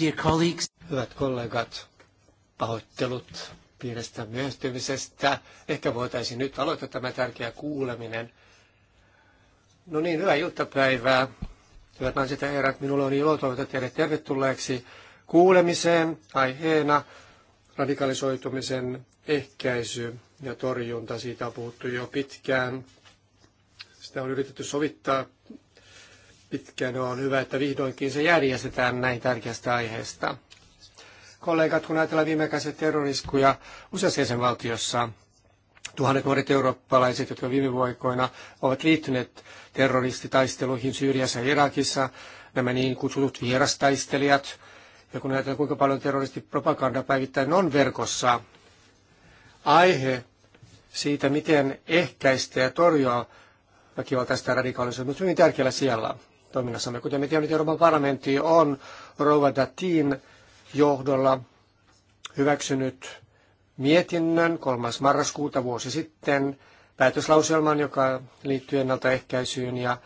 Dear colleagues. Hyvät kollegat, pahoittelut pienestä myöhästymisestä. Ehkä voitaisiin nyt aloittaa tämä tärkeä kuuleminen. No niin, hyvää iltapäivää. Hyvät naiset ja herrat, minulla on ilo toivottaa teille tervetulleeksi kuulemiseen aiheena radikalisoitumisen ehkäisy ja torjunta. Siitä on puhuttu jo pitkään. Sitä on yritetty sovittaa pitkään. On hyvä, että vihdoinkin se järjestetään näin tärkeästä aiheesta. Kollegat, kun ajatellaan viimeaikaisia terroriskuja useassa jäsenvaltiossa, tuhannet nuoret eurooppalaiset, jotka viime vuokoina ovat liittyneet terroristitaisteluihin Syyriassa ja Irakissa, nämä niin kutsutut vierastaistelijat, ja kun ajatellaan, kuinka paljon terroristipropaganda päivittäin on verkossa, aihe siitä, miten ehkäistä ja torjua väkivaltaista radikaalisuutta, on hyvin tärkeällä siellä toiminnassamme. Kuten me tiedämme, Euroopan parlamentti on Rouva Datin johdolla hyväksynyt mietinnön 3. marraskuuta vuosi sitten päätöslauselman, joka liittyy ennaltaehkäisyyn ja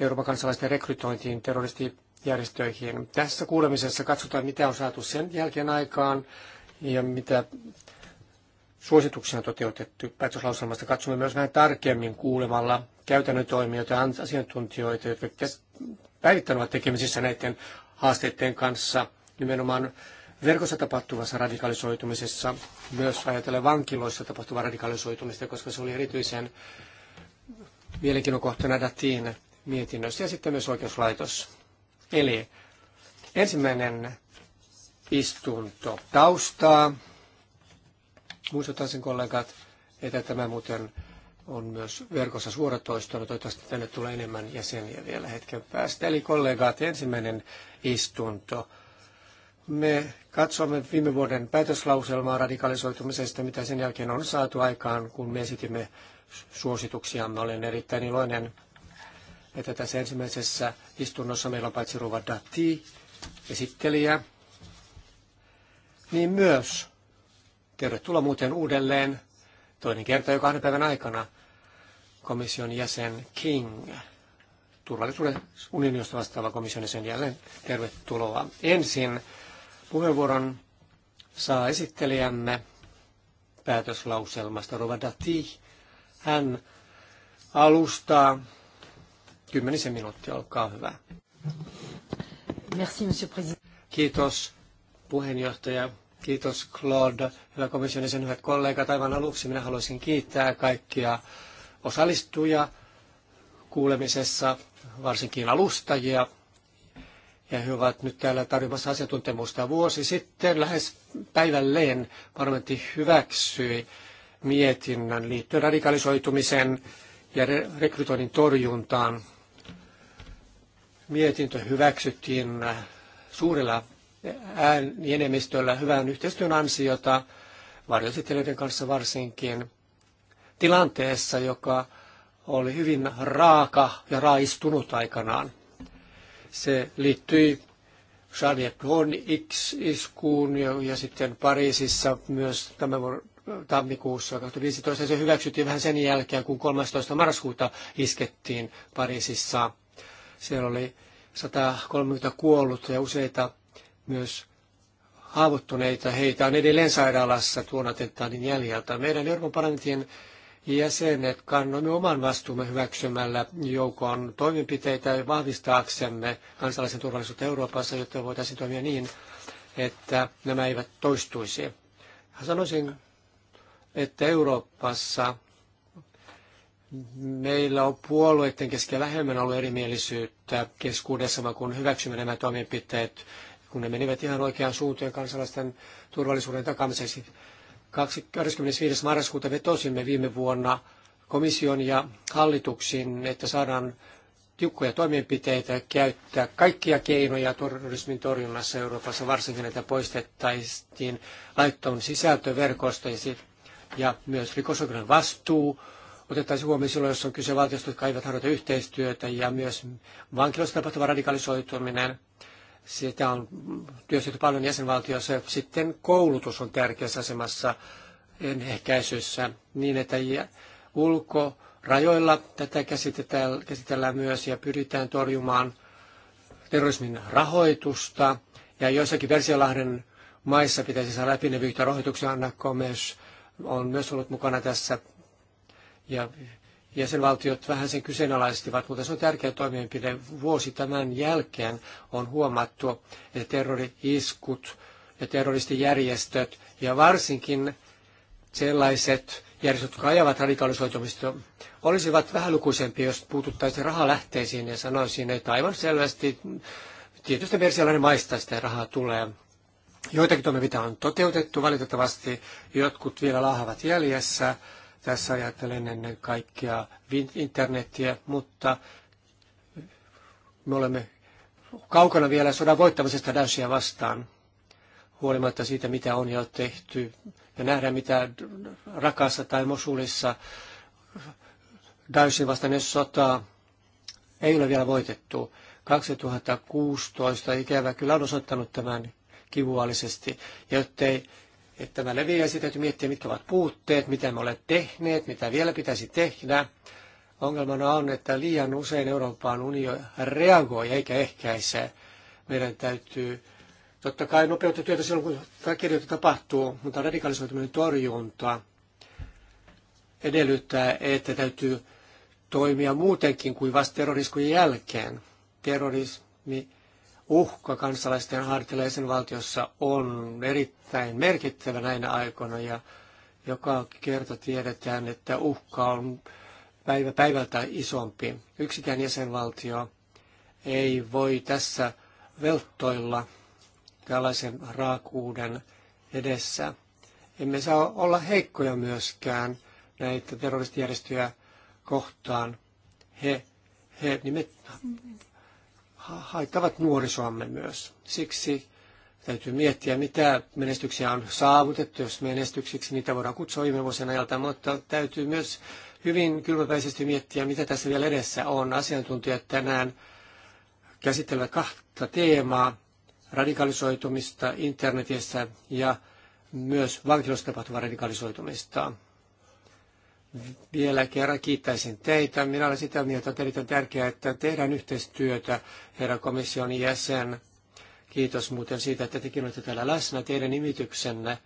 Euroopan kansalaisten rekrytointiin terroristijärjestöihin. Tässä kuulemisessa katsotaan, mitä on saatu sen jälkeen aikaan ja mitä suosituksia on toteutettu päätöslauselmasta. Katsomme myös vähän tarkemmin kuulemalla käytännön toimijoita, asiantuntijoita, jotka päivittäin ovat tekemisissä näiden haasteiden kanssa nimenomaan verkossa tapahtuvassa radikalisoitumisessa, myös ajatellen vankiloissa tapahtuvaa radikalisoitumista, koska se oli erityisen mielenkiinnon kohtana Datin mietinnössä ja sitten myös oikeuslaitos. Eli ensimmäinen istunto taustaa. Muistutan sen kollegat, että tämä muuten on myös verkossa suoratoistona. Toivottavasti tänne tulee enemmän jäseniä vielä hetken päästä. Eli kollegaat ensimmäinen istunto. Me katsomme viime vuoden päätöslauselmaa radikalisoitumisesta, mitä sen jälkeen on saatu aikaan, kun me esitimme suosituksia. Mä olen erittäin iloinen, että tässä ensimmäisessä istunnossa meillä on paitsi Ruva Dati, esittelijä, niin myös tervetuloa muuten uudelleen Toinen kerta jo kahden päivän aikana komission jäsen King, turvallisuuden unionista vastaava komission jäsen jälleen. Tervetuloa. Ensin puheenvuoron saa esittelijämme päätöslauselmasta Dati. Hän alustaa kymmenisen minuuttia, olkaa hyvä. Merci, monsieur Kiitos puheenjohtaja, Kiitos Claude, hyvä komission jäsen, hyvät kollegat. Aivan aluksi minä haluaisin kiittää kaikkia osallistujia kuulemisessa, varsinkin alustajia. Ja he ovat nyt täällä tarjoamassa asiantuntemusta. Vuosi sitten lähes päivälleen parlamentti hyväksyi mietinnän liittyen radikalisoitumisen ja rekrytoinnin torjuntaan. Mietintö hyväksyttiin suurella äänienemistöllä hyvän yhteistyön ansiota varjoesittelijöiden kanssa varsinkin tilanteessa, joka oli hyvin raaka ja raistunut aikanaan. Se liittyi Charlie Hebdon iskuun ja, ja sitten Pariisissa myös tämän vuoden tammikuussa 2015. Se hyväksyttiin vähän sen jälkeen, kun 13. marraskuuta iskettiin Pariisissa. Siellä oli 130 kuollut ja useita myös haavoittuneita. Heitä on edelleen sairaalassa tuon attentaatin jäljeltä. Meidän Euroopan parlamentin jäsenet kannoimme oman vastuumme hyväksymällä joukon toimenpiteitä vahvistaaksemme kansalaisen turvallisuutta Euroopassa, jotta voitaisiin toimia niin, että nämä eivät toistuisi. Sanoisin, että Euroopassa meillä on puolueiden kesken vähemmän ollut erimielisyyttä keskuudessamme, kun hyväksymme nämä toimenpiteet kun ne menivät ihan oikeaan suuntaan kansalaisten turvallisuuden takamiseksi. 25. marraskuuta vetosimme viime vuonna komission ja hallituksiin, että saadaan tiukkoja toimenpiteitä käyttää kaikkia keinoja terrorismin torjunnassa Euroopassa, varsinkin että poistettaisiin laittoon sisältöverkostoisi ja myös rikosoikeuden vastuu otettaisiin huomioon silloin, jos on kyse valtiosta, jotka eivät harjoita yhteistyötä ja myös vankilossa tapahtuva radikalisoituminen sitä on työstetty paljon jäsenvaltioissa. Sitten koulutus on tärkeässä asemassa ehkäisyssä niin, että ulkorajoilla tätä käsitellään, käsitellään myös ja pyritään torjumaan terrorismin rahoitusta. Ja joissakin versiolahden maissa pitäisi saada läpinäkyvyyttä rahoituksen Anna myös on myös ollut mukana tässä. Ja jäsenvaltiot vähän sen kyseenalaistivat, mutta se on tärkeä toimenpide. Vuosi tämän jälkeen on huomattu, että terrori-iskut ja terroristijärjestöt ja varsinkin sellaiset järjestöt, jotka ajavat radikalisoitumista, olisivat vähälukuisempia, jos puututtaisiin rahalähteisiin ja sanoisin, että aivan selvästi tietystä persialainen maista sitä rahaa tulee. Joitakin toimenpiteitä on toteutettu, valitettavasti jotkut vielä laahavat jäljessä. Tässä ajattelen ennen kaikkea internetiä, mutta me olemme kaukana vielä sodan voittamisesta Daeshia vastaan, huolimatta siitä, mitä on jo tehty. Ja nähdään, mitä Rakassa tai Mosulissa Daeshin vastainen sota ei ole vielä voitettu. 2016 ikävä kyllä on osoittanut tämän kivuaalisesti, jottei että tämä leviäisi, täytyy miettiä, mitkä ovat puutteet, mitä me olemme tehneet, mitä vielä pitäisi tehdä. Ongelmana on, että liian usein Euroopan unio reagoi eikä ehkäise. Meidän täytyy totta kai nopeuttaa työtä silloin, kun kaikki tapahtuu, mutta radikalisoituminen torjunta edellyttää, että täytyy toimia muutenkin kuin vasta terroriskujen jälkeen. Terrorismi uhka kansalaisten hartilla jäsenvaltiossa on erittäin merkittävä näinä aikoina ja joka kerta tiedetään, että uhka on päivä päivältä isompi. Yksikään jäsenvaltio ei voi tässä velttoilla tällaisen raakuuden edessä. Emme saa olla heikkoja myöskään näitä terroristijärjestöjä kohtaan. He, he nimet, haittavat nuorisoamme myös. Siksi täytyy miettiä, mitä menestyksiä on saavutettu, jos menestyksiksi niitä voidaan kutsua viime vuosien ajalta, mutta täytyy myös hyvin kylmäpäisesti miettiä, mitä tässä vielä edessä on. Asiantuntijat tänään käsittelevät kahta teemaa, radikalisoitumista internetissä ja myös vankilossa tapahtuvaa radikalisoitumista vielä kerran kiittäisin teitä. Minä olen sitä mieltä, että erittäin tärkeää, että tehdään yhteistyötä, herra komission jäsen. Kiitos muuten siitä, että tekin olette täällä läsnä. Teidän nimityksenne,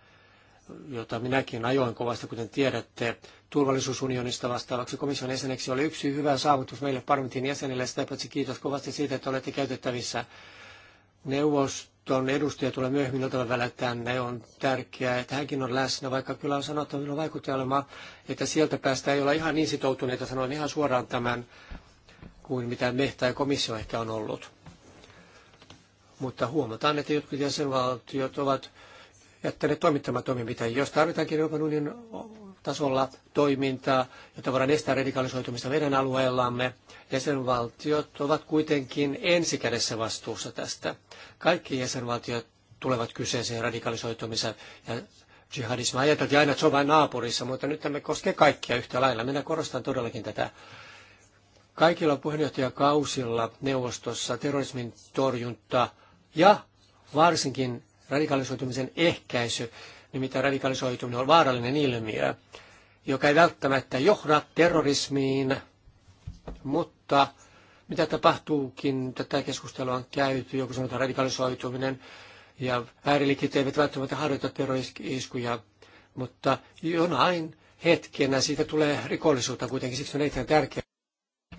jota minäkin ajoin kovasti, kuten tiedätte, turvallisuusunionista vastaavaksi komission jäseneksi, oli yksi hyvä saavutus meille parlamentin jäsenille. Sitä paitsi kiitos kovasti siitä, että olette käytettävissä neuvos on edustaja tulee myöhemmin iltalla välillä tänne. On tärkeää, että hänkin on läsnä, vaikka kyllä on sanottu minun vaikutelma, että sieltä päästä ei olla ihan niin sitoutuneita, sanoin ihan suoraan tämän, kuin mitä me tai komissio ehkä on ollut. Mutta huomataan, että jotkut jäsenvaltiot ovat jättäneet toimittamaan toimenpiteen. Jos tarvitaan Euroopan unionin tasolla toimintaa, jotta voidaan estää radikalisoitumista meidän alueellamme, jäsenvaltiot ovat kuitenkin ensikädessä vastuussa tästä. Kaikki jäsenvaltiot tulevat kyseeseen radikalisoitumisen ja jihadismi. Ajateltiin aina, että se on vain naapurissa, mutta nyt tämä koskee kaikkia yhtä lailla. Minä korostan todellakin tätä. Kaikilla puheenjohtajakausilla neuvostossa terrorismin torjunta ja varsinkin radikalisoitumisen ehkäisy, nimittäin niin radikalisoituminen on vaarallinen ilmiö, joka ei välttämättä johda terrorismiin, mutta mitä tapahtuukin, tätä keskustelua on käyty, joku sanotaan radikalisoituminen, ja ääriliikkeet eivät välttämättä harjoita terroriskuja, mutta jonain hetkenä siitä tulee rikollisuutta kuitenkin, siksi on erittäin tärkeää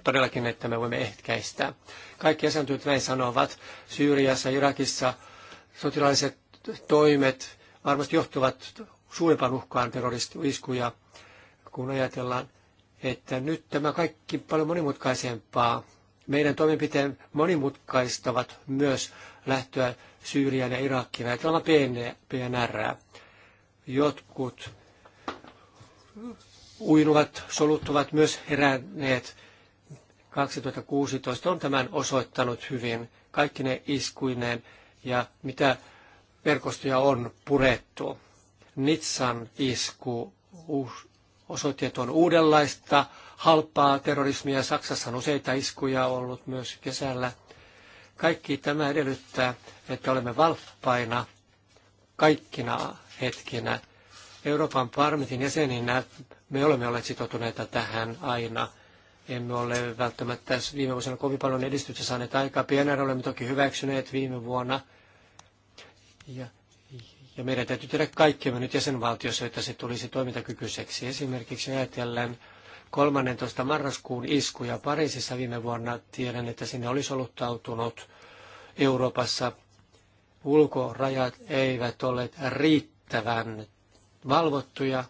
todellakin, että me voimme ehkäistä. Kaikki asiantuntijat näin sanovat Syyriassa, Irakissa, sotilaalliset toimet varmasti johtuvat suurempaan uhkaan terroristiiskuja, kun ajatellaan, että nyt tämä kaikki paljon monimutkaisempaa. Meidän toimenpiteen monimutkaistavat myös lähtöä Syyriaan ja Irakkiin, ajatellaan PNR. Jotkut uinuvat solut ovat myös heränneet. 2016 on tämän osoittanut hyvin. Kaikki ne iskuineen ja mitä verkostoja on purettu. Nitsan isku osoitti, että on uudenlaista halpaa terrorismia. Saksassa on useita iskuja ollut myös kesällä. Kaikki tämä edellyttää, että olemme valppaina kaikkina hetkinä. Euroopan parlamentin jäseninä me olemme olleet sitoutuneita tähän aina – emme ole välttämättä viime vuosina kovin paljon edistystä saaneet aikaa. PNR olemme toki hyväksyneet viime vuonna. Ja, ja meidän täytyy tehdä kaikkemme nyt jäsenvaltiossa, että se tulisi toimintakykyiseksi. Esimerkiksi ajatellen 13. marraskuun iskuja Pariisissa viime vuonna. Tiedän, että sinne olisi oluttautunut Euroopassa ulkorajat eivät olleet riittävän valvottuja.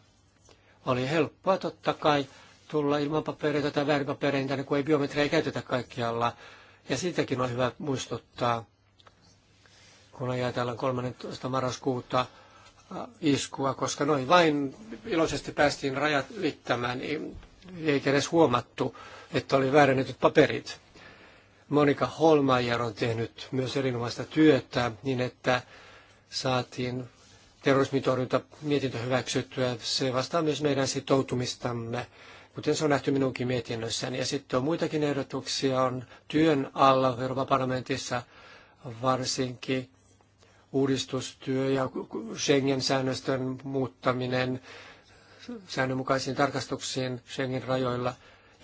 Oli helppoa totta kai tulla ilman papereita tai väärin papereita, niin kun ei biometriä käytetä kaikkialla. Ja siitäkin on hyvä muistuttaa, kun ajatellaan 13. marraskuuta äh, iskua, koska noin vain iloisesti päästiin rajat ylittämään, niin ei edes huomattu, että oli väärännetyt paperit. Monika Holmaier on tehnyt myös erinomaista työtä niin, että saatiin terrorismitorjunta mietintö hyväksyttyä. Se vastaa myös meidän sitoutumistamme kuten se on nähty minunkin mietinnössäni. Ja sitten on muitakin ehdotuksia, on työn alla Euroopan parlamentissa varsinkin uudistustyö ja Schengen-säännöstön muuttaminen säännönmukaisiin tarkastuksiin Schengen-rajoilla.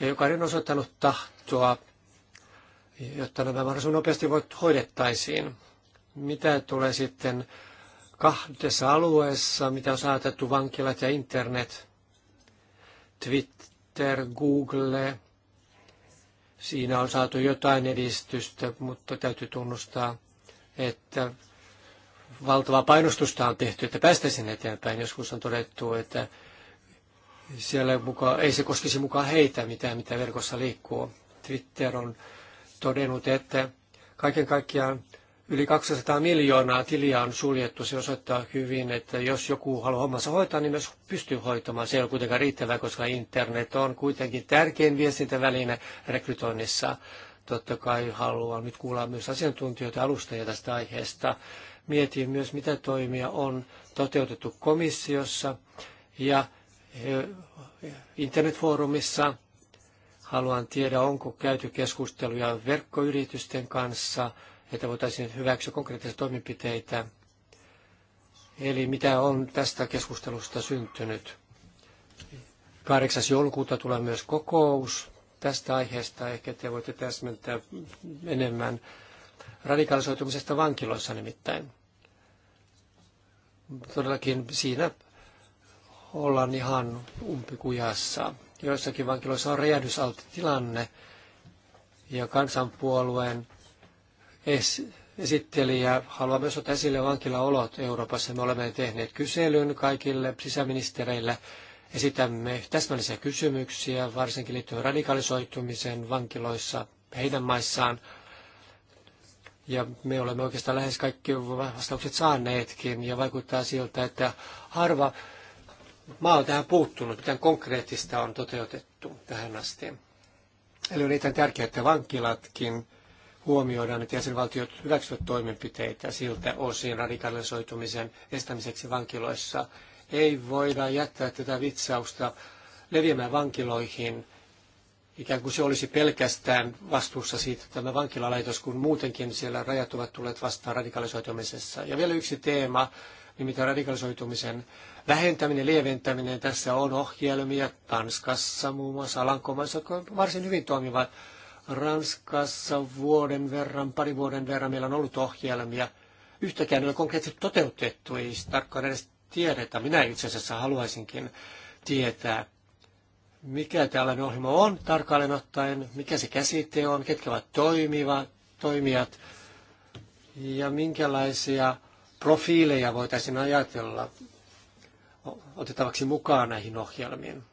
Ja jokainen on osoittanut tahtoa, jotta nämä mahdollisimman nopeasti voit hoidettaisiin. Mitä tulee sitten kahdessa alueessa, mitä on saatettu vankilat ja internet, Twitter, Twitter, Google, siinä on saatu jotain edistystä, mutta täytyy tunnustaa, että valtavaa painostusta on tehty, että päästäisiin eteenpäin. Joskus on todettu, että siellä muka, ei se koskisi mukaan heitä mitään, mitä verkossa liikkuu. Twitter on todennut, että kaiken kaikkiaan Yli 200 miljoonaa tiliä on suljettu. Se osoittaa hyvin, että jos joku haluaa hommansa hoitaa, niin myös pystyy hoitamaan. Se ei ole kuitenkaan riittävää, koska internet on kuitenkin tärkein viestintäväline rekrytoinnissa. Totta kai haluan nyt kuulla myös asiantuntijoita alustajia tästä aiheesta. Mietin myös, mitä toimia on toteutettu komissiossa ja e, internetfoorumissa. Haluan tiedä, onko käyty keskusteluja verkkoyritysten kanssa – että voitaisiin hyväksyä konkreettisia toimenpiteitä. Eli mitä on tästä keskustelusta syntynyt? 8. joulukuuta tulee myös kokous tästä aiheesta. Ehkä te voitte täsmentää enemmän radikalisoitumisesta vankiloissa nimittäin. Todellakin siinä ollaan ihan umpikujassa. Joissakin vankiloissa on räjähdysaltti tilanne ja kansanpuolueen ja haluan myös ottaa esille vankilaolot Euroopassa. Me olemme tehneet kyselyn kaikille sisäministereille. Esitämme täsmällisiä kysymyksiä, varsinkin liittyen radikalisoitumiseen vankiloissa heidän maissaan. Ja me olemme oikeastaan lähes kaikki vastaukset saaneetkin, ja vaikuttaa siltä, että harva maa on tähän puuttunut, mitään konkreettista on toteutettu tähän asti. Eli on erittäin tärkeää, että vankilatkin huomioidaan, että jäsenvaltiot hyväksyvät toimenpiteitä siltä osin radikalisoitumisen estämiseksi vankiloissa. Ei voida jättää tätä vitsausta leviämään vankiloihin, ikään kuin se olisi pelkästään vastuussa siitä tämä vankilalaitos, kun muutenkin siellä rajat ovat tulleet vastaan radikalisoitumisessa. Ja vielä yksi teema, nimittäin radikalisoitumisen vähentäminen, lieventäminen. Tässä on ohjelmia Tanskassa, muun muassa Alankomaissa, jotka on varsin hyvin toimivat Ranskassa vuoden verran, pari vuoden verran meillä on ollut ohjelmia. Yhtäkään ei ole konkreettisesti toteutettu, ei tarkkaan edes tiedetä. Minä itse asiassa haluaisinkin tietää, mikä tällainen ohjelma on tarkalleen ottaen, mikä se käsite on, ketkä ovat toimivat, toimijat ja minkälaisia profiileja voitaisiin ajatella otettavaksi mukaan näihin ohjelmiin.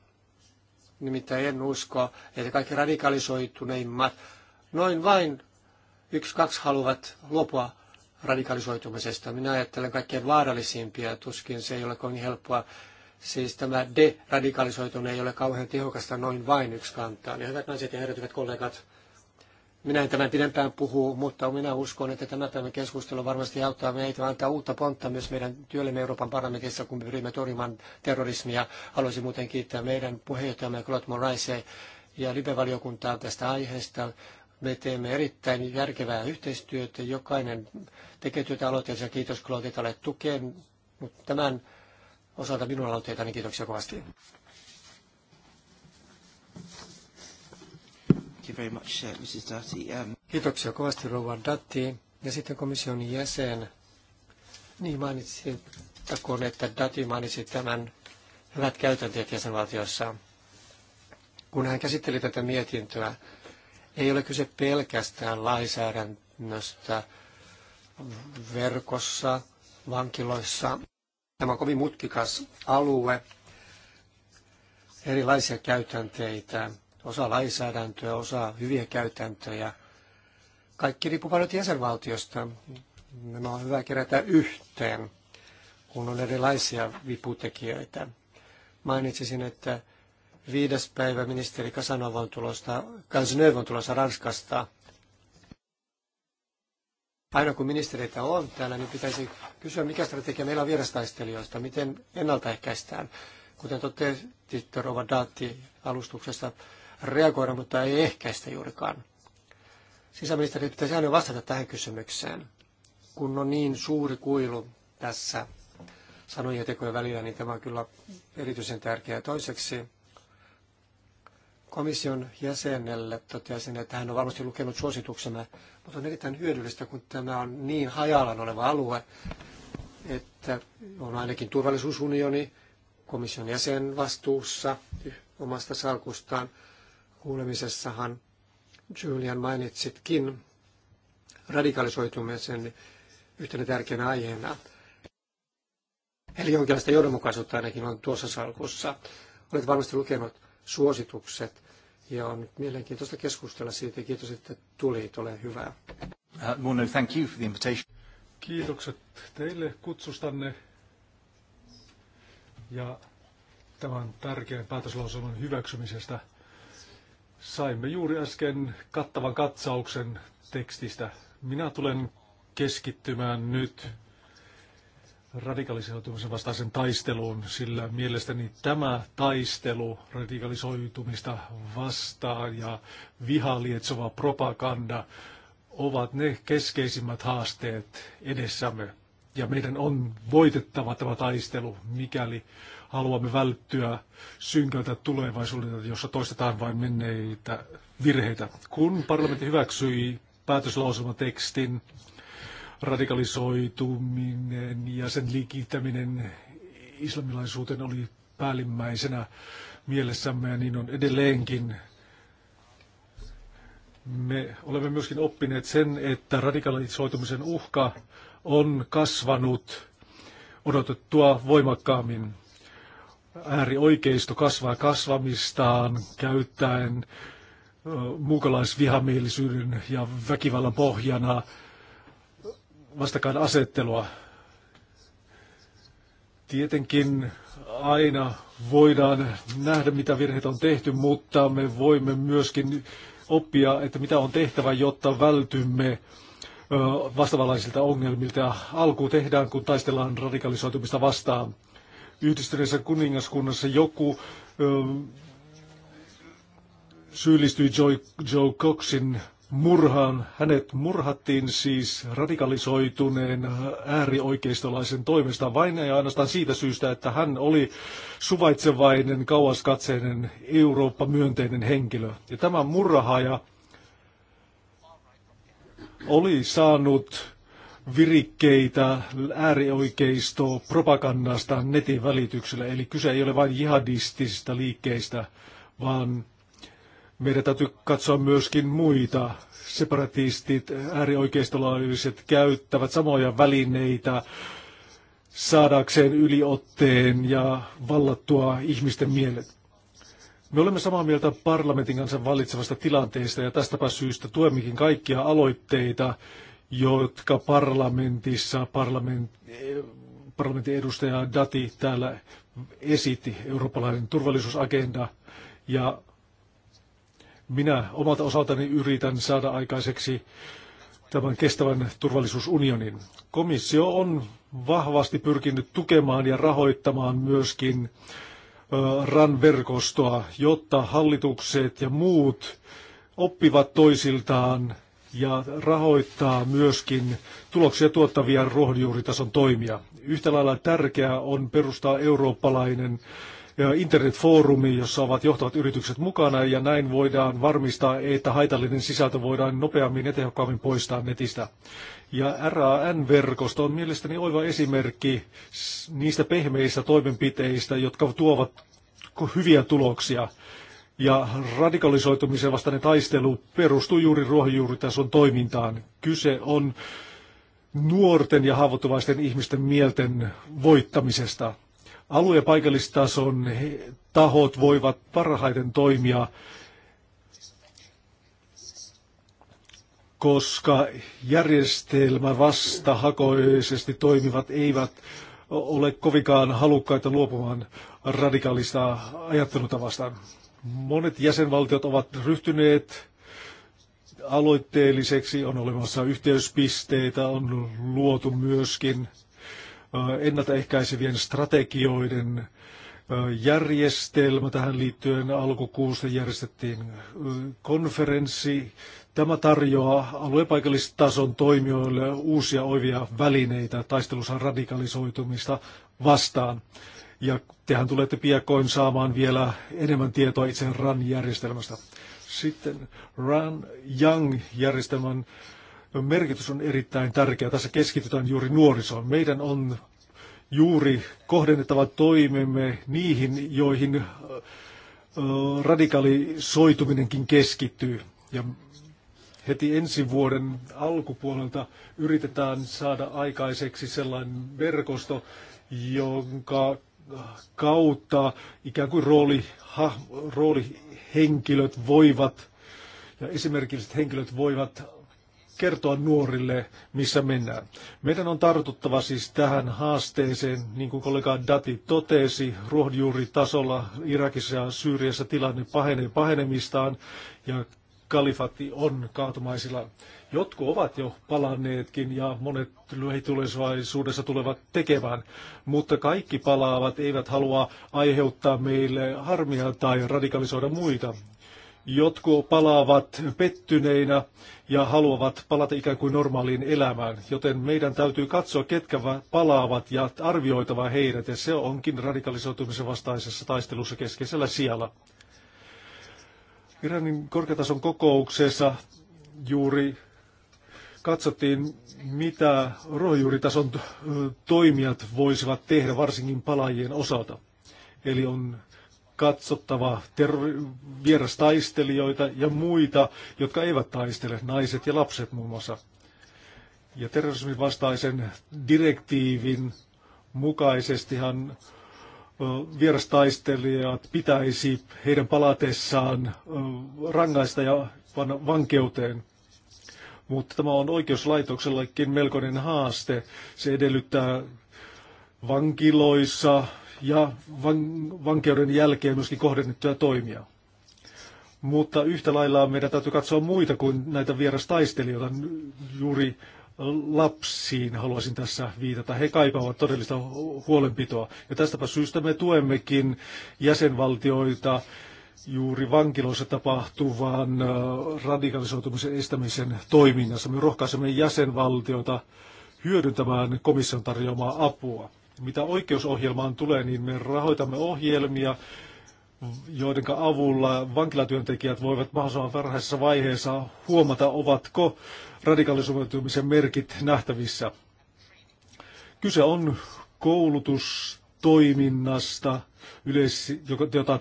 Nimittäin en usko, että kaikki radikalisoituneimmat noin vain yksi, kaksi haluavat luopua radikalisoitumisesta. Minä ajattelen kaikkein vaarallisimpia, tuskin se ei ole kovin helppoa. Siis tämä de-radikalisoituminen ei ole kauhean tehokasta noin vain yksi kantaa. Niin hyvät naiset ja herrat, hyvät kollegat, minä en tämän pidempään puhu, mutta minä uskon, että tämä päivän keskustelu varmasti auttaa meitä ja antaa uutta pontta myös meidän työllemme Euroopan parlamentissa, kun me pyrimme torjumaan terrorismia. Haluaisin muuten kiittää meidän puheenjohtajamme Claude Moraise ja Libe-valiokuntaa tästä aiheesta. Me teemme erittäin järkevää yhteistyötä. Jokainen tekee työtä aloitteessa. Kiitos Claude, että olet tukeen. Mutta tämän osalta minulla on teitä, niin kiitoksia kovasti. Thank you very much, uh, Mrs. Dati. Um... Kiitoksia kovasti rouva Datti. Ja sitten komission jäsen, niin mainitsi, kun että Dati mainitsi tämän hyvät käytänteet jäsenvaltiossa. Kun hän käsitteli tätä mietintöä, ei ole kyse pelkästään lainsäädännöstä verkossa, vankiloissa. Tämä on kovin mutkikas alue, erilaisia käytänteitä osa lainsäädäntöä, osa hyviä käytäntöjä. Kaikki riippuu paljon jäsenvaltiosta. Nämä on hyvä kerätä yhteen, kun on erilaisia viputekijöitä. Mainitsisin, että viides päivä ministeri Kasanova on tulossa, Kansnöv on tulossa Ranskasta. Aina kun ministeriitä on täällä, niin pitäisi kysyä, mikä strategia meillä on vierastaistelijoista, miten ennaltaehkäistään. Kuten totesitte Rova Daatti alustuksesta, reagoida, mutta ei ehkäistä juurikaan. Sisäministeri pitäisi aina vastata tähän kysymykseen. Kun on niin suuri kuilu tässä sanojen ja tekojen välillä, niin tämä on kyllä erityisen tärkeää. Toiseksi komission jäsenelle toteaisin, että hän on varmasti lukenut suosituksemme, mutta on erittäin hyödyllistä, kun tämä on niin hajallaan oleva alue, että on ainakin turvallisuusunioni komission jäsen vastuussa omasta salkustaan, kuulemisessahan Julian mainitsitkin radikalisoitumisen yhtenä tärkeänä aiheena. Eli jonkinlaista johdonmukaisuutta ainakin on tuossa salkussa. Olet varmasti lukenut suositukset ja on mielenkiintoista keskustella siitä. Kiitos, että tulit. Ole hyvä. Uh, thank you for the invitation. Kiitokset teille kutsustanne ja tämän tärkeän päätöslauselman hyväksymisestä – Saimme juuri äsken kattavan katsauksen tekstistä. Minä tulen keskittymään nyt radikalisoitumisen vastaisen taisteluun, sillä mielestäni tämä taistelu radikalisoitumista vastaan ja vihalietsova propaganda ovat ne keskeisimmät haasteet edessämme. Ja meidän on voitettava tämä taistelu, mikäli haluamme välttyä synkältä tulevaisuudelta, jossa toistetaan vain menneitä virheitä. Kun parlamentti hyväksyi päätöslauselmatekstin radikalisoituminen ja sen liikittäminen islamilaisuuteen oli päällimmäisenä mielessämme ja niin on edelleenkin. Me olemme myöskin oppineet sen, että radikalisoitumisen uhka on kasvanut odotettua voimakkaammin äärioikeisto kasvaa kasvamistaan käyttäen muukalaisvihamielisyyden ja väkivallan pohjana vastakkainasettelua. Tietenkin aina voidaan nähdä, mitä virheitä on tehty, mutta me voimme myöskin oppia, että mitä on tehtävä, jotta vältymme vastavalaisilta ongelmilta. alku tehdään, kun taistellaan radikalisoitumista vastaan yhdistyneessä kuningaskunnassa joku ö, syyllistyi Joe, Joe Coxin murhaan. Hänet murhattiin siis radikalisoituneen äärioikeistolaisen toimesta vain ja ainoastaan siitä syystä, että hän oli suvaitsevainen, kauaskatseinen, Eurooppa-myönteinen henkilö. Ja tämä murhaaja oli saanut virikkeitä äärioikeisto propagandasta netin välityksellä. Eli kyse ei ole vain jihadistisista liikkeistä, vaan meidän täytyy katsoa myöskin muita. Separatistit, äärioikeistolaiset käyttävät samoja välineitä saadakseen yliotteen ja vallattua ihmisten mielet. Me olemme samaa mieltä parlamentin kanssa vallitsevasta tilanteesta ja tästäpä syystä tuemmekin kaikkia aloitteita, jotka parlamentissa parlament, parlamentin edustaja Dati täällä esitti, eurooppalainen turvallisuusagenda. Ja minä omalta osaltani yritän saada aikaiseksi tämän kestävän turvallisuusunionin. Komissio on vahvasti pyrkinyt tukemaan ja rahoittamaan myöskin RAN-verkostoa, jotta hallitukset ja muut oppivat toisiltaan ja rahoittaa myöskin tuloksia tuottavia ruohonjuuritason toimia. Yhtä lailla tärkeää on perustaa eurooppalainen internetfoorumi, jossa ovat johtavat yritykset mukana ja näin voidaan varmistaa, että haitallinen sisältö voidaan nopeammin ja tehokkaammin poistaa netistä. Ja RAN-verkosto on mielestäni oiva esimerkki niistä pehmeistä toimenpiteistä, jotka tuovat hyviä tuloksia. Ja radikalisoitumisen vastainen taistelu perustuu juuri ruohonjuuritason toimintaan. Kyse on nuorten ja haavoittuvaisten ihmisten mielten voittamisesta. Alue- ja paikallistason tahot voivat parhaiten toimia, koska järjestelmä vastahakoisesti toimivat eivät ole kovinkaan halukkaita luopumaan radikaalista ajattelutavastaan. Monet jäsenvaltiot ovat ryhtyneet aloitteelliseksi, on olemassa yhteyspisteitä, on luotu myöskin ennaltaehkäisevien strategioiden järjestelmä. Tähän liittyen alkukuusta järjestettiin konferenssi. Tämä tarjoaa aluepaikallistason toimijoille uusia oivia välineitä taistelussa radikalisoitumista vastaan. Ja tehän tulette piakoin saamaan vielä enemmän tietoa itse RAN-järjestelmästä. Sitten RAN-Young-järjestelmän merkitys on erittäin tärkeä. Tässä keskitytään juuri nuorisoon. Meidän on juuri kohdennettava toimemme niihin, joihin radikalisoituminenkin keskittyy. Ja heti ensi vuoden alkupuolelta yritetään saada aikaiseksi sellainen verkosto, jonka kautta ikään kuin rooli, ha, roolihenkilöt voivat ja esimerkilliset henkilöt voivat kertoa nuorille, missä mennään. Meidän on tartuttava siis tähän haasteeseen, niin kuin kollega Dati totesi, ruohonjuuritasolla Irakissa ja Syyriassa tilanne pahenee pahenemistaan, ja kalifatti on kaatumaisilla. Jotkut ovat jo palanneetkin ja monet lyhytulisvaisuudessa tulevat tekemään, mutta kaikki palaavat eivät halua aiheuttaa meille harmia tai radikalisoida muita. Jotkut palaavat pettyneinä ja haluavat palata ikään kuin normaaliin elämään, joten meidän täytyy katsoa, ketkä palaavat ja arvioitava heidät, ja se onkin radikalisoitumisen vastaisessa taistelussa keskeisellä sijalla. Iranin korkeatason kokouksessa juuri katsottiin, mitä ruohonjuuritason toimijat voisivat tehdä, varsinkin palaajien osalta. Eli on katsottava vierastaistelijoita ja muita, jotka eivät taistele, naiset ja lapset muun muassa. Ja terrorismin vastaisen direktiivin mukaisestihan vierastaistelijat pitäisi heidän palatessaan rangaista ja panna vankeuteen. Mutta tämä on oikeuslaitoksellakin melkoinen haaste. Se edellyttää vankiloissa ja van- vankeuden jälkeen myöskin kohdennettuja toimia. Mutta yhtä lailla meidän täytyy katsoa muita kuin näitä vierastaistelijoita. Juuri lapsiin haluaisin tässä viitata. He kaipaavat todellista huolenpitoa. Ja tästäpä syystä me tuemmekin jäsenvaltioita juuri vankiloissa tapahtuvan radikalisoitumisen estämisen toiminnassa. Me rohkaisemme jäsenvaltioita hyödyntämään komission tarjoamaa apua. Mitä oikeusohjelmaan tulee, niin me rahoitamme ohjelmia, joiden avulla vankilatyöntekijät voivat mahdollisimman varhaisessa vaiheessa huomata, ovatko radikalisoitumisen merkit nähtävissä. Kyse on koulutustoiminnasta, yleis, jota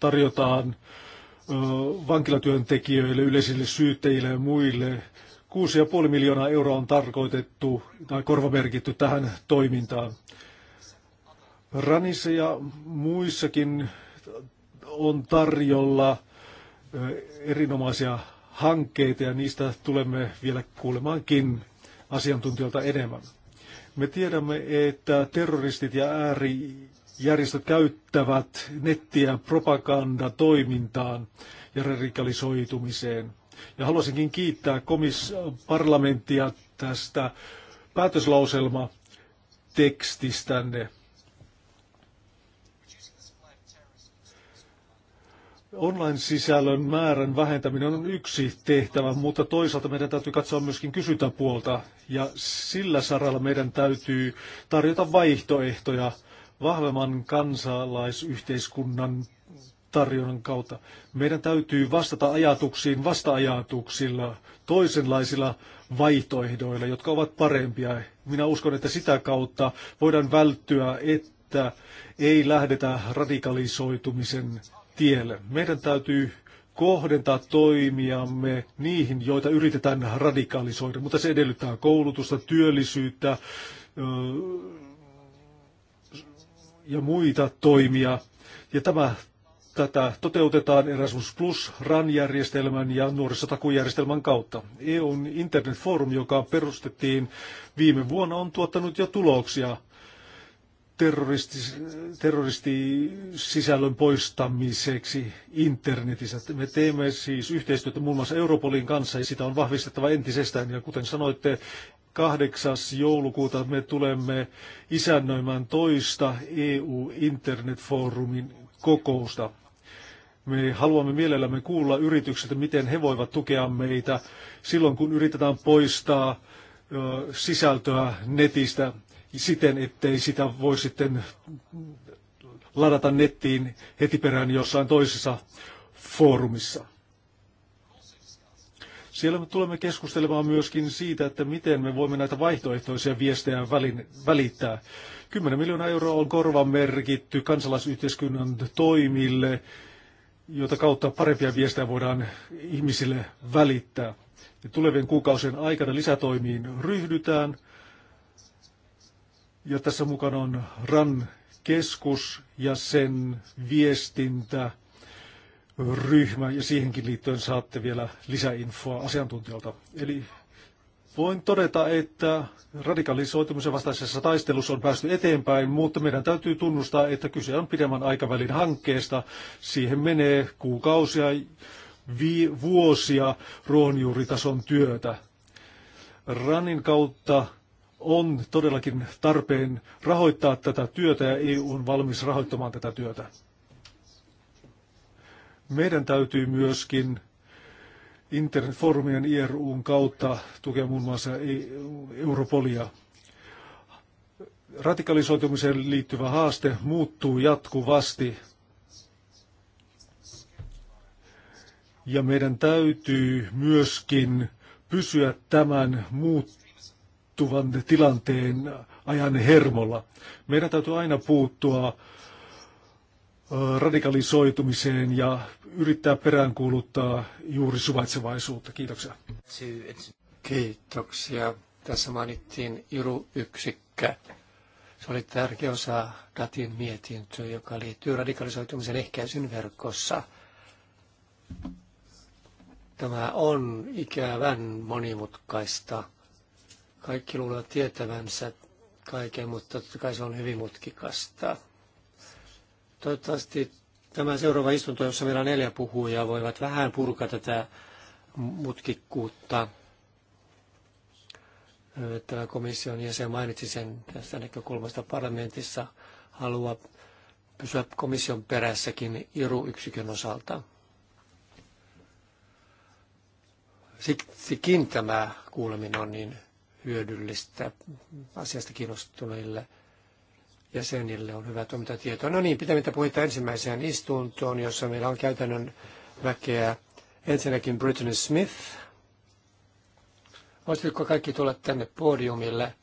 tarjotaan vankilatyöntekijöille, yleisille syyttäjille ja muille. 6,5 miljoonaa euroa on tarkoitettu tai korvamerkitty tähän toimintaan. Ranissa ja muissakin on tarjolla erinomaisia hankkeita ja niistä tulemme vielä kuulemaankin asiantuntijoilta enemmän. Me tiedämme, että terroristit ja äärijärjestöt käyttävät nettiä propagandatoimintaan ja radikalisoitumiseen. Ja haluaisinkin kiittää komis- parlamenttia tästä päätöslauselma tekstistänne. Online-sisällön määrän vähentäminen on yksi tehtävä, mutta toisaalta meidän täytyy katsoa myöskin kysyntäpuolta. Ja sillä saralla meidän täytyy tarjota vaihtoehtoja vahvemman kansalaisyhteiskunnan tarjonnan kautta. Meidän täytyy vastata ajatuksiin vasta-ajatuksilla, toisenlaisilla vaihtoehdoilla, jotka ovat parempia. Minä uskon, että sitä kautta voidaan välttyä, että ei lähdetä radikalisoitumisen tielle. Meidän täytyy kohdentaa toimiamme niihin, joita yritetään radikalisoida, mutta se edellyttää koulutusta, työllisyyttä ja muita toimia. Ja tämä, tätä toteutetaan Erasmus Plus, RAN-järjestelmän ja nuorisotakujärjestelmän kautta. EUn internetforum, joka perustettiin viime vuonna, on tuottanut jo tuloksia terroristi, terroristisisällön poistamiseksi internetissä. Me teemme siis yhteistyötä muun muassa Europolin kanssa ja sitä on vahvistettava entisestään. Ja kuten sanoitte, 8. joulukuuta me tulemme isännöimään toista EU-internetfoorumin kokousta. Me haluamme mielellämme kuulla yrityksiltä, miten he voivat tukea meitä silloin, kun yritetään poistaa sisältöä netistä siten, ettei sitä voi sitten ladata nettiin heti perään jossain toisessa foorumissa. Siellä me tulemme keskustelemaan myöskin siitä, että miten me voimme näitä vaihtoehtoisia viestejä välin, välittää. 10 miljoonaa euroa on korva merkitty kansalaisyhteiskunnan toimille, jota kautta parempia viestejä voidaan ihmisille välittää. Ja tulevien kuukausien aikana lisätoimiin ryhdytään – ja tässä mukana on RAN-keskus ja sen viestintä ryhmä ja siihenkin liittyen saatte vielä lisäinfoa asiantuntijalta. Eli voin todeta, että radikalisoitumisen vastaisessa taistelussa on päästy eteenpäin, mutta meidän täytyy tunnustaa, että kyse on pidemmän aikavälin hankkeesta. Siihen menee kuukausia, vi- vuosia ruohonjuuritason työtä. Ranin kautta on todellakin tarpeen rahoittaa tätä työtä ja EU on valmis rahoittamaan tätä työtä. Meidän täytyy myöskin internetfoorumien IRUn kautta tukea muun muassa e Europolia. Radikalisoitumiseen liittyvä haaste muuttuu jatkuvasti ja meidän täytyy myöskin pysyä tämän muuttumisen muuttuvan tilanteen ajan hermolla. Meidän täytyy aina puuttua radikalisoitumiseen ja yrittää peräänkuuluttaa juuri suvaitsevaisuutta. Kiitoksia. Kiitoksia. Tässä mainittiin IRU-yksikkö. Se oli tärkeä osa Datin mietintöä, joka liittyy radikalisoitumisen ehkäisyn verkossa. Tämä on ikävän monimutkaista kaikki luulevat tietävänsä kaiken, mutta totta kai se on hyvin mutkikasta. Toivottavasti tämä seuraava istunto, jossa meillä on neljä puhujaa, voivat vähän purkaa tätä mutkikkuutta. Tämä komission jäsen mainitsi sen tästä näkökulmasta parlamentissa haluaa pysyä komission perässäkin IRU-yksikön osalta. Siksikin tämä kuuleminen on niin hyödyllistä asiasta kiinnostuneille jäsenille on hyvä toimintatietoa. No niin, pitämättä puheita ensimmäiseen istuntoon, jossa meillä on käytännön väkeä. Ensinnäkin Brittany Smith. Voisitko kaikki tulla tänne podiumille?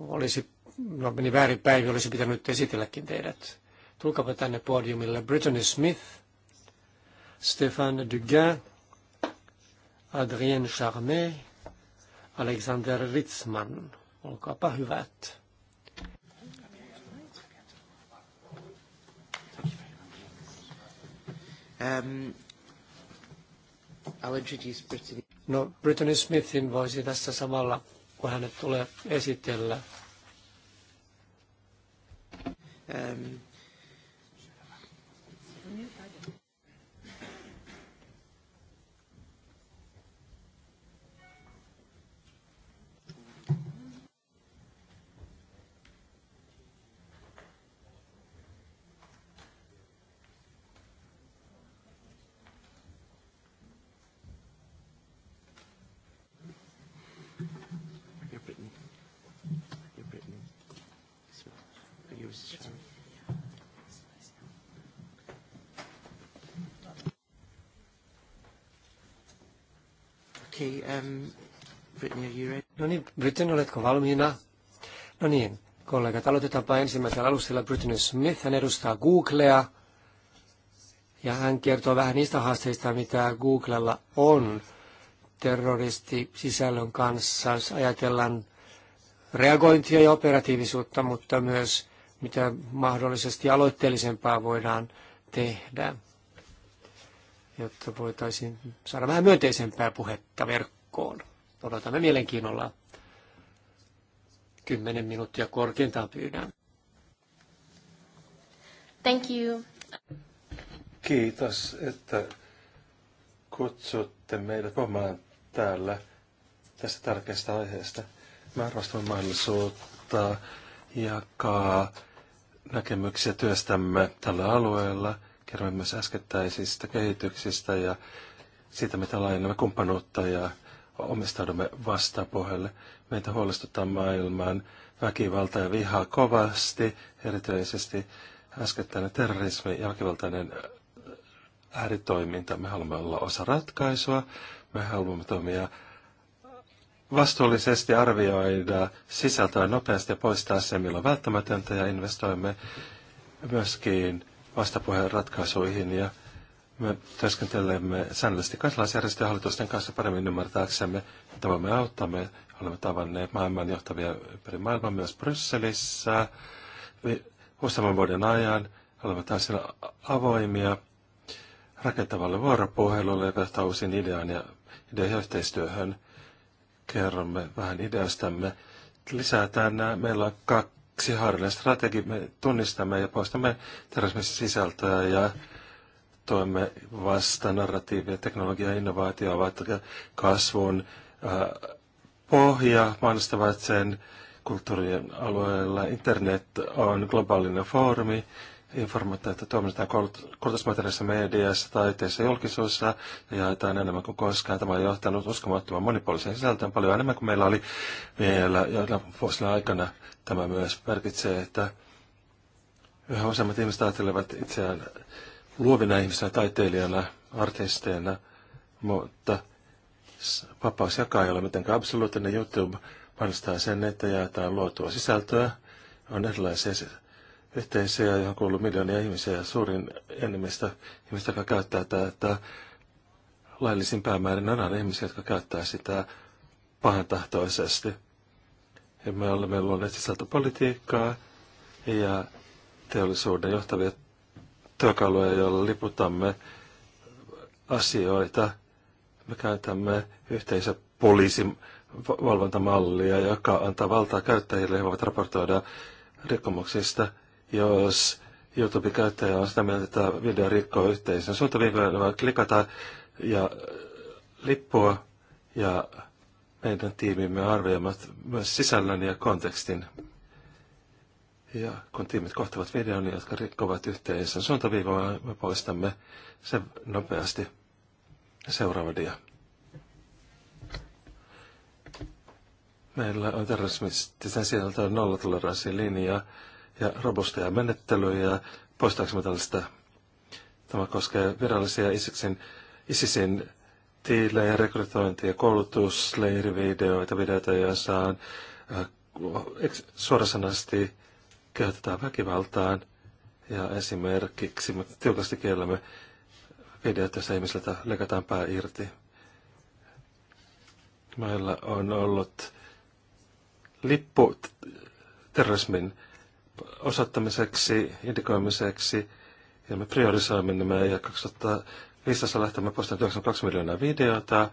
Olisi, no meni väärin päivä, olisi pitänyt esitelläkin teidät. Tulkapa tänne podiumille. Brittany Smith, Stéphane Dugin, Adrien Charmé. Alexander Ritzman. Olkaapa hyvät. Um, no, Brittany Smithin voisi tässä samalla, kun hänet tulee esitellä. Um, Brittany, are you ready? No niin, Brittany, oletko valmiina? No niin, kollegat, aloitetaanpa ensimmäisellä alustalla. Brittany Smith, hän edustaa Googlea. Ja hän kertoo vähän niistä haasteista, mitä Googlella on terroristisisällön kanssa. Ajatellaan reagointia ja operatiivisuutta, mutta myös mitä mahdollisesti aloitteellisempaa voidaan tehdä jotta voitaisiin saada vähän myönteisempää puhetta verkkoon. Odotamme mielenkiinnolla. Kymmenen minuuttia korkeintaan pyydän. Thank you. Kiitos, että kutsutte meidät omaan täällä tästä tärkeästä aiheesta. Mä arvostan mahdollisuutta jakaa näkemyksiä työstämme tällä alueella – Kerroin myös äskettäisistä kehityksistä ja siitä, mitä laajennamme kumppanuutta ja omistaudumme vastapohjalle. Meitä huolestuttaa maailman väkivalta ja vihaa kovasti, erityisesti äskettäinen terrorismi ja väkivaltainen ääritoiminta. Me haluamme olla osa ratkaisua, me haluamme toimia vastuullisesti arvioida sisältöä nopeasti ja poistaa se, milloin välttämätöntä, ja investoimme myöskin vastapuheen ratkaisuihin ja me työskentelemme säännöllisesti kansalaisjärjestöjen hallitusten kanssa paremmin ymmärtääksemme, mitä voimme auttaa. Me olemme tavanneet maailman johtavia ympäri maailmaa myös Brysselissä useamman vuoden ajan. Olemme taas avoimia rakentavalle vuoropuhelulle, joka johtaa uusiin ideaan ja ideoihin yhteistyöhön. Kerromme vähän ideastamme. Lisää tänään meillä on kaksi Siksi haarinen strategi me tunnistamme ja poistamme terrorismin sisältöä ja toimme vasta narratiivia, teknologia ja innovaatio ovat kasvun äh, pohja, mahdollistavat sen kulttuurien alueella. Internet on globaalinen foorumi, informoittaa, että toimitaan koulutusmateriaalissa mediassa, taiteessa, julkisuudessa ja jaetaan enemmän kuin koskaan. Tämä on johtanut uskomattoman monipuoliseen sisältöön paljon enemmän kuin meillä oli vielä joina vuosina aikana. Tämä myös merkitsee, että yhä useammat ihmiset ajattelevat itseään luovina ihmisinä, taiteilijana, artisteina, mutta vapaus jakaa ei ole mitenkään absoluuttinen. YouTube panostaa sen, että jaetaan luotua sisältöä, on erilaisia yhteisöjä, johon kuuluu miljoonia ihmisiä ja suurin enemmistö ihmistä, joka käyttää tätä laillisin päämäärin on aina ihmisiä, jotka käyttää sitä pahantahtoisesti. Ja me olemme luoneet politiikkaa ja teollisuuden johtavia työkaluja, joilla liputamme asioita. Me käytämme yhteisöpoliisin valvontamallia, joka antaa valtaa käyttäjille, he voivat raportoida rikkomuksista jos YouTube-käyttäjä on sitä mieltä, että video rikkoo yhteisön suuntaviivoja, niin klikata ja lippua ja meidän tiimimme arvioimat myös sisällön ja kontekstin. Ja kun tiimit kohtavat videon, niin jotka rikkovat yhteisön suuntaviivoja, me poistamme sen nopeasti. Seuraava dia. Meillä on terrorismistisen sieltä nollatoleranssin linja ja robusteja menettelyjä poistaaksemme tällaista. Tämä koskee virallisia ISISin, ISISin tiilejä, rekrytointia, koulutusleirivideoita, videoita, joissa on äh, suorasanasti käytetään väkivaltaan. Ja esimerkiksi me tiukasti kiellämme videot, joissa ihmisiltä leikataan pää irti. Meillä on ollut lippu terrorismin osoittamiseksi, indikoimiseksi, ja me priorisoimme nämä, ja 2015 lähtemme me postamme 92 miljoonaa videota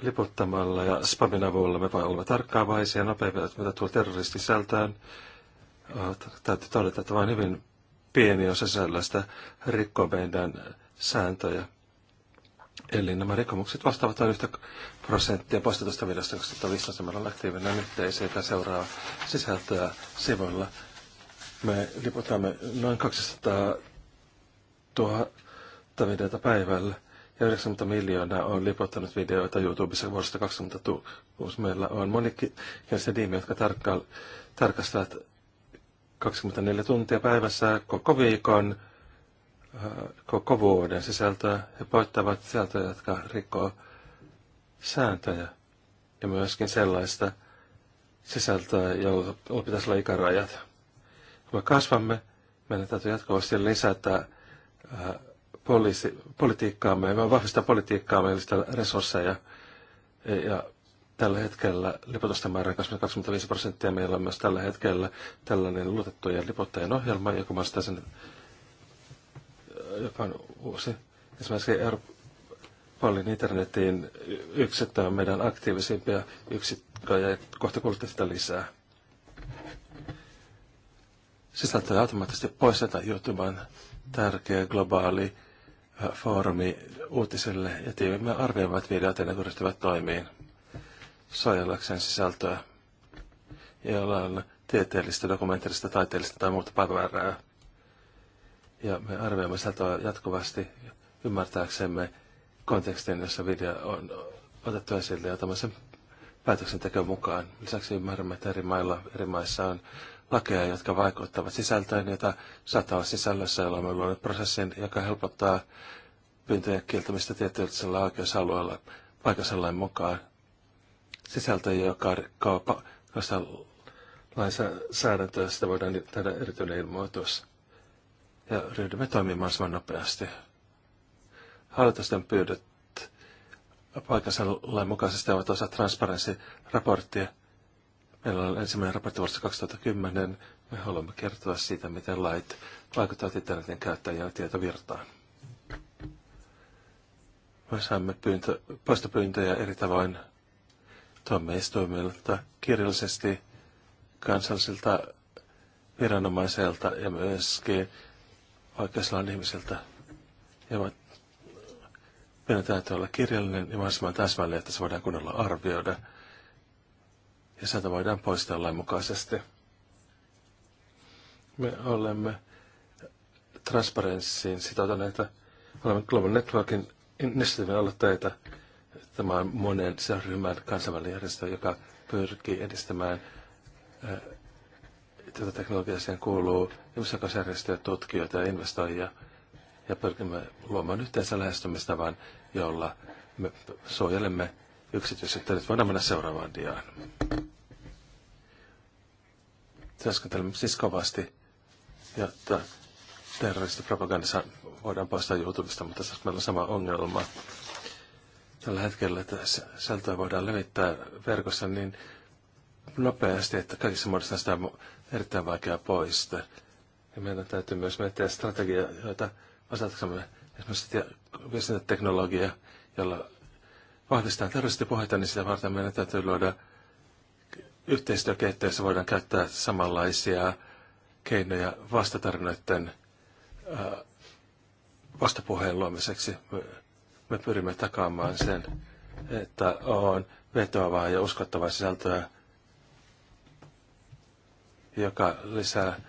liputtamalla, ja spamin avulla me olemme tarkkaavaisia, nopeita, mitä tuo terroristi sisältään. Täytyy todeta, että vain hyvin pieni osa sellaista rikkoa meidän sääntöjä. Eli nämä rikkomukset vastaavat noin yhtä prosenttia postitusta videosta 2015 meillä on aktiivinen yhteisö, joka seuraa sisältöä sivuilla. Me liputamme noin 200 000 videota päivällä ja 90 miljoonaa on liputtanut videoita YouTubessa vuodesta 2006. Meillä on se diimi, jotka tarkka- tarkastavat 24 tuntia päivässä koko viikon, äh, koko vuoden sisältöä. He poittavat sisältöä, jotka rikkoo sääntöjä ja myöskin sellaista sisältöä, jolla pitäisi olla ikärajat kun me kasvamme, meidän täytyy jatkuvasti lisätä äh, poliisi, politiikkaamme, me vahvistaa politiikkaamme ja resursseja. Ja tällä hetkellä lipotusten määrä 25 prosenttia. Meillä on myös tällä hetkellä tällainen luotettujen lipottajien ohjelma, joka vastaa sen, äh, joka on uusi. Esimerkiksi Euroopan internetin yksittö on meidän aktiivisimpia yksikköjä ja kohta kuulette sitä lisää sisältöä automaattisesti tätä YouTuben tärkeä globaali foorumi uutisille ja tiivimme arvioivat videot ennen kuin ryhtyvät toimiin suojellakseen sisältöä, jolla on tieteellistä, dokumentaarista, taiteellista tai muuta päivärää. Ja me arvioimme sisältöä jatkuvasti ymmärtääksemme kontekstin, jossa video on otettu esille ja tämmöisen päätöksentekoon mukaan. Lisäksi ymmärrämme, että eri mailla, eri maissa on lakeja, jotka vaikuttavat sisältöön, jota saattaa sisällössä, jolloin me prosessin, joka helpottaa pyyntöjen kieltämistä tietyllä oikeusalueella paikallisen mukaan. Sisältö, joka rikkoo lainsäädäntöä, sitä voidaan tehdä erityinen ilmoitus. Ja ryhdymme toimimaan mahdollisimman nopeasti. Hallitusten pyydöt paikallisen lain mukaisesti ovat osa transparenssiraporttia, Meillä on ensimmäinen raportti vuodesta 2010. Me haluamme kertoa siitä, miten lait vaikuttavat internetin käyttäjien tietovirtaan. Me saamme pyyntö, poistopyyntöjä eri tavoin tuomioistuimilta kirjallisesti kansallisilta viranomaiselta ja myöskin oikeusalan ihmisiltä. Ja meidän täytyy olla kirjallinen ja mahdollisimman täsmällinen, että se voidaan kunnolla arvioida – ja sieltä voidaan poistaa lainmukaisesti. Me olemme transparenssiin sitoutuneita. Olemme Global Networkin initiativin aloitteita. Tämä on monen seuraryhmän kansainvälinen järjestö, joka pyrkii edistämään eh, tätä teknologiaa. Siihen kuuluu ihmisoikeusjärjestöjä, tutkijoita ja investoijia. Ja pyrkimme luomaan yhteensä lähestymistavan, jolla me suojelemme nyt Voidaan mennä seuraavaan diaan. Työskentelemme siis kovasti, jotta terroristipropagandissa voidaan poistaa YouTubesta, mutta tässä meillä on sama ongelma. Tällä hetkellä, että sältöä voidaan levittää verkossa niin nopeasti, että kaikissa muodossa sitä on erittäin vaikea poistaa. Ja meidän täytyy myös miettiä strategiaa, joita osataksemme esimerkiksi viestintäteknologia, jolla vahvistaa terroristipuhetta, niin sitä varten meidän täytyy luoda yhteistyökettä, jossa voidaan käyttää samanlaisia keinoja vastatarinoiden äh, vastapuheen luomiseksi. Me pyrimme takaamaan sen, että on vetoavaa ja uskottavaa sisältöä, joka lisää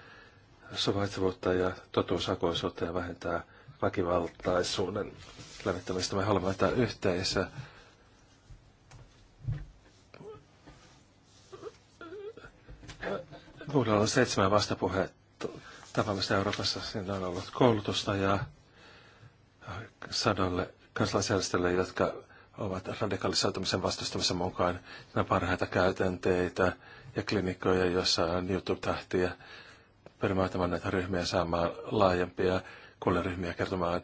suvaitsevuutta ja totuusakoisuutta ja vähentää väkivaltaisuuden lämmittämistä. Me haluamme, että yhteisö Kuudella on seitsemän vastapuhetta tapaamista Euroopassa. Siinä on ollut koulutusta ja sadolle kansalaisjärjestölle, jotka ovat radikalisoitumisen vastustamisen mukaan nämä parhaita käytänteitä ja klinikkoja, joissa on YouTube-tähtiä permäätämään näitä ryhmiä saamaan laajempia kuulijaryhmiä kertomaan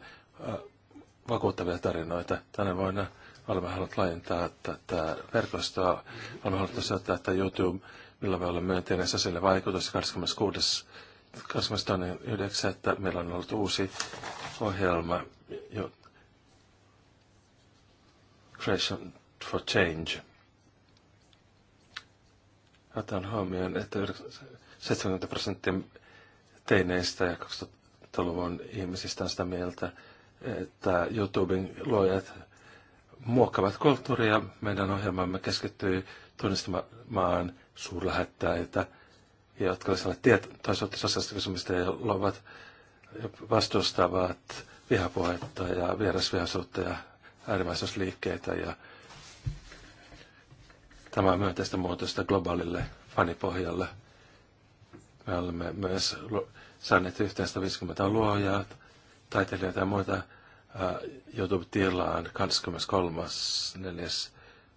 vakuuttavia tarinoita. Tänä vuonna olemme halunneet laajentaa tätä verkostoa. Olemme halunneet osoittaa, että YouTube millä me olemme myönteinen sosiaalinen vaikutus 26.9. meillä on ollut uusi ohjelma, jo Creation for Change. Otan huomioon, että 70 prosenttia teineistä ja 2000-luvun ihmisistä on sitä mieltä, että YouTuben luojat muokkaavat kulttuuria. Meidän ohjelmamme keskittyy tunnistamaan suurlähettäitä, jotka olisivat tietoisuutta sosiaalista kysymystä ja ovat vastustavat vihapuhetta ja vierasvihaisuutta ja äärimmäisyysliikkeitä ja tämä on myönteistä muutosta globaalille fanipohjalle. Me olemme myös saaneet yhteen 150 luojaa, taiteilijoita ja muita YouTube-tilaan 23.4.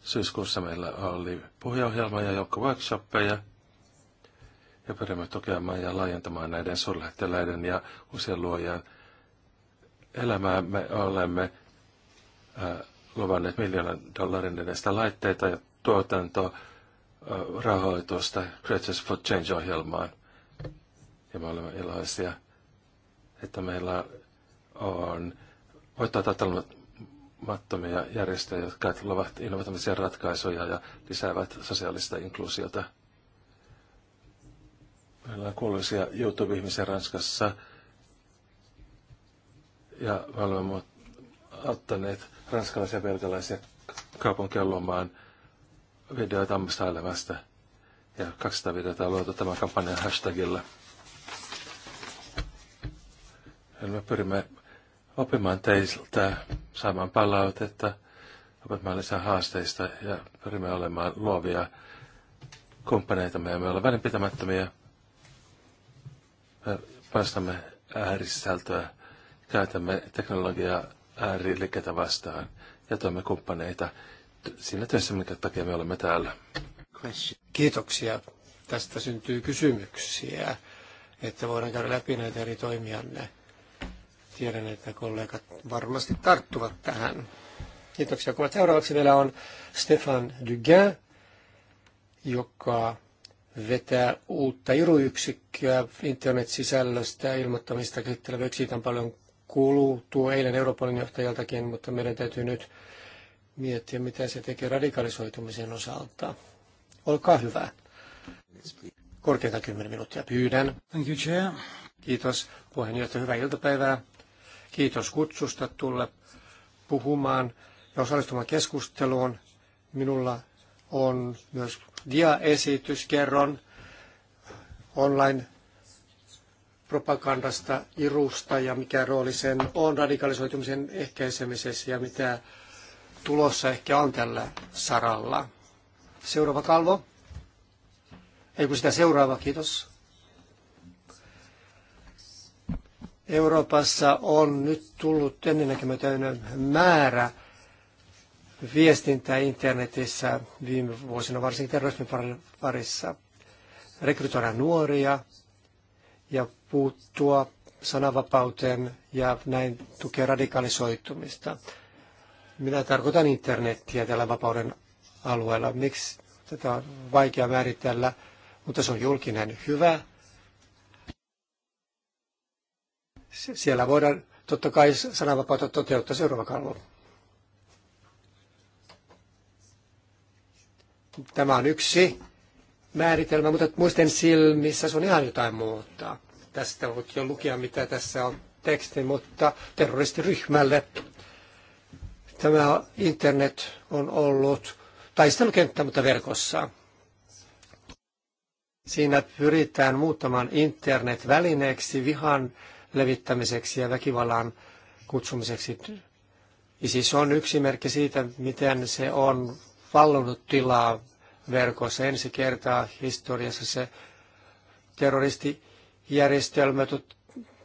Syyskuussa meillä oli puhujaohjelma ja joukko workshoppeja ja pyrimme tukemaan ja laajentamaan näiden suurlähettiläiden ja uusien luojan elämää. Me olemme luvanneet miljoonan dollarin edestä laitteita ja tuotantorahoitusta Creatures for Change-ohjelmaan. Ja me olemme iloisia, että meillä on voittaa riippumattomia järjestöjä, jotka ovat innovatiivisia ratkaisuja ja lisäävät sosiaalista inkluusiota. Meillä on kuuluisia YouTube-ihmisiä Ranskassa ja me olemme auttaneet ranskalaisia ja belgialaisia kaupunkien lomaan videoita ammasta elämästä. Ja 200 videota on luotu tämän kampanjan hashtagilla. Eli me pyrimme oppimaan teiltä, saamaan palautetta, opettamaan lisää haasteista ja pyrimme olemaan luovia kumppaneita. Me emme ole välinpitämättömiä. Me panostamme äärisältöä, käytämme teknologiaa ääriliikettä vastaan ja toimme kumppaneita siinä työssä, minkä takia me olemme täällä. Kiitoksia. Tästä syntyy kysymyksiä, että voidaan käydä läpi näitä eri toimijanne Tiedän, että kollegat varmasti tarttuvat tähän. Kiitoksia. Kuvat seuraavaksi vielä on Stefan Dugin, joka vetää uutta iruyksikköä internet-sisällöstä ilmoittamista käsitteleväksi. Siitä on paljon kuuluu eilen Euroopan johtajaltakin, mutta meidän täytyy nyt miettiä, mitä se tekee radikalisoitumisen osalta. Olkaa hyvä. Korkeintaan 10 minuuttia pyydän. Thank you, chair. Kiitos puheenjohtaja. Hyvää iltapäivää. Kiitos kutsusta tulla puhumaan ja osallistumaan keskusteluun. Minulla on myös diaesitys, kerron online propagandasta, irusta ja mikä rooli sen on radikalisoitumisen ehkäisemisessä ja mitä tulossa ehkä on tällä saralla. Seuraava kalvo. Ei kun sitä seuraava, kiitos. Euroopassa on nyt tullut ennennäkemätön määrä viestintää internetissä viime vuosina, varsinkin terrorismin parissa. Rekrytoida nuoria ja puuttua sananvapauteen ja näin tukea radikalisoitumista. Minä tarkoitan internettiä tällä vapauden alueella. Miksi tätä on vaikea määritellä, mutta se on julkinen hyvä – Siellä voidaan totta kai sananvapautta toteuttaa seuraava kalvo. Tämä on yksi määritelmä, mutta muisten silmissä se on ihan jotain muuta. Tästä voit jo lukea, mitä tässä on teksti, mutta terroristiryhmälle tämä internet on ollut taistelukenttä, mutta verkossa. Siinä pyritään muuttamaan internet välineeksi vihan levittämiseksi ja väkivallan kutsumiseksi. ISIS on yksi merkki siitä, miten se on vallunut tilaa verkossa. Ensi kertaa historiassa se terroristijärjestelmä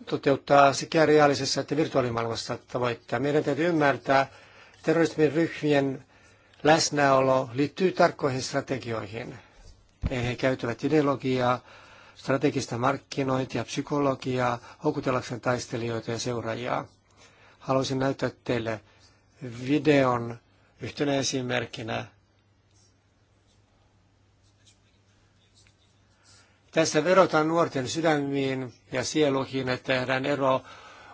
toteuttaa sekä reaalisessa että virtuaalimaailmassa tavoittaa. Meidän täytyy ymmärtää terrorismin ryhmien läsnäolo liittyy tarkkoihin strategioihin. He käyttävät ideologiaa, strategista markkinointia, psykologiaa, houkutellakseen taistelijoita ja seuraajia. Haluaisin näyttää teille videon yhtenä esimerkkinä. Tässä verotaan nuorten sydämiin ja sieluihin, että tehdään ero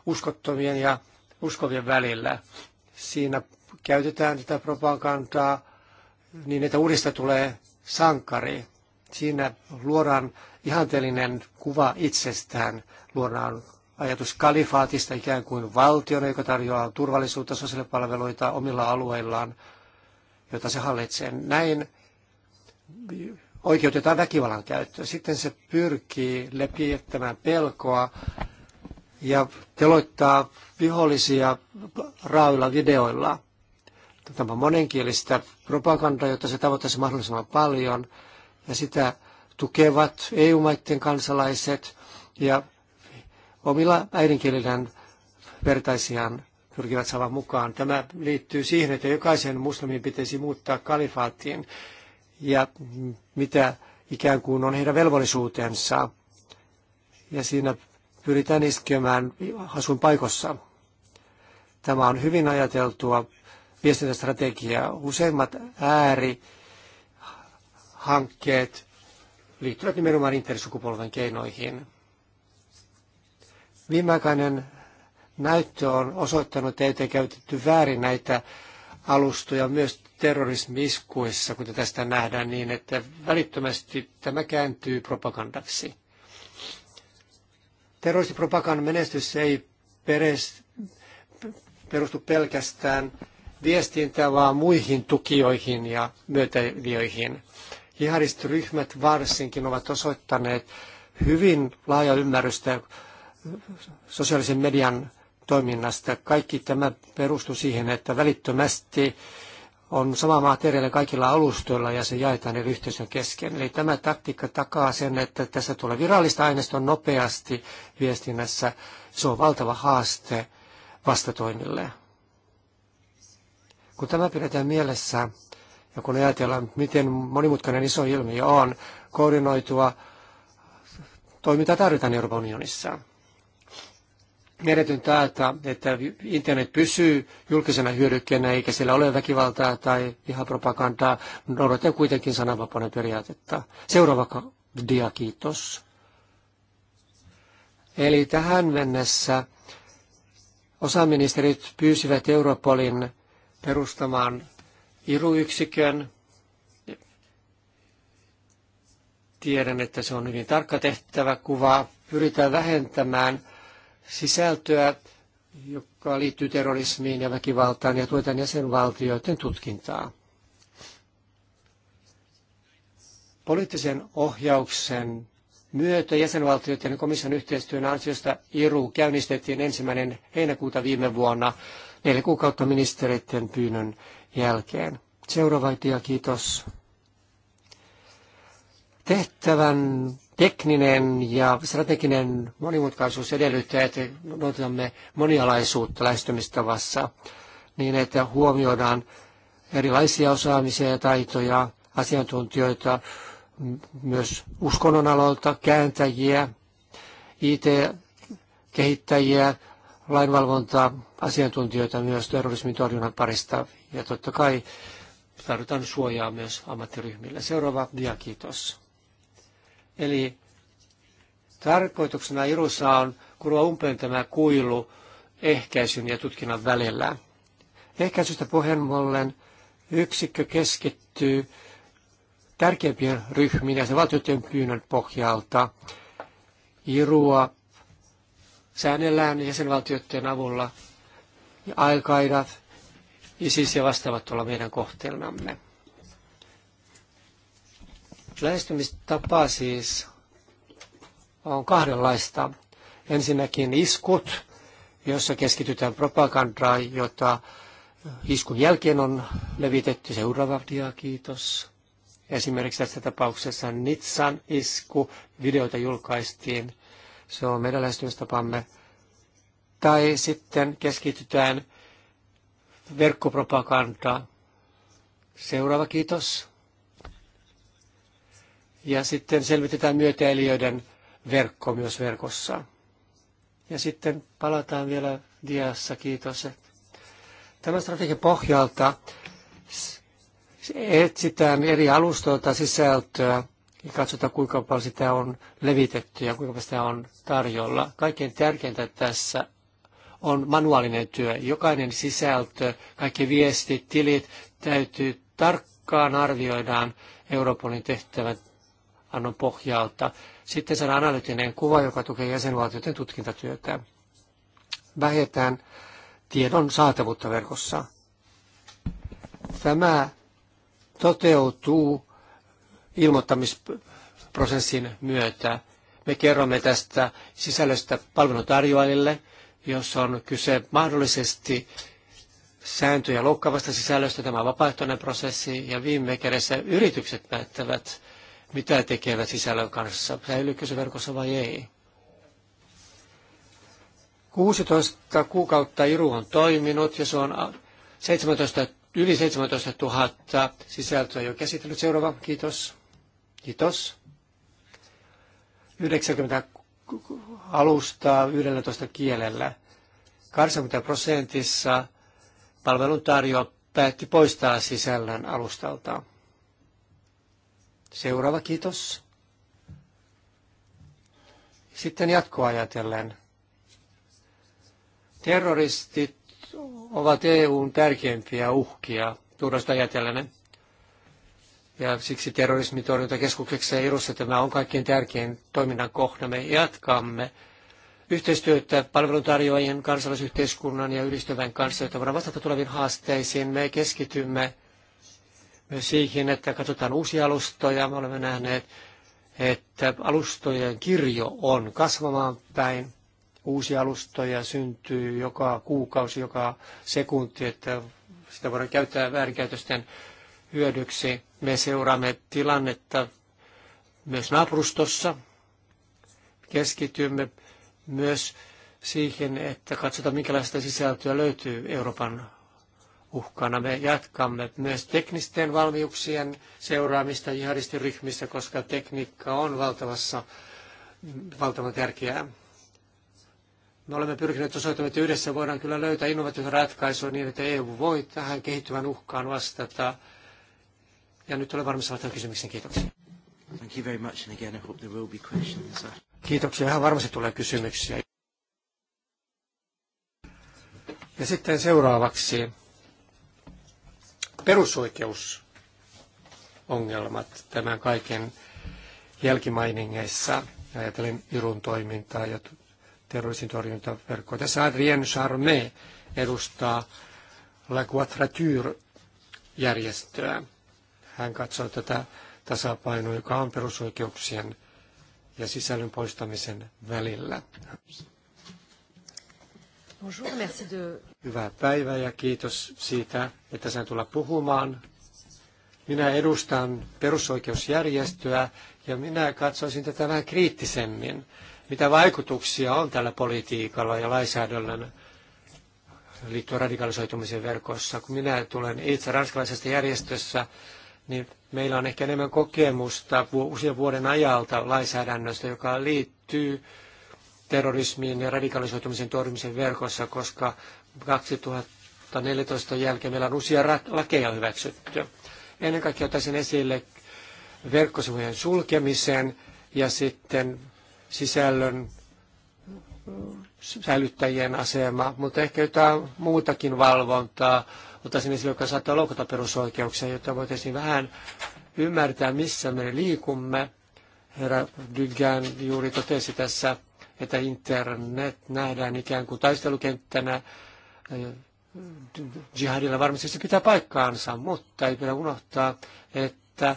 uskottomien ja uskovien välillä. Siinä käytetään tätä propagandaa niin, että uudesta tulee sankari. Siinä luodaan ihanteellinen kuva itsestään, luodaan ajatus kalifaatista ikään kuin valtiona, joka tarjoaa turvallisuutta, sosiaalipalveluita omilla alueillaan, jota se hallitsee. Näin oikeutetaan väkivallan käyttöä. Sitten se pyrkii lepiettämään pelkoa ja teloittaa vihollisia raoilla videoilla. Tämä on monenkielistä propagandaa, jotta se tavoittaisi mahdollisimman paljon – ja sitä tukevat EU-maiden kansalaiset ja omilla äidinkielillään vertaisiaan pyrkivät saamaan mukaan. Tämä liittyy siihen, että jokaisen muslimin pitäisi muuttaa kalifaattiin ja mitä ikään kuin on heidän velvollisuutensa. Ja siinä pyritään iskemään asuinpaikossa. Tämä on hyvin ajateltua viestintästrategiaa. Useimmat ääri hankkeet liittyvät nimenomaan intersukupolven keinoihin. Viimeaikainen näyttö on osoittanut, että ei käytetty väärin näitä alustoja myös terrorismiskuissa, kuten tästä nähdään, niin että välittömästi tämä kääntyy propagandaksi. Terroristipropagandan menestys ei perustu pelkästään viestintään, vaan muihin tukijoihin ja myötäviöihin jihadistiryhmät varsinkin ovat osoittaneet hyvin laaja ymmärrystä sosiaalisen median toiminnasta. Kaikki tämä perustuu siihen, että välittömästi on sama materiaali kaikilla alustoilla ja se jaetaan eri yhteisön kesken. Eli tämä taktiikka takaa sen, että tässä tulee virallista aineistoa nopeasti viestinnässä. Se on valtava haaste vastatoimille. Kun tämä pidetään mielessä, ja kun ajatellaan, miten monimutkainen iso ilmiö on, koordinoitua toimintaa tarvitaan Euroopan unionissa. Mietityn täältä, että internet pysyy julkisena hyödykkeenä eikä siellä ole väkivaltaa tai propagandaa. noudatetaan kuitenkin sananvapauden periaatetta. Seuraava dia, kiitos. Eli tähän mennessä osaministerit pyysivät Europolin perustamaan iruyksikön. Tiedän, että se on hyvin tarkka tehtävä kuva. Pyritään vähentämään sisältöä, joka liittyy terrorismiin ja väkivaltaan ja tuetaan jäsenvaltioiden tutkintaa. Poliittisen ohjauksen myötä jäsenvaltioiden komission yhteistyön ansiosta IRU käynnistettiin ensimmäinen heinäkuuta viime vuonna neljä kuukautta ministereiden pyynnön jälkeen. Seuraava idea, kiitos. Tehtävän tekninen ja strateginen monimutkaisuus edellyttää, että noudatamme monialaisuutta lähestymistavassa niin, että huomioidaan erilaisia osaamisia ja taitoja, asiantuntijoita, myös aloilta, kääntäjiä, IT-kehittäjiä, lainvalvontaa, asiantuntijoita myös terrorismin torjunnan parista ja totta kai tarvitaan suojaa myös ammattiryhmille. Seuraava dia, kiitos. Eli tarkoituksena Irussa on kurua umpeen tämä kuilu ehkäisyn ja tutkinnan välillä. Ehkäisystä puheen yksikkö keskittyy tärkeimpien ryhmiin ja se valtioiden pyynnön pohjalta. Irua säännellään jäsenvaltioiden avulla. Al-Qaidat, ISIS ja siis vastaavat olla meidän kohteenamme. Lähestymistapa siis on kahdenlaista. Ensinnäkin iskut, jossa keskitytään propagandaan, jota iskun jälkeen on levitetty. Seuraava dia, kiitos. Esimerkiksi tässä tapauksessa Nitsan isku, videoita julkaistiin. Se on meidän lähestymistapamme. Tai sitten keskitytään verkkopropagandaa. Seuraava kiitos. Ja sitten selvitetään myötäilijöiden verkko myös verkossa. Ja sitten palataan vielä diassa, kiitos. Tämän strategian pohjalta etsitään eri alustoilta sisältöä ja katsotaan kuinka paljon sitä on levitetty ja kuinka paljon sitä on tarjolla. Kaikkein tärkeintä tässä on manuaalinen työ. Jokainen sisältö, kaikki viestit, tilit täytyy tarkkaan arvioidaan Europolin tehtävän annon pohjalta. Sitten saadaan analyyttinen kuva, joka tukee jäsenvaltioiden tutkintatyötä. Vähetään tiedon saatavuutta verkossa. Tämä toteutuu ilmoittamisprosessin myötä. Me kerromme tästä sisällöstä palveluntarjoajille, jos on kyse mahdollisesti sääntöjä loukkaavasta sisällöstä, tämä on vapaaehtoinen prosessi, ja viime kädessä yritykset päättävät, mitä tekevät sisällön kanssa, säilyykö se verkossa vai ei. 16 kuukautta Iru on toiminut, ja se on 17, yli 17 000 sisältöä jo käsitellyt. Seuraava, kiitos. Kiitos. Yhdeksänkymmentä alustaa 11 kielellä. 80 prosentissa palveluntarjoa päätti poistaa sisällön alustalta. Seuraava kiitos. Sitten jatkoa ajatellen. Terroristit ovat EUn tärkeimpiä uhkia, turvasta ajatellen. Ja siksi terrorismitorjuntakeskukseksi Irussa tämä on kaikkein tärkein toiminnan kohde. Me jatkamme yhteistyötä palveluntarjoajien, kansalaisyhteiskunnan ja yhdistyvän kanssa, jotta voidaan vastata tuleviin haasteisiin. Me keskitymme myös siihen, että katsotaan uusia alustoja. Me olemme nähneet, että alustojen kirjo on kasvamaan päin. Uusia alustoja syntyy joka kuukausi, joka sekunti, että sitä voidaan käyttää väärinkäytösten hyödyksi. Me seuraamme tilannetta myös naapurustossa. Keskitymme myös siihen, että katsotaan, minkälaista sisältöä löytyy Euroopan uhkana. Me jatkamme myös teknisten valmiuksien seuraamista jihadistiryhmissä, koska tekniikka on valtavassa, valtavan tärkeää. Me olemme pyrkineet osoittamaan, että yhdessä voidaan kyllä löytää innovatiivisia ratkaisuja niin, että EU voi tähän kehittyvän uhkaan vastata ja nyt olen kysymyksen. Kiitoksia. Thank you very much, and again, I hope there will be questions. Kiitoksia. Ihan varmasti tulee kysymyksiä. Ja sitten seuraavaksi perusoikeusongelmat tämän kaiken jälkimainingeissa. Ajatellen Irun toimintaa ja terrorismin torjuntaverkkoa. Tässä Adrien Charmé edustaa La quatrature järjestöä hän katsoo tätä tasapainoa, joka on perusoikeuksien ja sisällön poistamisen välillä. Bonjour, merci de... Hyvää päivää ja kiitos siitä, että sain tulla puhumaan. Minä edustan perusoikeusjärjestöä ja minä katsoisin tätä vähän kriittisemmin. Mitä vaikutuksia on tällä politiikalla ja lainsäädännöllä liittyen radikalisoitumisen verkossa? Kun minä tulen itse ranskalaisesta järjestössä, niin meillä on ehkä enemmän kokemusta usean vuoden ajalta lainsäädännöstä, joka liittyy terrorismiin ja radikalisoitumisen torjumisen verkossa, koska 2014 jälkeen meillä on uusia lakeja hyväksytty. Ennen kaikkea otaisin esille verkkosivujen sulkemisen ja sitten sisällön säilyttäjien asema, mutta ehkä jotain muutakin valvontaa, ottaisin esille, joka saattaa loukata perusoikeuksia, jotta voitaisiin vähän ymmärtää, missä me liikumme. Herra Dygän juuri totesi tässä, että internet nähdään ikään kuin taistelukenttänä jihadilla varmasti se pitää paikkaansa, mutta ei pidä unohtaa, että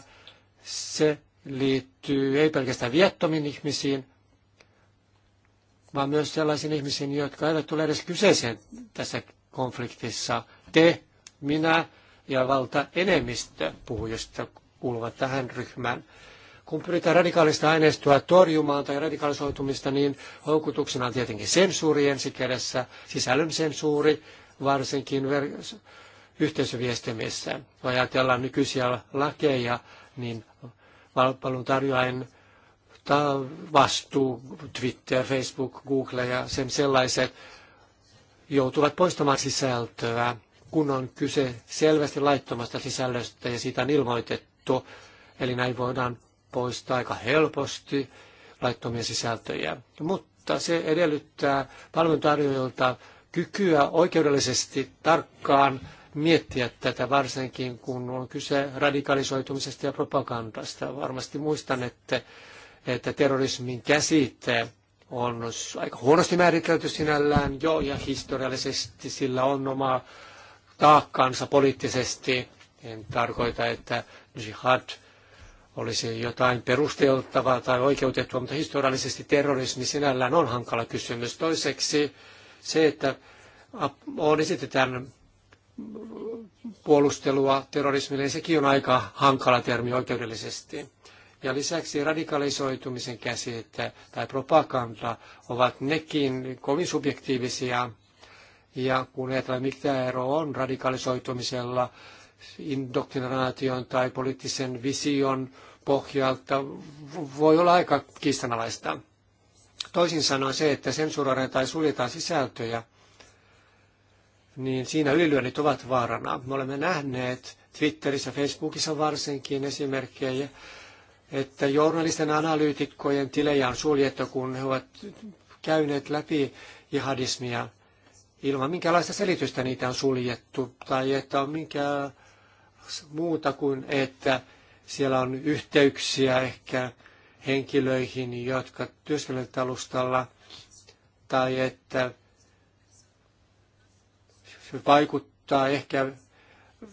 se liittyy ei pelkästään viettomiin ihmisiin, vaan myös sellaisiin ihmisiin, jotka eivät tule edes kyseeseen tässä konfliktissa. Te minä ja valta enemmistö puhujista kuuluvat tähän ryhmään. Kun pyritään radikaalista aineistoa torjumaan tai radikalisoitumista, niin houkutuksena on tietenkin sensuuri ensi kädessä, sisällön sensuuri, varsinkin ver- yhteisöviestimissä. Kun ajatellaan nykyisiä lakeja, niin palvelun tarjoajan vastuu, Twitter, Facebook, Google ja sen sellaiset joutuvat poistamaan sisältöä kun on kyse selvästi laittomasta sisällöstä ja siitä on ilmoitettu. Eli näin voidaan poistaa aika helposti laittomia sisältöjä. Mutta se edellyttää palveluntarjoajilta kykyä oikeudellisesti tarkkaan miettiä tätä, varsinkin kun on kyse radikalisoitumisesta ja propagandasta. Varmasti muistan, että, että terrorismin käsite on aika huonosti määritelty sinällään jo, ja historiallisesti sillä on oma taakkaansa poliittisesti. En tarkoita, että jihad olisi jotain perusteltavaa tai oikeutettua, mutta historiallisesti terrorismi sinällään on hankala kysymys. Toiseksi se, että on esitetään puolustelua terrorismille, niin sekin on aika hankala termi oikeudellisesti. Ja lisäksi radikalisoitumisen käsite tai propaganda ovat nekin kovin subjektiivisia ja kun ajatellaan, mikä ero on radikalisoitumisella, indoktrinaation tai poliittisen vision pohjalta, voi olla aika kiistanalaista. Toisin sanoen se, että sensuroidaan tai suljetaan sisältöjä, niin siinä ylilyönnit ovat vaarana. Me olemme nähneet Twitterissä, Facebookissa varsinkin esimerkkejä, että journalisten analyytikkojen tilejä on suljettu, kun he ovat käyneet läpi jihadismia – ilman minkäänlaista selitystä niitä on suljettu tai että on minkään muuta kuin, että siellä on yhteyksiä ehkä henkilöihin, jotka työskentelevät alustalla tai että se vaikuttaa ehkä,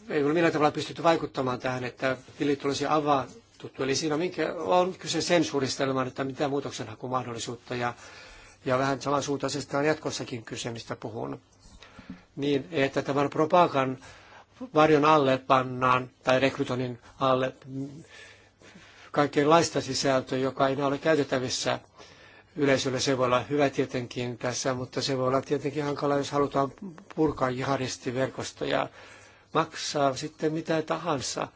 ei ole millään tavalla pystytty vaikuttamaan tähän, että tilit olisi avattu. Eli siinä on, minkä, on kyse sensuurista ilman, että mitään muutoksenhakumahdollisuutta ja ja vähän salaisuutaisesta on jatkossakin kyse, mistä puhun, niin että tämän propagan varjon alle pannaan, tai rekrytoinnin alle, kaikenlaista sisältöä, joka ei ole käytettävissä yleisölle. Se voi olla hyvä tietenkin tässä, mutta se voi olla tietenkin hankala, jos halutaan purkaa jihadistiverkostoja. Maksaa sitten mitä tahansa.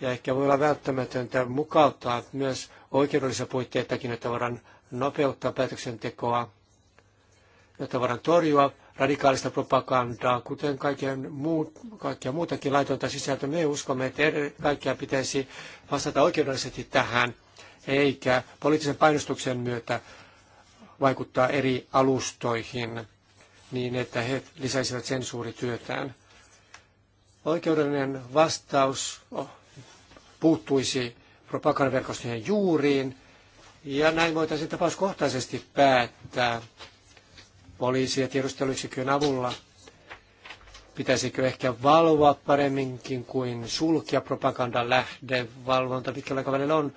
Ja ehkä voi olla välttämätöntä mukauttaa myös oikeudellisia puitteitakin, että voidaan nopeuttaa päätöksentekoa, jotta voidaan torjua radikaalista propagandaa, kuten kaiken muut, muutakin laitonta sisältöä. Me uskomme, että kaikkia pitäisi vastata oikeudellisesti tähän, eikä poliittisen painostuksen myötä vaikuttaa eri alustoihin niin, että he lisäisivät sensuurityötään. Oikeudellinen vastaus puuttuisi propagandaverkostojen juuriin ja näin voitaisiin tapauskohtaisesti päättää poliisi- ja tiedusteluyksikön avulla. Pitäisikö ehkä valvoa paremminkin kuin sulkia propagandan lähde. Valvonta pitkällä aikavälillä on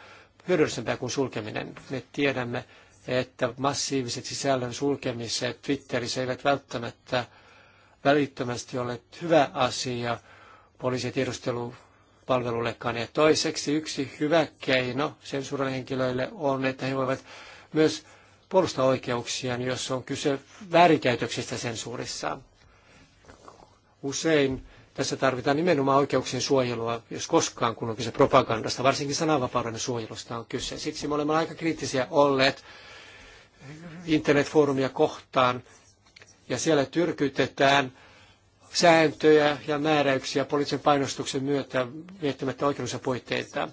hyödyllisempää kuin sulkeminen. Me tiedämme, että massiiviset sisällön sulkemiset Twitterissä eivät välttämättä välittömästi ole hyvä asia poliisi- ja tiedustelu palvelullekaan. Ja toiseksi yksi hyvä keino sensuurihenkilöille on, että he voivat myös puolustaa oikeuksiaan, jos on kyse väärinkäytöksistä sensuurissa. Usein tässä tarvitaan nimenomaan oikeuksien suojelua, jos koskaan kun on kyse propagandasta, varsinkin sananvapauden suojelusta on kyse. Siksi me olemme aika kriittisiä olleet internetfoorumia kohtaan, ja siellä tyrkytetään sääntöjä ja määräyksiä poliittisen painostuksen myötä miettimättä oikeudellisia puitteita.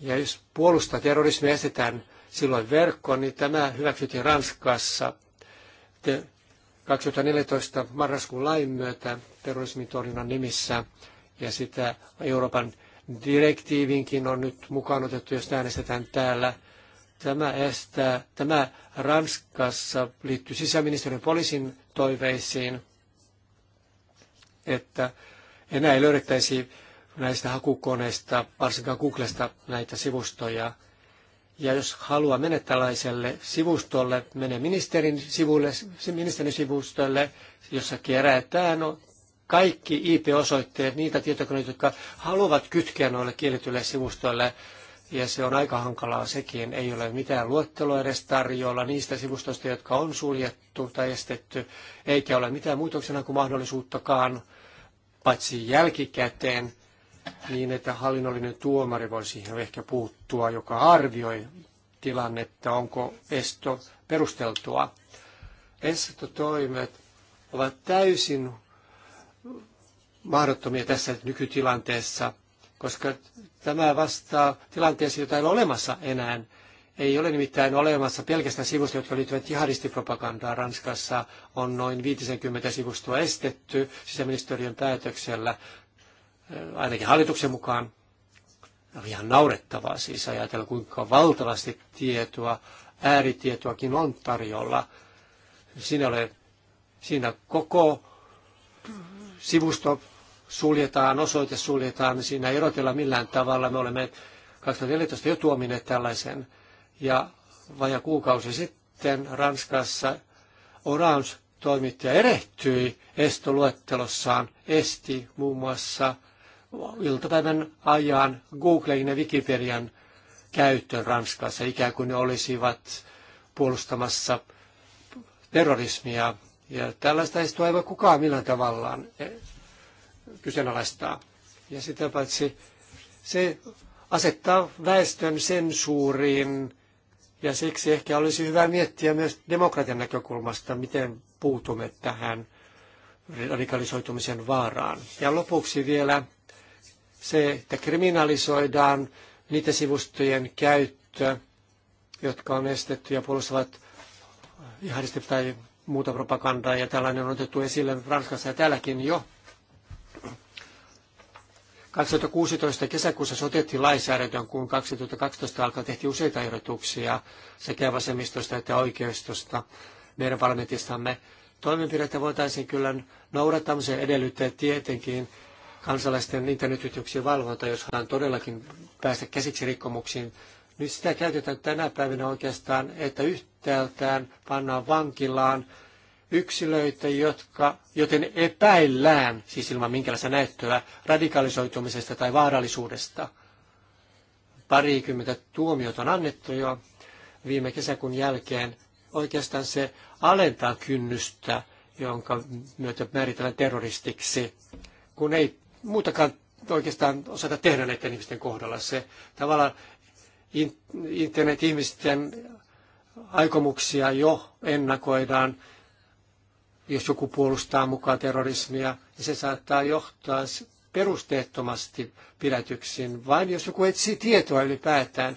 Ja jos puolustaa terrorismia estetään silloin verkkoon, niin tämä hyväksyttiin Ranskassa 2014 marraskuun lain myötä terrorismin torjunnan nimissä. Ja sitä Euroopan direktiivinkin on nyt mukaan otettu, jos äänestetään täällä. Tämä, estää, tämä Ranskassa liittyy sisäministeriön poliisin toiveisiin – että enää ei löydettäisi näistä hakukoneista, varsinkaan Googlesta, näitä sivustoja. Ja jos haluaa mennä tällaiselle sivustolle, mene ministerin sivulle, ministerin sivustolle, jossa kerätään no, kaikki IP-osoitteet, niitä tietokoneita, jotka haluavat kytkeä noille kielletyille sivustoille. Ja se on aika hankalaa sekin. Ei ole mitään luetteloa edes tarjolla niistä sivustoista, jotka on suljettu tai estetty, eikä ole mitään muutoksena kuin mahdollisuuttakaan paitsi jälkikäteen, niin että hallinnollinen tuomari voi siihen ehkä puuttua, joka arvioi tilannetta, onko esto perusteltua. Estotoimet ovat täysin mahdottomia tässä nykytilanteessa, koska tämä vastaa tilanteeseen, jota ei ole olemassa enää ei ole nimittäin olemassa pelkästään sivustoja, jotka liittyvät jihadistipropagandaan. Ranskassa on noin 50 sivustoa estetty sisäministeriön päätöksellä, eh, ainakin hallituksen mukaan. Ihan naurettavaa siis ajatella, kuinka valtavasti tietoa, ääritietoakin on tarjolla. Siinä, ole, siinä koko sivusto suljetaan, osoite suljetaan, siinä ei erotella millään tavalla. Me olemme 2014 jo tuomineet tällaisen ja vaja kuukausi sitten Ranskassa Orange toimittaja erehtyi estoluettelossaan, esti muun muassa iltapäivän ajan Googlein ja Wikipedian käytön Ranskassa, ikään kuin ne olisivat puolustamassa terrorismia. Ja tällaista ei voi kukaan millään tavallaan eh, kyseenalaistaa. Ja sitä paitsi se asettaa väestön sensuuriin ja siksi ehkä olisi hyvä miettiä myös demokratian näkökulmasta, miten puutumme tähän radikalisoitumisen vaaraan. Ja lopuksi vielä se, että kriminalisoidaan niitä sivustojen käyttö, jotka on estetty ja puolustavat jihadisti tai muuta propagandaa, ja tällainen on otettu esille Ranskassa ja täälläkin jo. 2016 kesäkuussa sotettiin lainsäädäntöön, kun 2012 alkaen tehtiin useita ehdotuksia sekä vasemmistosta että oikeistosta meidän parlamentistamme. Toimenpidettä voitaisiin kyllä noudattaa, se edellyttää tietenkin kansalaisten internetyhteyksien valvonta, jos hän todellakin päästä käsiksi rikkomuksiin. Nyt sitä käytetään tänä päivänä oikeastaan, että yhtäältään pannaan vankilaan yksilöitä, jotka, joten epäillään, siis ilman minkälaista näyttöä, radikalisoitumisesta tai vaarallisuudesta. Parikymmentä tuomiot on annettu jo viime kesäkuun jälkeen. Oikeastaan se alentaa kynnystä, jonka myötä määritellään terroristiksi, kun ei muutakaan oikeastaan osata tehdä näiden ihmisten kohdalla. Se tavallaan internet-ihmisten aikomuksia jo ennakoidaan jos joku puolustaa mukaan terrorismia, niin se saattaa johtaa perusteettomasti pidätyksiin, vain jos joku etsii tietoa ylipäätään,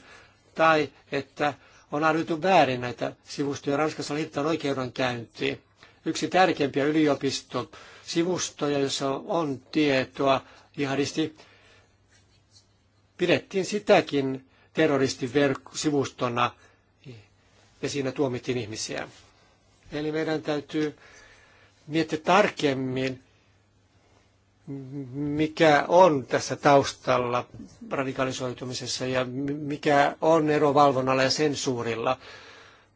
tai että on arvioitu väärin näitä sivustoja. Ranskassa on hittään oikeudenkäynti. Yksi tärkeimpiä yliopistosivustoja, jossa on tietoa jihadisti, pidettiin sitäkin terroristisivustona ja siinä tuomittiin ihmisiä. Eli meidän täytyy miettiä tarkemmin, mikä on tässä taustalla radikalisoitumisessa ja mikä on ero valvonnalla ja sensuurilla.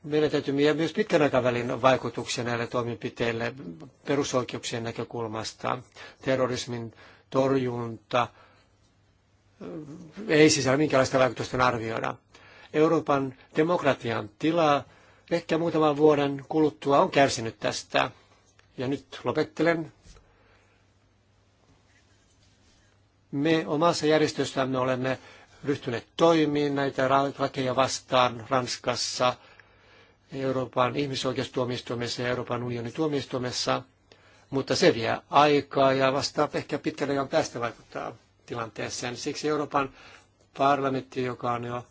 Meillä täytyy miettiä myös pitkän aikavälin vaikutuksia näille toimenpiteille perusoikeuksien näkökulmasta, terrorismin torjunta, eh, ei sisällä minkälaista vaikutusta arvioida. Euroopan demokratian tila ehkä muutaman vuoden kuluttua on kärsinyt tästä ja nyt lopettelen. Me omassa järjestössämme olemme ryhtyneet toimiin näitä lakeja vastaan Ranskassa, Euroopan ihmisoikeustuomioistuimessa ja Euroopan unionin tuomioistuimessa, mutta se vie aikaa ja vastaa ehkä pitkälle ajan päästä vaikuttaa tilanteeseen. Siksi Euroopan parlamentti, joka on jo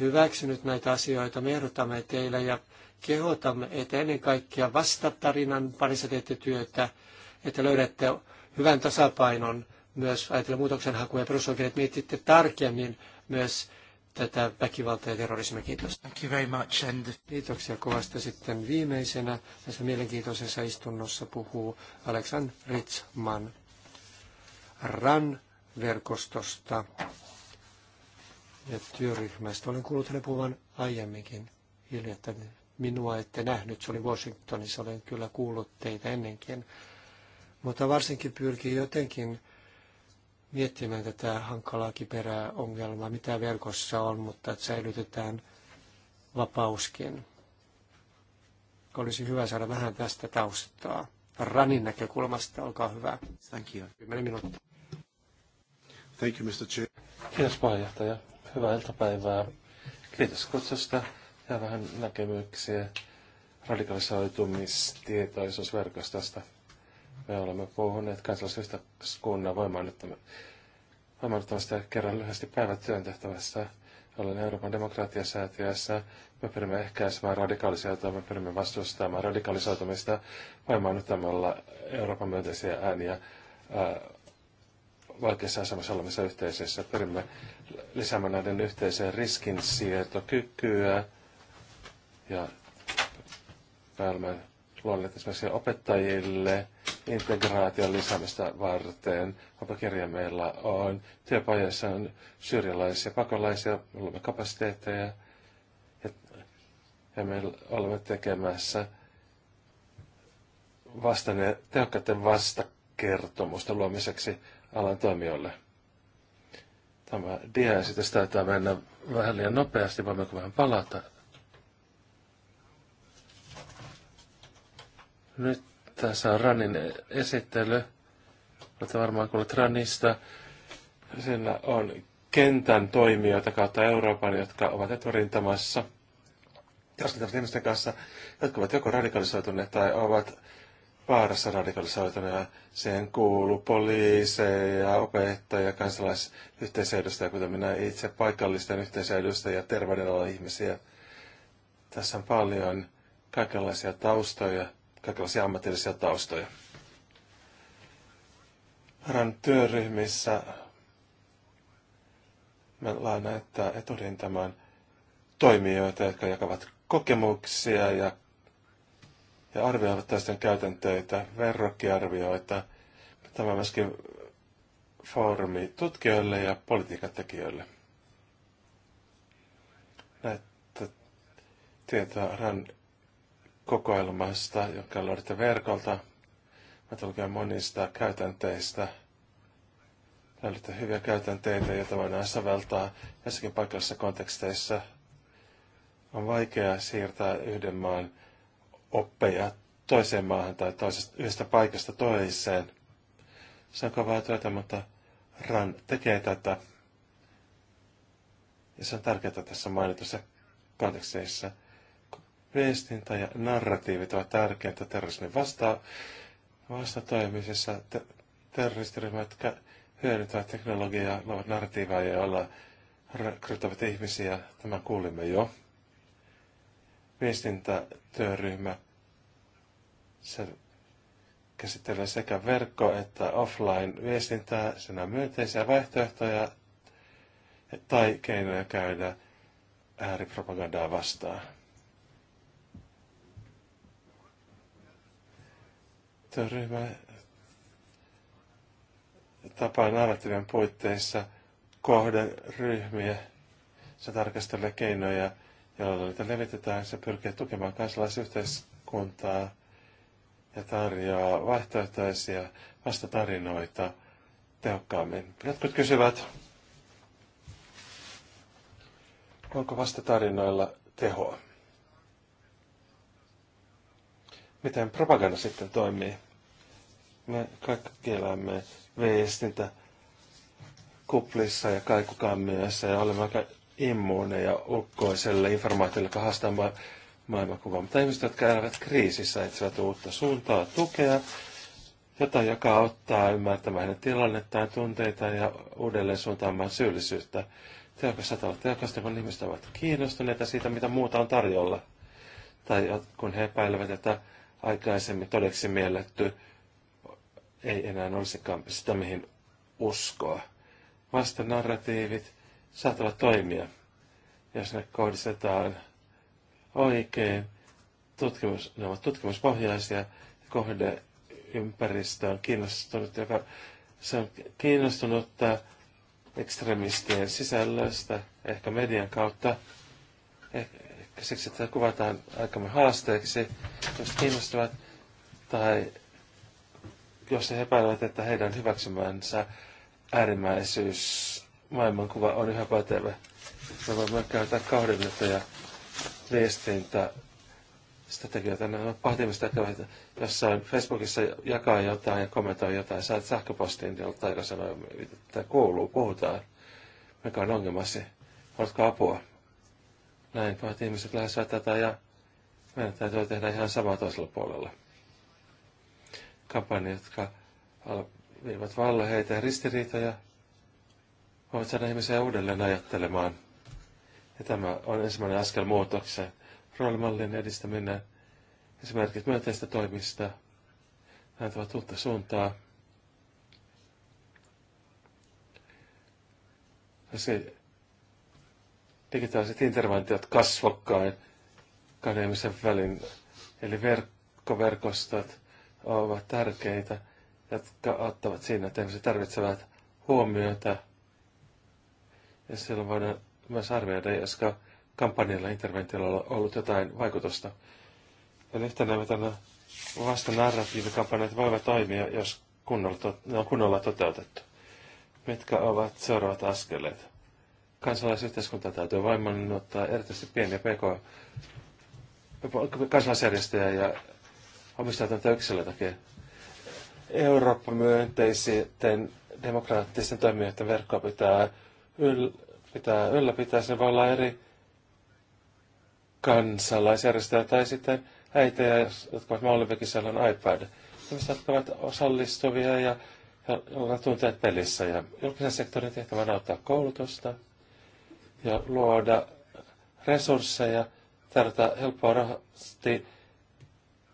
hyväksynyt näitä asioita, me ehdotamme teille ja kehotamme, että ennen kaikkea vastatarinan parissa teette työtä, että löydätte hyvän tasapainon myös ajatellen muutoksenhakuja ja perusoikeudet mietitte tarkemmin myös tätä väkivaltaa ja terrorismia. Kiitos. Thank you very much. And... Kiitoksia kovasti. Sitten viimeisenä tässä mielenkiintoisessa istunnossa puhuu Aleksan Ritzman RAN-verkostosta ja työryhmästä. Olen kuullut hänen puhuvan aiemminkin hiljattain minua ette nähnyt, se oli Washingtonissa, olen kyllä kuullut teitä ennenkin. Mutta varsinkin pyrkii jotenkin miettimään tätä hankalaa kiperää ongelmaa, mitä verkossa on, mutta että säilytetään vapauskin. Olisi hyvä saada vähän tästä taustaa. Ranin näkökulmasta, olkaa hyvä. Thank you. Kymmenen minuuttia. Thank you, Mr. Chair. Kiitos puheenjohtaja. Hyvää iltapäivää. Kiitos kutsusta ja vähän näkemyksiä radikalisoitumistietoisuusverkostosta. Me olemme puhuneet kansalaisyhteiskunnan ja kerran lyhyesti päivät työntehtävässä. Olen Euroopan demokratiasäätiössä. Me pyrimme ehkäisemään radikalisoitua, me pyrimme vastustamaan radikalisoitumista voimaannuttamalla Euroopan myönteisiä ääniä vaikeassa asemassa olemassa yhteisössä. Pyrimme lisäämään näiden yhteiseen riskinsietokykyä ja päällymän luonnet esimerkiksi opettajille integraation lisäämistä varten. Opakirja meillä on. Työpajassa on syyrialaisia pakolaisia, olemme kapasiteetteja ja, ja me olemme tekemässä vastane, tehokkaiden vastakertomusta luomiseksi alan toimijoille. Tämä diaesitys taitaa mennä vähän liian nopeasti, voimmeko vähän palata Nyt tässä on Rannin esittely. Olette varmaan kuullut Rannista. Siinä on kentän toimijoita kautta Euroopan, jotka ovat eturintamassa. Joskin ihmisten kanssa, jotka ovat joko radikalisoituneet tai ovat vaarassa radikalisoituneet. Siihen kuuluu poliiseja, opettajia, kansalaisyhteisöedustajia, kuten minä itse, paikallisten ja terveydenalan ihmisiä. Tässä on paljon kaikenlaisia taustoja, kaikenlaisia ammatillisia taustoja. Ran työryhmissä me laina, että etudintamaan toimijoita, jotka jakavat kokemuksia ja, ja arvioivat toisten käytäntöitä, verrokkiarvioita. Tämä myöskin foorumi tutkijoille ja politiikatekijöille. Näitä tietoa RAN kokoelmasta, joka löydätte verkolta. Mä tulkeen monista käytänteistä. Löydätte hyviä käytänteitä, joita voidaan soveltaa jossakin paikallisissa konteksteissa. On vaikea siirtää yhden maan oppeja toiseen maahan tai toisesta, yhdestä paikasta toiseen. Se on kovaa työtä, mutta RAN tekee tätä. Ja se on tärkeää tässä mainitussa konteksteissa viestintä ja narratiivit ovat tärkeintä terrorismin vasta- vastatoimisessa. Te- terroristiryhmät hyödyntävät teknologiaa, luovat narratiiveja, joilla rekrytoivat ihmisiä. Tämä kuulimme jo. Viestintätyöryhmä se käsittelee sekä verkko- että offline-viestintää, sen on myönteisiä vaihtoehtoja tai keinoja käydä ääripropagandaa vastaan. Työryhmä tapaa narratiivien puitteissa kohderyhmiä. Se tarkastelee keinoja, joilla niitä levitetään. Se pyrkii tukemaan kansalaisyhteiskuntaa ja tarjoaa vaihtoehtoisia vastatarinoita tehokkaammin. Jotkut kysyvät, onko vastatarinoilla tehoa? miten propaganda sitten toimii. Me kaikki elämme viestintä kuplissa ja kaikukammiössä ja olemme aika immuuneja ulkoiselle informaatiolle, joka haastaa ma- maailmankuvaa. Mutta ihmiset, jotka elävät kriisissä, etsivät uutta suuntaa, tukea, jota joka ottaa ymmärtämään hänen tilannettaan, tunteitaan ja uudelleen suuntaamaan syyllisyyttä. Teokas saattaa olla tehokasta, kun ihmiset ovat kiinnostuneita siitä, mitä muuta on tarjolla. Tai kun he epäilevät, että aikaisemmin todeksi mielletty ei enää olisikaan sitä, mihin uskoa. Vastanarratiivit saattavat toimia, jos ne kohdistetaan oikein. Tutkimus, ne ovat tutkimuspohjaisia kohde ympäristö on kiinnostunut, joka se on kiinnostunutta ekstremistien sisällöstä, ehkä median kautta, ehkä siksi, että kuvataan aikamme haasteeksi, jos kiinnostuvat tai jos he epäilevät, että heidän hyväksymänsä äärimmäisyys maailmankuva on yhä pätevä. Me voimme käyttää kahdennetta ja viestintä strategioita, ne on pahdimmista käveitä, Jos Facebookissa jakaa jotain ja kommentoi jotain, saat sähköpostiin joltain, joka sanoa, että kuuluu, puhutaan, mikä on ongelmasi, oletko apua, näin pahat ihmiset lähes tätä ja meidän täytyy tehdä ihan samaa toisella puolella. Kampanjat, jotka viivät valheita ja ristiriitoja, voivat saada ihmisiä uudelleen ajattelemaan. Ja tämä on ensimmäinen askel muutokseen. Roolimallin edistäminen, Esimerkiksi myönteistä toimista, ovat uutta suuntaa. se digitaaliset interventiot kasvokkain kahden välin. Eli verkkoverkostot ovat tärkeitä, jotka auttavat siinä, että ihmiset tarvitsevat huomiota. Ja silloin voidaan myös arvioida, josko kampanjalla interventiolla on ollut jotain vaikutusta. Eli yhtenävetänä vasta narratiivikampanjat voivat toimia, jos kunnolla, ne on kunnolla toteutettu. Mitkä ovat seuraavat askeleet? kansalaisyhteiskuntaa täytyy vaimon ottaa erityisesti pieniä pk kansalaisjärjestöjä ja omistautunutta yksilöitäkin. Eurooppa-myönteisten demokraattisten toimijoiden verkkoa pitää, yl, pitää ylläpitää. Sinne voi olla eri kansalaisjärjestöjä tai sitten äitejä, jotka ovat Mallivikissa, on iPad. Ihmiset, jotka ovat osallistuvia ja, on tunteet pelissä. Ja julkisen sektorin tehtävänä auttaa koulutusta – ja luoda resursseja, tarjota helppoa rahasti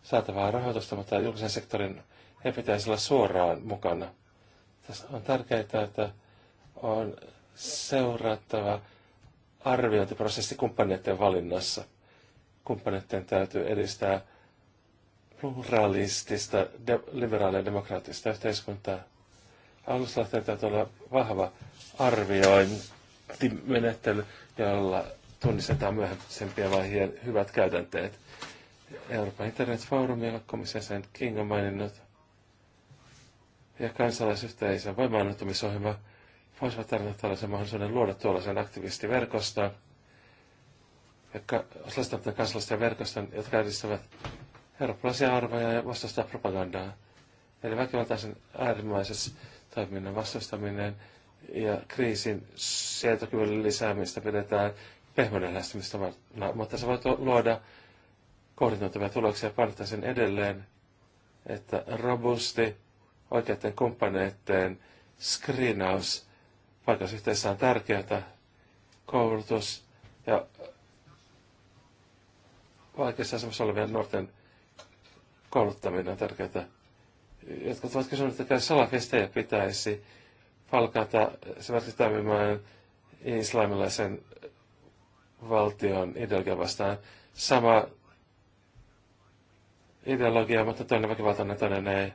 saatavaa rahoitusta, mutta julkisen sektorin ei pitäisi olla suoraan mukana. Tässä on tärkeää, että on seurattava arviointiprosessi kumppaneiden valinnassa. Kumppaneiden täytyy edistää pluralistista, de- liberaalia demokraattista yhteiskuntaa. Aluslahteen täytyy olla vahva arviointi pilottimenettely, jolla tunnistetaan myöhäisempiä vaiheen hyvät käytänteet. Euroopan Internet Forum, jonka King on maininnut, ja kansalaisyhteisön voimaannuttamisohjelma voisivat tarjota tällaisen mahdollisuuden luoda tuollaisen aktivistiverkoston, jotka osallistavat kansalaisten verkoston, jotka edistävät eurooppalaisia arvoja ja vastustaa propagandaa. Eli väkivaltaisen äärimmäisessä toiminnan vastustaminen – ja kriisin sietokyvyn lisäämistä pidetään pehmeänä lähestymistavana, mutta se voi luoda kohdentuntavia tuloksia ja sen edelleen, että robusti oikeiden kumppaneiden screenaus paikallisyhteisössä on tärkeää, koulutus ja vaikeassa asemassa olevien nuorten kouluttaminen on tärkeää. Jotkut ovat kysyneet, että salakestejä pitäisi palkata esimerkiksi toimimaan islamilaisen valtion ideologia vastaan. Sama ideologia, mutta toinen väkivaltainen, toinen ei.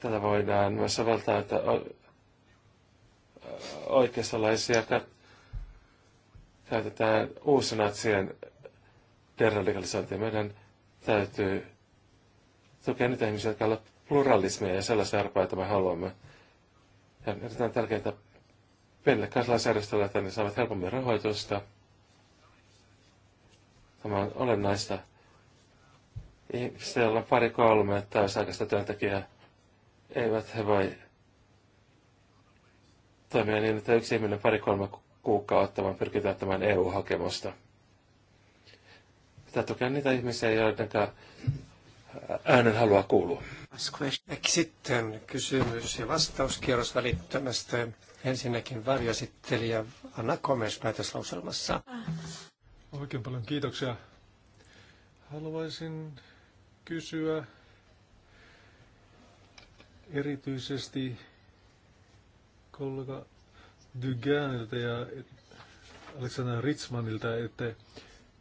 Tätä voidaan myös soveltaa, että oikeistolaisia käytetään uusnatsien deradikalisointia. Meidän täytyy tukea niitä ihmisiä, jotka ovat pluralismia ja sellaista arpaa, joita me haluamme. Ja erittäin tärkeää pienille kansalaisjärjestöille, että ne saavat helpommin rahoitusta. Tämä on olennaista. Siellä on pari kolme täysaikaista työntekijää. Eivät he voi toimia niin, että yksi ihminen pari kolme kuukautta vaan pyrkii täyttämään EU-hakemusta. Pitää tukea niitä ihmisiä, joiden äänen haluaa kuulua. Sitten kysymys ja vastauskierros välittömästä. Ensinnäkin varjoesittelijä Anna Komes päätöslauselmassa. Ah. Oikein paljon kiitoksia. Haluaisin kysyä erityisesti kollega Duganilta ja Alexander Ritsmanilta, että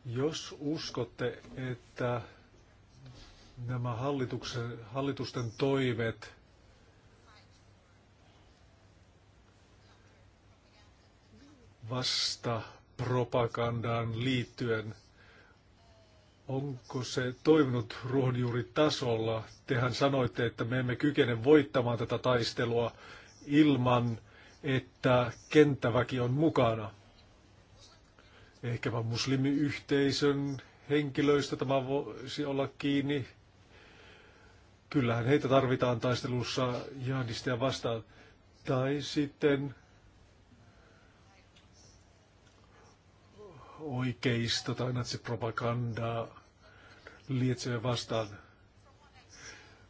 jos uskotte, että nämä hallituksen, hallitusten toiveet vasta propagandaan liittyen, onko se toiminut ruohonjuuritasolla? Tehän sanoitte, että me emme kykene voittamaan tätä taistelua ilman, että kenttäväki on mukana. Ehkäpä muslimiyhteisön henkilöistä tämä voisi olla kiinni Kyllähän heitä tarvitaan taistelussa jihadisteja vastaan. Tai sitten oikeisto tai natsipropagandaa lietsevä vastaan.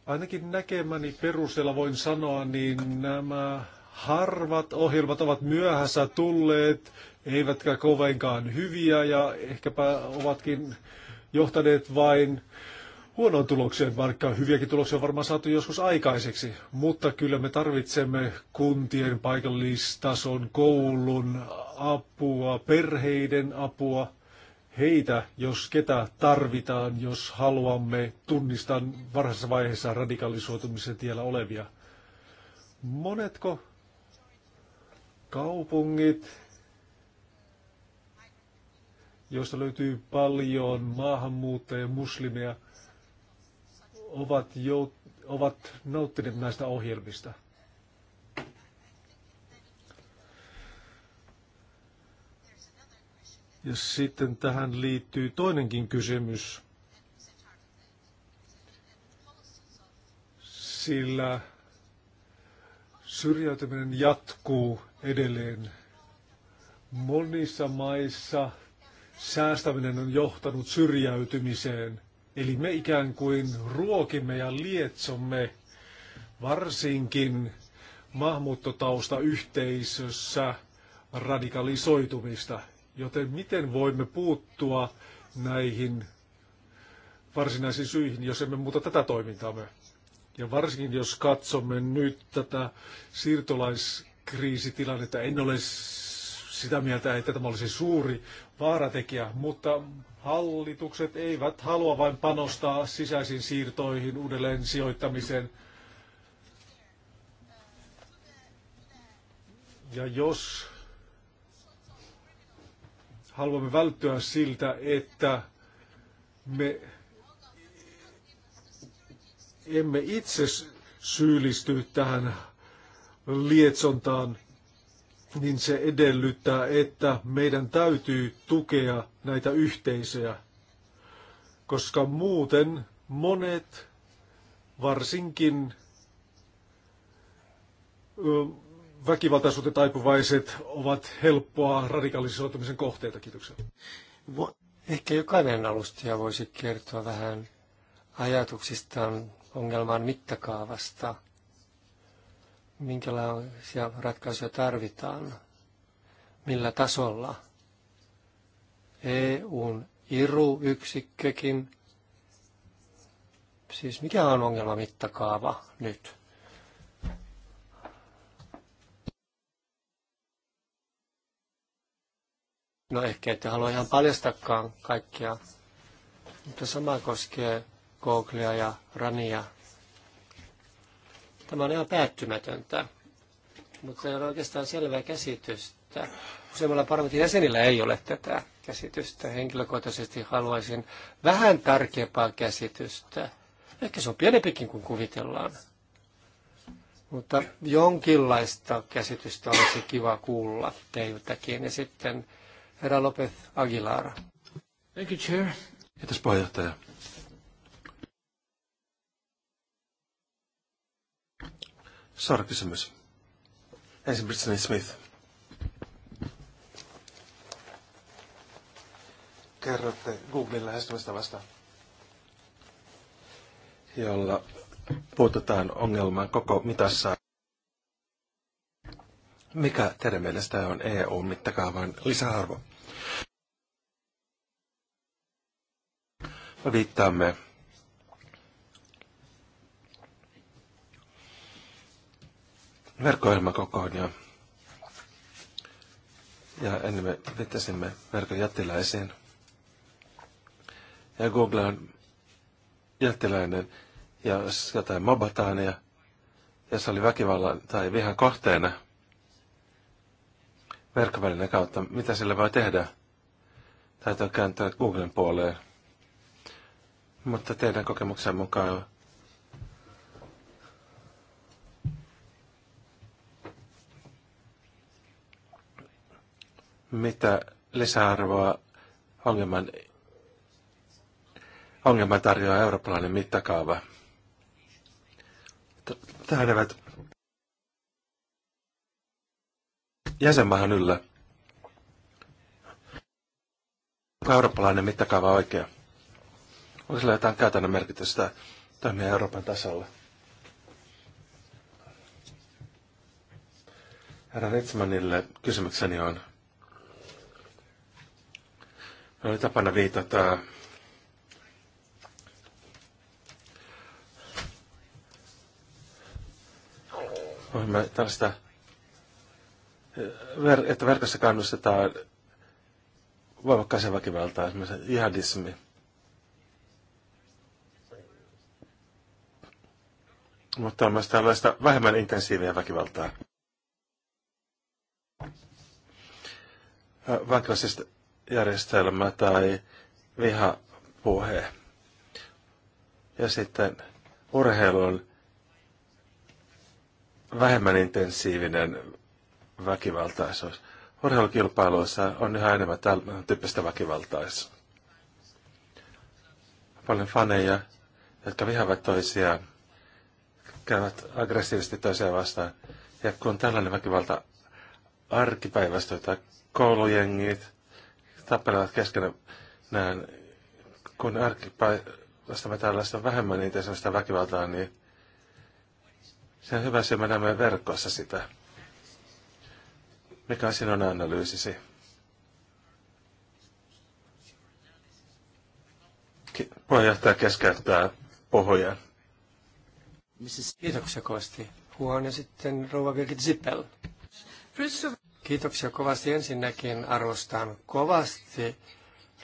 Ainakin näkemäni perusteella voin sanoa, niin nämä harvat ohjelmat ovat myöhässä tulleet, eivätkä kovinkaan hyviä ja ehkäpä ovatkin johtaneet vain huonoon tulokseen, vaikka hyviäkin tuloksia on varmaan saatu joskus aikaiseksi. Mutta kyllä me tarvitsemme kuntien, paikallistason, koulun apua, perheiden apua. Heitä, jos ketä tarvitaan, jos haluamme tunnistaa varhaisessa vaiheessa radikalisoitumisen tiellä olevia. Monetko kaupungit, joista löytyy paljon maahanmuuttajia, muslimeja, ovat, jo, ovat nauttineet näistä ohjelmista. Ja sitten tähän liittyy toinenkin kysymys, sillä syrjäytyminen jatkuu edelleen. Monissa maissa säästäminen on johtanut syrjäytymiseen. Eli me ikään kuin ruokimme ja lietsomme varsinkin maahanmuuttotausta yhteisössä radikalisoitumista. Joten miten voimme puuttua näihin varsinaisiin syihin, jos emme muuta tätä toimintaamme? Ja varsinkin jos katsomme nyt tätä siirtolaiskriisitilannetta, en ole sitä mieltä, että tämä olisi suuri vaaratekijä, mutta hallitukset eivät halua vain panostaa sisäisiin siirtoihin, uudelleen sijoittamiseen. Ja jos haluamme välttyä siltä, että me emme itse syyllisty tähän lietsontaan, niin se edellyttää, että meidän täytyy tukea näitä yhteisöjä, koska muuten monet, varsinkin väkivaltaisuuteen taipuvaiset, ovat helppoa radikalisoitumisen kohteita. Kiitoksia. Ehkä jokainen alustaja voisi kertoa vähän ajatuksistaan ongelman mittakaavasta – minkälaisia ratkaisuja tarvitaan, millä tasolla. EUn IRU-yksikkökin, siis mikä on ongelman mittakaava nyt? No ehkä ette halua ihan paljastakaan kaikkia, mutta sama koskee Googlea ja Rania Tämä on ihan päättymätöntä, mutta ei ole oikeastaan selvää käsitystä. Useimmilla parlamentin jäsenillä ei ole tätä käsitystä. Henkilökohtaisesti haluaisin vähän tarkempaa käsitystä. Ehkä se on pienempikin kuin kuvitellaan. Mutta jonkinlaista käsitystä olisi kiva kuulla teiltäkin. Ja sitten herra Lopez Aguilar. Thank you, Chair. Kiitos puheenjohtaja. Suora kysymys. Ensin Brittany Smith. Kerrotte Googlen lähestymistä vasta. jolla puututaan ongelmaan koko mitassa. Mikä teidän mielestä on EU-mittakaavan lisäarvo? Viittaamme kokoon ja, ja ennen me vetäsimme verkon jättiläiseen. Ja Google on jättiläinen ja jotain mobataan ja, ja se oli väkivallan tai vihan kohteena verkkovälinen kautta, mitä sille voi tehdä? Täytyy kääntyä Googlen puoleen. Mutta teidän kokemuksen mukaan mitä lisäarvoa ongelman, ongelman tarjoaa eurooppalainen mittakaava. Tähän eivät jäsenmaahan yllä. Onko eurooppalainen mittakaava oikea? Onko sillä jotain käytännön merkitystä toimia Euroopan tasolla? Herra Ritsmanille kysymykseni on, oli tapana viitata voimme tällaista, eh, että verkossa kannustetaan voimakkaaseen väkivaltaan, esimerkiksi jihadismi. Mutta on myös tällaista vähemmän intensiiviä väkivaltaa. Eh, vankilassa järjestelmä tai vihapuhe. Ja sitten urheilu on vähemmän intensiivinen väkivaltaisuus. Urheilukilpailuissa on yhä enemmän tämän tyyppistä väkivaltaisuutta. Paljon faneja, jotka vihavat toisiaan, käyvät aggressiivisesti toisiaan vastaan. Ja kun tällainen väkivalta arkipäivästöitä, koulujengit, tappelevat keskenään. Kun arkipäivästä me tällaista vähemmän niin sellaista väkivaltaa, niin se on hyvä että me näemme verkossa sitä. Mikä on sinun analyysisi? Puheenjohtaja keskeyttää puhujan. Kiitoksia kovasti. Huone sitten rouva Birgit Zippel. Kiitoksia kovasti ensinnäkin. Arvostan kovasti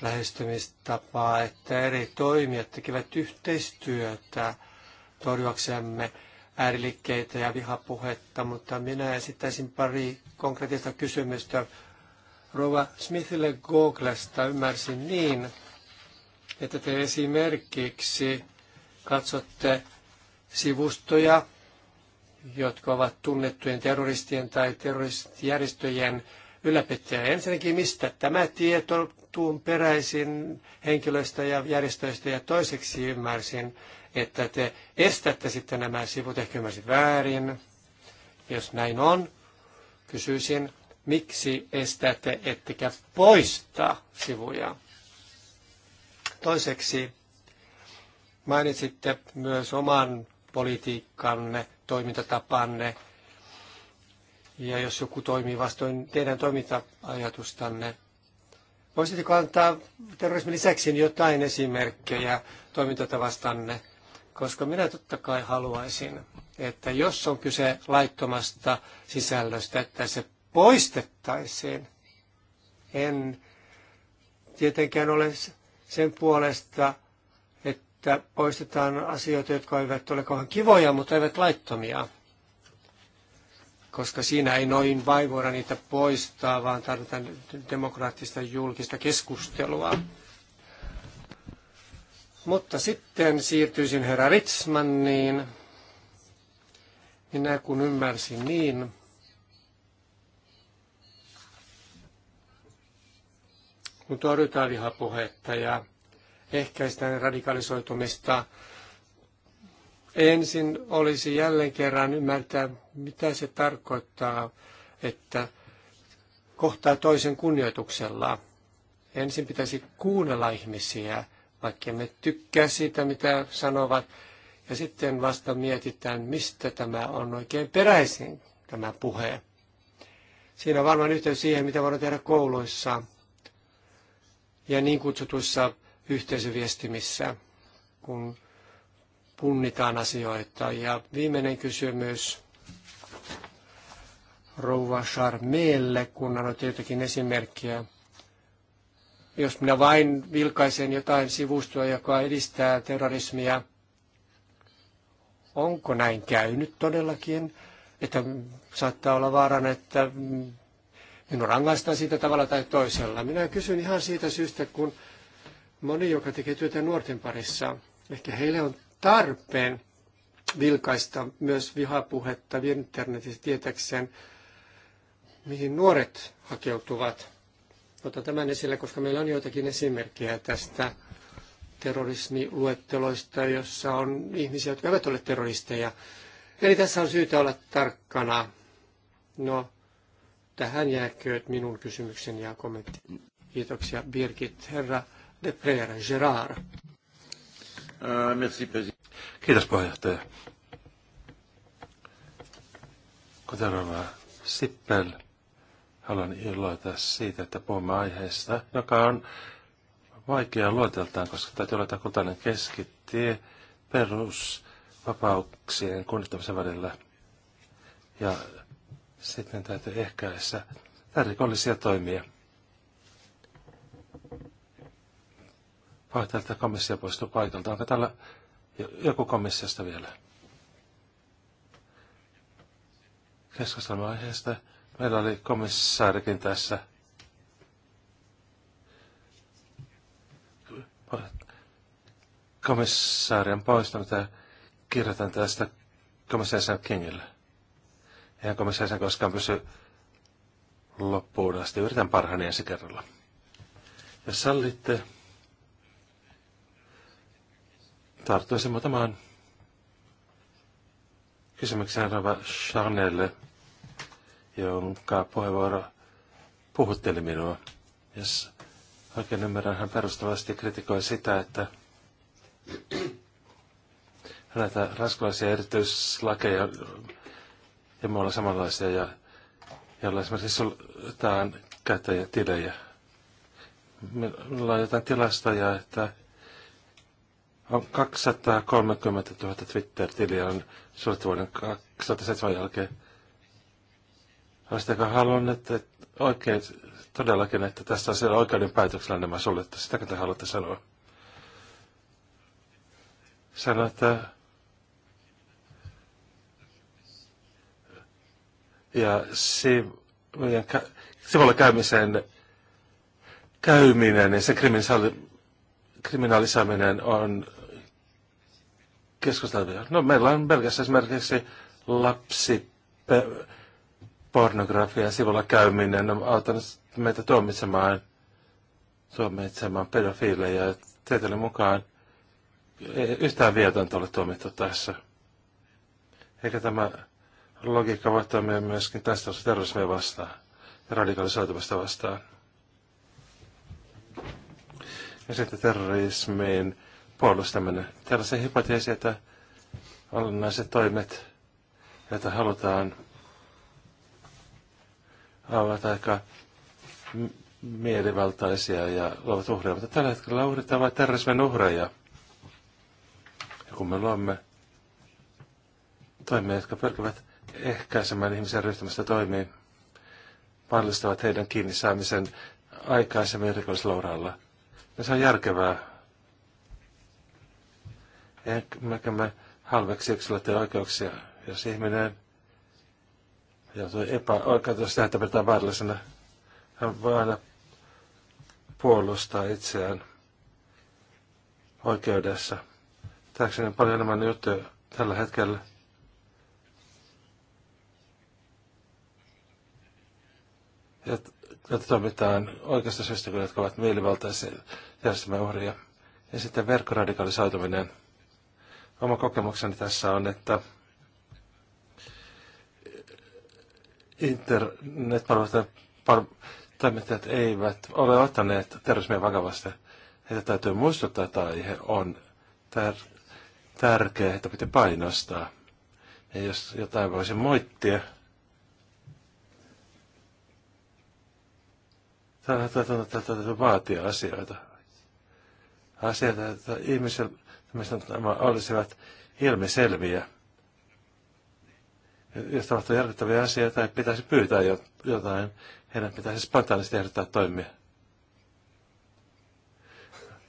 lähestymistapaa, että eri toimijat tekevät yhteistyötä torjuaksemme ääriliikkeitä ja vihapuhetta, mutta minä esittäisin pari konkreettista kysymystä. Rova Smithille Googlesta ymmärsin niin, että te esimerkiksi katsotte sivustoja, jotka ovat tunnettujen terroristien tai terroristijärjestöjen ylläpitäjä. Ensinnäkin, mistä tämä tieto tuun peräisin henkilöistä ja järjestöistä ja toiseksi ymmärsin, että te estätte sitten nämä sivut, ehkä ymmärsin väärin. Jos näin on, kysyisin, miksi estätte ettekä poista sivuja? Toiseksi mainitsitte myös oman politiikkanne toimintatapanne ja jos joku toimii vastoin teidän toimintaajatustanne, ajatustanne Voisitteko antaa terrorismin lisäksi niin jotain esimerkkejä toimintatavastanne? Koska minä totta kai haluaisin, että jos on kyse laittomasta sisällöstä, että se poistettaisiin. En tietenkään ole sen puolesta, että poistetaan asioita, jotka eivät ole kauhean kivoja, mutta eivät laittomia. Koska siinä ei noin vain voida niitä poistaa, vaan tarvitaan demokraattista julkista keskustelua. Mutta sitten siirtyisin herra Ritsmanniin. Minä kun ymmärsin niin, kun torjutaan vihapuhetta ja ehkäistään radikalisoitumista. Ensin olisi jälleen kerran ymmärtää, mitä se tarkoittaa, että kohtaa toisen kunnioituksella. Ensin pitäisi kuunnella ihmisiä, vaikka me tykkää siitä, mitä sanovat, ja sitten vasta mietitään, mistä tämä on oikein peräisin, tämä puhe. Siinä on varmaan yhteys siihen, mitä voidaan tehdä kouluissa ja niin kutsutuissa yhteisöviestimissä, kun punnitaan asioita. Ja viimeinen kysymys rouva Charmeelle, kun annoit jotakin esimerkkiä. Jos minä vain vilkaisen jotain sivustoa, joka edistää terrorismia, onko näin käynyt todellakin? Että saattaa olla vaaran, että minun rangaistaan siitä tavalla tai toisella. Minä kysyn ihan siitä syystä, kun Moni, joka tekee työtä nuorten parissa, ehkä heille on tarpeen vilkaista myös vihapuhetta internetissä tietäkseen, mihin nuoret hakeutuvat. Otan tämän esille, koska meillä on joitakin esimerkkejä tästä terrorismiluetteloista, jossa on ihmisiä, jotka eivät ole terroristeja. Eli tässä on syytä olla tarkkana. No, tähän jääkööt minun kysymykseni ja kommentti. Kiitoksia Birgit. Herra de Prera, Gerard. Euh, Kiitos puheenjohtaja. Kuten Sippel, haluan iloita siitä, että puhumme aiheesta, joka on vaikea luoteltaan, koska täytyy olla kultainen keskittie perusvapauksien kunnittamisen välillä. Ja sitten täytyy ehkäistä rikollisia toimia. Pahoittelen, että komissio poistuu paikalta. Onko täällä joku komissiosta vielä? Keskustelma aiheesta. Meillä oli komissaarikin tässä. Komissaari on poistunut ja kirjoitan tästä komissaarisen Kingille. Eihän komissaarisen koskaan pysy loppuun asti. Yritän parhaani ensi kerralla. Jos sallitte, Tarttuisin muutamaan kysymykseen Rava Charnelle, jonka puheenvuoro puhutteli minua. Jos oikein ymmärrän, hän perustavasti kritikoi sitä, että näitä raskalaisia erityislakeja ja muualla samanlaisia, ja, joilla esimerkiksi suljetaan käyttäjätilejä. Minulla on jotain tilastoja, että on 230 000 Twitter-tiliä on suurta vuoden 2007 jälkeen. Olisitko halunnut, että oikein todellakin, että tässä on siellä oikeuden päätöksellä nämä suljettu? Sitäkö te haluatte sanoa? Sano, että ja sivujen sivulla käymisen käyminen ja sen kriminalisoiminen on keskustelua. No meillä on Belgiassa esimerkiksi lapsi pornografia sivulla käyminen on auttanut meitä tuomitsemaan, tuomitsemaan pedofiileja. Tietyllä mukaan ei yhtään vietonta ole tuomittu tässä. Eikä tämä logiikka voi toimia myöskin osa terrorismia vastaan ja radikalisoitumista vastaan. Ja sitten terrorismiin puolustaminen. Täällä se hypoteesi, että olennaiset toimet, joita halutaan ovat aika mielivaltaisia ja luovat uhreja, mutta tällä hetkellä uhrit ovat terrorismin uhreja. Ja kun me luomme toimia, jotka pyrkivät ehkäisemään ihmisen ryhtymästä toimiin, mahdollistavat heidän kiinni saamisen aikaisemmin rikollislauralla. Ja se on järkevää näkemä mä halveksi oikeuksia, jos ihminen joutuu epäoikeutusta häntä pidetään vaarallisena. Hän voi aina puolustaa itseään oikeudessa. Tääkseni on paljon enemmän juttuja tällä hetkellä. Jotta toimitaan oikeasta syystä, jotka ovat mielivaltaisia järjestelmän uhria. Ja sitten verkkoradikalisoituminen. Oma kokemukseni tässä on, että internetpalveluiden toimittajat eivät ole ottaneet terrorismia vakavasti. Heitä täytyy muistuttaa, että aihe on tär- tärkeä, että pitää painostaa. Ja jos jotain voisi moittia, täytyy vaatia asioita. Asioita, että ihmisellä Mielestäni nämä olisivat ilmiselviä. Jos tapahtuu järkyttäviä asioita tai pitäisi pyytää jotain, heidän pitäisi spontaanisesti ehdottaa toimia.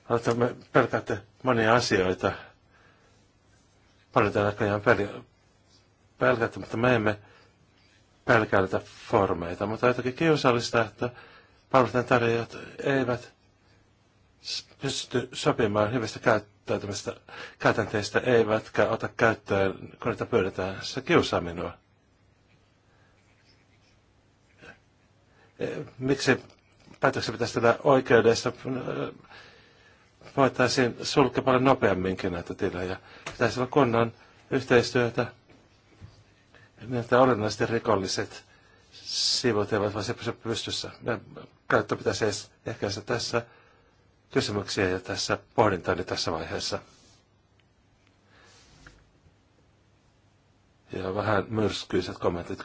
Mutta me pelkäätte monia asioita. Paljon näköjään pel- pelkäätte, mutta me emme pelkäiltä formeita. Mutta jotakin kiusallista, että palveluiden tarjoajat eivät pysty sopimaan hyvistä käyttöön käyttäytymistä käytänteistä eivätkä ota käyttöön, kun niitä pyydetään. Se kiusaa minua. Miksi päätöksen pitäisi tehdä oikeudessa? Voitaisiin sulkea paljon nopeamminkin näitä tilejä. Pitäisi olla kunnan yhteistyötä. Niitä olennaisesti rikolliset sivut eivät voisi pysyä pystyssä. Käyttö pitäisi ehkäistä tässä kysymyksiä ja tässä pohdintaani tässä vaiheessa. Ja vähän myrskyiset kommentit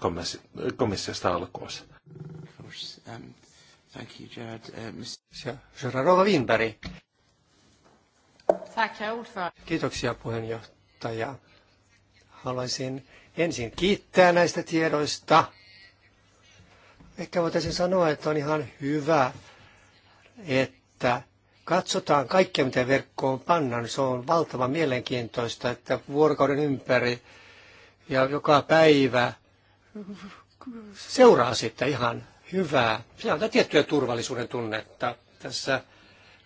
komissiosta alkuun. Um, thank you, Gerard. Uh, Gerard Winberg. Kiitoksia puheenjohtaja. Haluaisin ensin kiittää näistä tiedoista. Ehkä voitaisiin sanoa, että on ihan hyvä, että katsotaan kaikkea, mitä verkkoon pannaan, niin se on valtavan mielenkiintoista, että vuorokauden ympäri ja joka päivä seuraa sitten ihan hyvää. Se antaa tiettyä turvallisuuden tunnetta. Tässä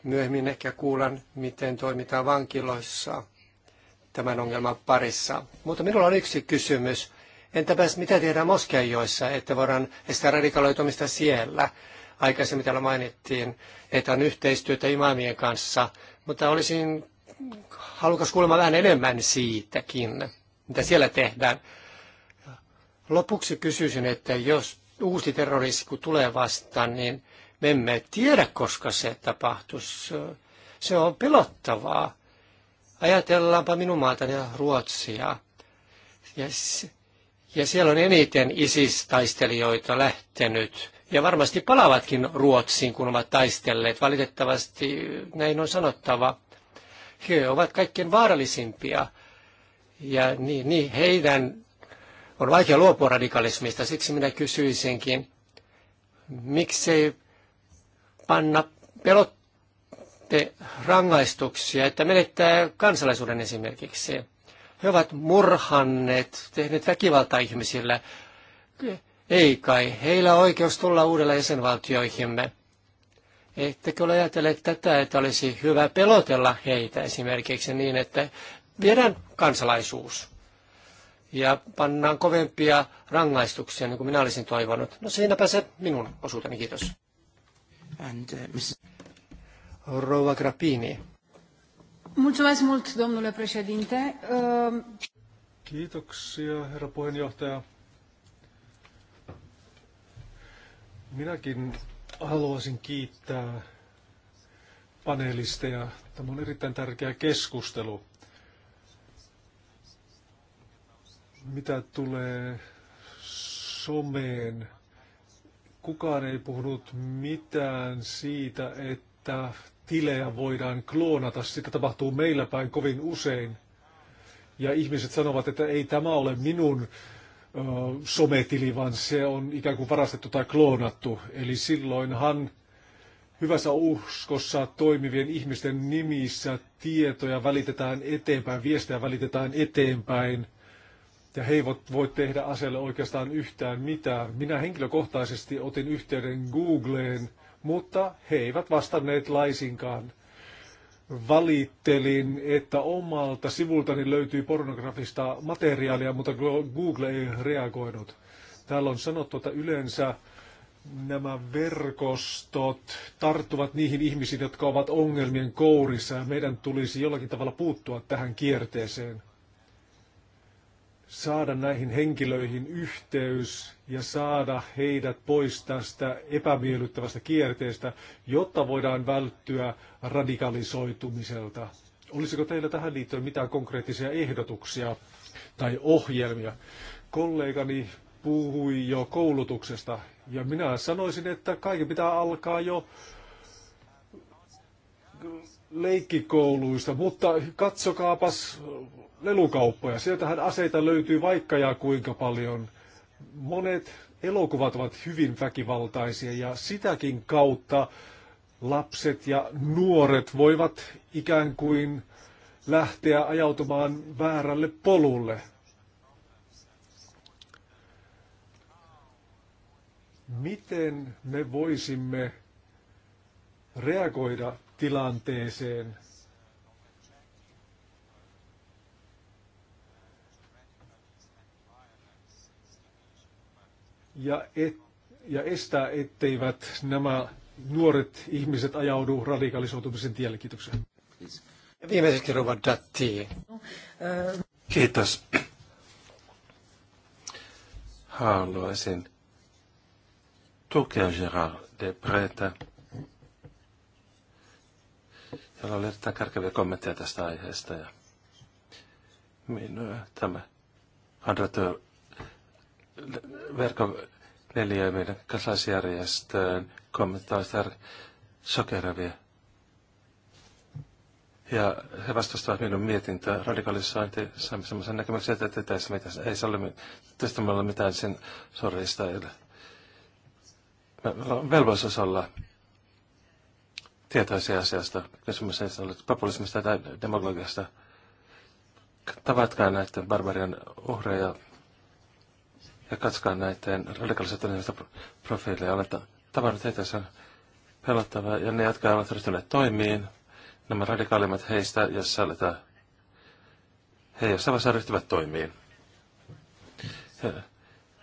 myöhemmin ehkä kuulan, miten toimitaan vankiloissa tämän ongelman parissa. Mutta minulla on yksi kysymys. entäpä mitä tehdään Moskeijoissa, että voidaan estää radikaloitumista siellä? Aikaisemmin täällä mainittiin, että on yhteistyötä imamien kanssa, mutta olisin halukas kuulemaan vähän enemmän siitäkin, mitä siellä tehdään. Lopuksi kysyisin, että jos uusi terrorisku tulee vastaan, niin me emme tiedä, koska se tapahtuisi. Se on pelottavaa. Ajatellaanpa minun maatani ja Ruotsia. Ja, ja siellä on eniten ISIS-taistelijoita lähtenyt ja varmasti palaavatkin Ruotsiin, kun ovat taistelleet. Valitettavasti näin on sanottava. He ovat kaikkein vaarallisimpia ja niin, niin heidän on vaikea luopua radikalismista. Siksi minä kysyisinkin, miksei panna pelotte rangaistuksia, että menettää kansalaisuuden esimerkiksi. He ovat murhanneet, tehneet väkivaltaa ihmisillä. Ei kai. Heillä oikeus tulla uudella jäsenvaltioihimme. Ettekö ole ajatelleet tätä, että olisi hyvä pelotella heitä esimerkiksi niin, että viedään kansalaisuus ja pannaan kovempia rangaistuksia, niin kuin minä olisin toivonut. No siinäpä se minun osuuteni, kiitos. And, uh, miss... Rouva Grappini. Mulțumesc mult, domnule președinte. Uh, Kiitoksia, herra puheenjohtaja. Minäkin haluaisin kiittää panelisteja. Tämä on erittäin tärkeä keskustelu. Mitä tulee someen, kukaan ei puhunut mitään siitä, että tilejä voidaan kloonata. Sitä tapahtuu meillä päin kovin usein. Ja ihmiset sanovat, että ei tämä ole minun sometili, vaan se on ikään kuin varastettu tai kloonattu. Eli silloinhan hyvässä uskossa toimivien ihmisten nimissä tietoja välitetään eteenpäin, viestejä välitetään eteenpäin, ja he eivät voi tehdä asialle oikeastaan yhtään mitään. Minä henkilökohtaisesti otin yhteyden Googleen, mutta he eivät vastanneet laisinkaan valittelin, että omalta sivultani löytyy pornografista materiaalia, mutta Google ei reagoinut. Täällä on sanottu, että yleensä nämä verkostot tarttuvat niihin ihmisiin, jotka ovat ongelmien kourissa ja meidän tulisi jollakin tavalla puuttua tähän kierteeseen saada näihin henkilöihin yhteys ja saada heidät pois tästä epämiellyttävästä kierteestä, jotta voidaan välttyä radikalisoitumiselta. Olisiko teillä tähän liittyen mitään konkreettisia ehdotuksia tai ohjelmia? Kollegani puhui jo koulutuksesta ja minä sanoisin, että kaiken pitää alkaa jo leikkikouluista, mutta katsokaapas lelukauppoja. Sieltähän aseita löytyy vaikka ja kuinka paljon. Monet elokuvat ovat hyvin väkivaltaisia ja sitäkin kautta lapset ja nuoret voivat ikään kuin lähteä ajautumaan väärälle polulle. Miten me voisimme reagoida tilanteeseen. Ja, et, ja estää, etteivät nämä nuoret ihmiset ajaudu radikalisoitumisen tielle. Kiitoksia. viimeiseksi Rova Datti. Kiitos. Haluaisin tukea Gerard de Preta jolla oli erittäin kärkeviä kommentteja tästä aiheesta. Ja minua äh, tämä Androtyö äh, verkon neljöiminen kansalaisjärjestöön kommentoi sitä sokeravia. Ja he vastustavat minun mietintöä radikalisointi saamme sellaisen näkemyksen, että ei tässä mitään, ei se ole testamalla mitään sen sorrista. Meillä on velvollisuus olla tietoisia asiasta. Kysymys ei ole populismista tai demagogiasta. Tavatkaa näiden barbarian uhreja ja katskaa näiden radikalisoituneista profiileja. Olen tavannut heitä, se on pelottavaa. Ja ne, jotka ovat ryhtyneet toimiin, nämä radikaalimmat heistä, jos aletaan, he jossain vaiheessa ryhtyvät toimiin. He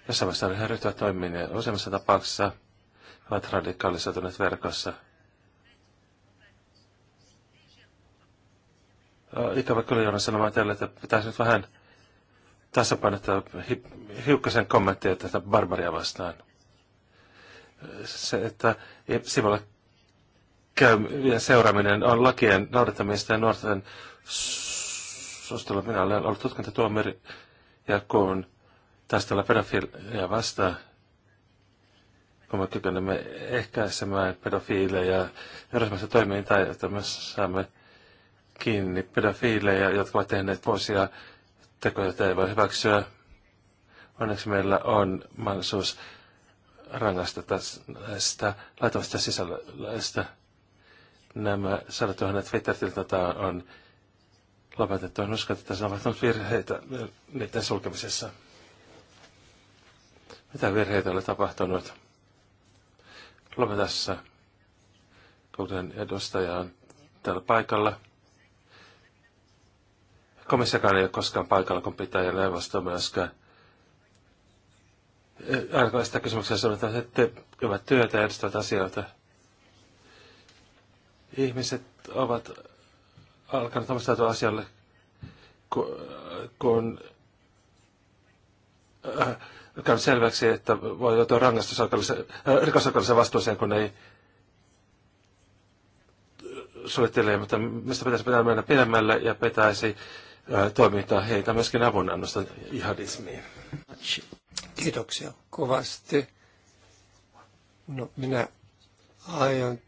jossain vaiheessa he ryhtyvät toimiin ja useimmissa tapauksissa ovat radikalisoituneet verkossa – Ikävä kyllä joudun sanomaan teille, että pitäisi nyt vähän tasapainottaa hi, hiukkasen kommenttia tätä barbaria vastaan. Se, että sivulla käy, seuraaminen on lakien noudattamista ja nuorten suostella. Minä olen ollut tutkintatuomari ja kun taistella pedofiilia vastaan, kun me kykenemme ehkäisemään pedofiileja ja rasmasta toimintaa, että me saamme kiinni pedofiileja, jotka ovat tehneet vuosia tekoja, joita ei voi hyväksyä. Onneksi meillä on mahdollisuus rangaista tästä laitavasta sisällöstä. Nämä sadatuhannet Twitter-tilta on lopetettu. En usko, että tässä on virheitä niiden sulkemisessa. Mitä virheitä oli tapahtunut? Lopetassa, kuten edustaja on täällä paikalla komissiakaan ei ole koskaan paikalla, kun pitää ja neuvostoa myöskään. Ainakaan sitä kysymyksiä sanotaan, että hyvät työtä ja edistävät asioita. Ihmiset ovat alkanut omistautua asialle, kun, äh, käy selväksi, että voi joutua äh, vastuuseen, kun ei suunnittelee, mutta mistä pitäisi pitää mennä pidemmälle ja pitäisi toimintaa heitä myöskin avunannosta jihadismiin. Kiitoksia kovasti. No, minä aion...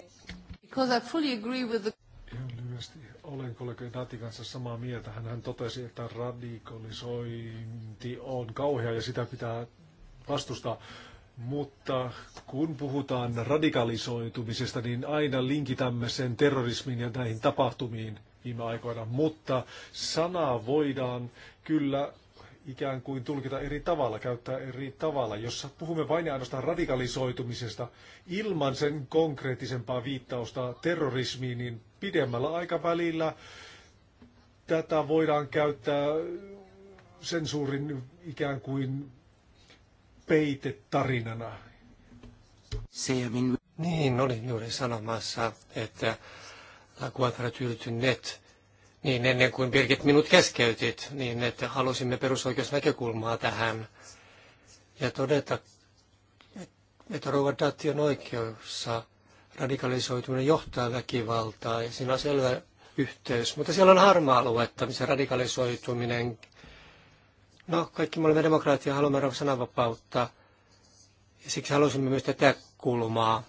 Because I fully agree with the... Ihan lyhyesti. Olen kollega Dati kanssa samaa mieltä. Hän totesi, että radikalisointi on kauhea ja sitä pitää vastustaa. Mutta kun puhutaan radikalisoitumisesta, niin aina linkitämme sen terrorismiin ja näihin tapahtumiin viime aikoina, mutta sanaa voidaan kyllä ikään kuin tulkita eri tavalla, käyttää eri tavalla. Jos puhumme vain ja ainoastaan radikalisoitumisesta ilman sen konkreettisempaa viittausta terrorismiin, niin pidemmällä aikavälillä tätä voidaan käyttää sensuurin ikään kuin peitetarinana. Niin, olin juuri sanomassa, että Lakuatara äh, net, niin ennen kuin Birgit minut keskeytit, niin että halusimme perusoikeusnäkökulmaa tähän ja todeta, että rouva Datti on oikeussa. Radikalisoituminen johtaa väkivaltaa ja siinä on selvä yhteys. Mutta siellä on harmaa aluetta, missä radikalisoituminen, no kaikki me olemme demokraattia, haluamme sananvapautta ja siksi halusimme myös tätä kulmaa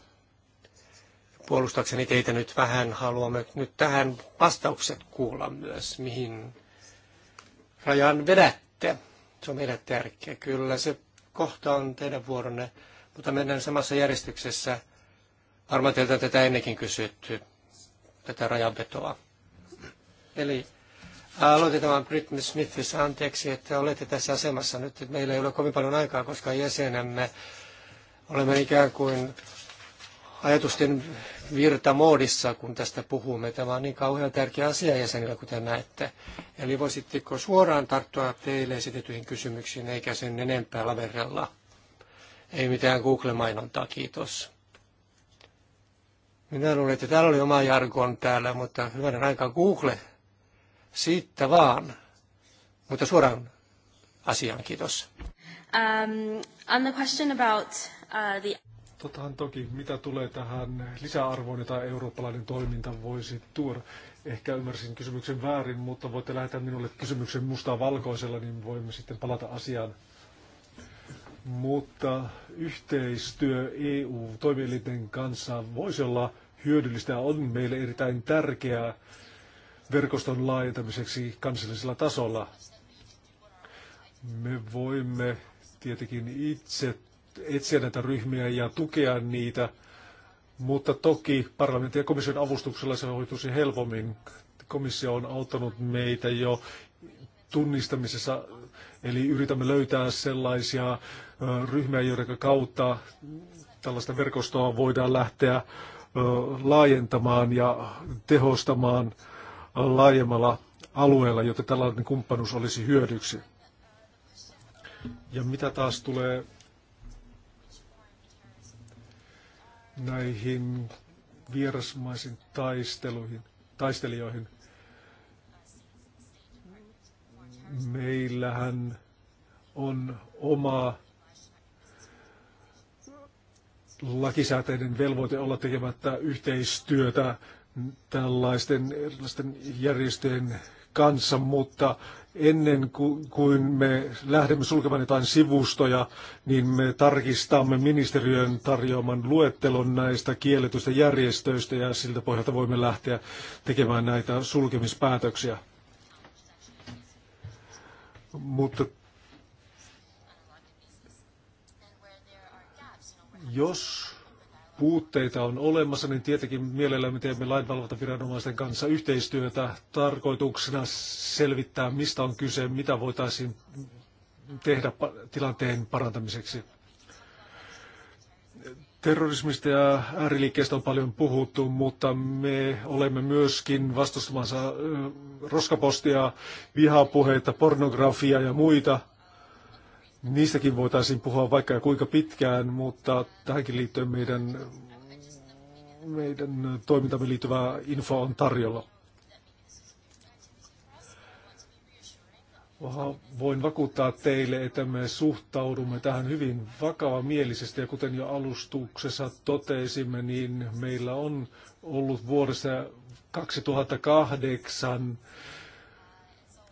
puolustakseni teitä nyt vähän, haluamme nyt tähän vastaukset kuulla myös, mihin rajan vedätte. Se on meille tärkeä. Kyllä se kohta on teidän vuoronne, mutta mennään samassa järjestyksessä. Varmaan teiltä on tätä ennenkin kysytty, tätä rajanvetoa. Eli aloitetaan Britney Smithissä. Anteeksi, että olette tässä asemassa nyt, että meillä ei ole kovin paljon aikaa, koska jäsenemme olemme ikään kuin ajatusten virtamoodissa, kun tästä puhumme. Tämä on niin kauhean tärkeä asia jäsenillä, kuten näette. Eli voisitteko suoraan tarttua teille esitettyihin kysymyksiin, eikä sen enempää laverella. Ei mitään Google-mainontaa, kiitos. Minä luulen, että täällä oli oma jargon täällä, mutta hyvänen aika Google. Siitä vaan. Mutta suoraan asiaan, kiitos. Um, on the question about uh, the Katsotaan toki, mitä tulee tähän lisäarvoon, jota eurooppalainen toiminta voisi tuoda. Ehkä ymmärsin kysymyksen väärin, mutta voitte lähettää minulle kysymyksen mustaa valkoisella, niin voimme sitten palata asiaan. Mutta yhteistyö EU-toimielinten kanssa voisi olla hyödyllistä ja on meille erittäin tärkeää verkoston laajentamiseksi kansallisella tasolla. Me voimme tietenkin itse etsiä näitä ryhmiä ja tukea niitä, mutta toki parlamentin ja komission avustuksella se hoituisi helpommin. Komissio on auttanut meitä jo tunnistamisessa, eli yritämme löytää sellaisia ryhmiä, joiden kautta tällaista verkostoa voidaan lähteä laajentamaan ja tehostamaan laajemmalla alueella, jotta tällainen kumppanuus olisi hyödyksi. Ja mitä taas tulee näihin vierasmaisiin taisteluihin, taistelijoihin. Meillähän on oma lakisääteinen velvoite olla tekemättä yhteistyötä tällaisten, järjestöjen kanssa, mutta ennen kuin me lähdemme sulkemaan jotain sivustoja, niin me tarkistamme ministeriön tarjoaman luettelon näistä kielletyistä järjestöistä ja siltä pohjalta voimme lähteä tekemään näitä sulkemispäätöksiä. Mutta jos puutteita on olemassa, niin tietenkin mielellämme teemme lainvalvontaviranomaisten kanssa yhteistyötä tarkoituksena selvittää, mistä on kyse, mitä voitaisiin tehdä tilanteen parantamiseksi. Terrorismista ja ääriliikkeestä on paljon puhuttu, mutta me olemme myöskin vastustamassa roskapostia, vihapuheita, pornografiaa ja muita Niistäkin voitaisiin puhua vaikka ja kuinka pitkään, mutta tähänkin liittyen meidän, meidän toimintamme liittyvää info on tarjolla. Voin vakuuttaa teille, että me suhtaudumme tähän hyvin vakavamielisesti ja kuten jo alustuksessa totesimme, niin meillä on ollut vuodessa 2008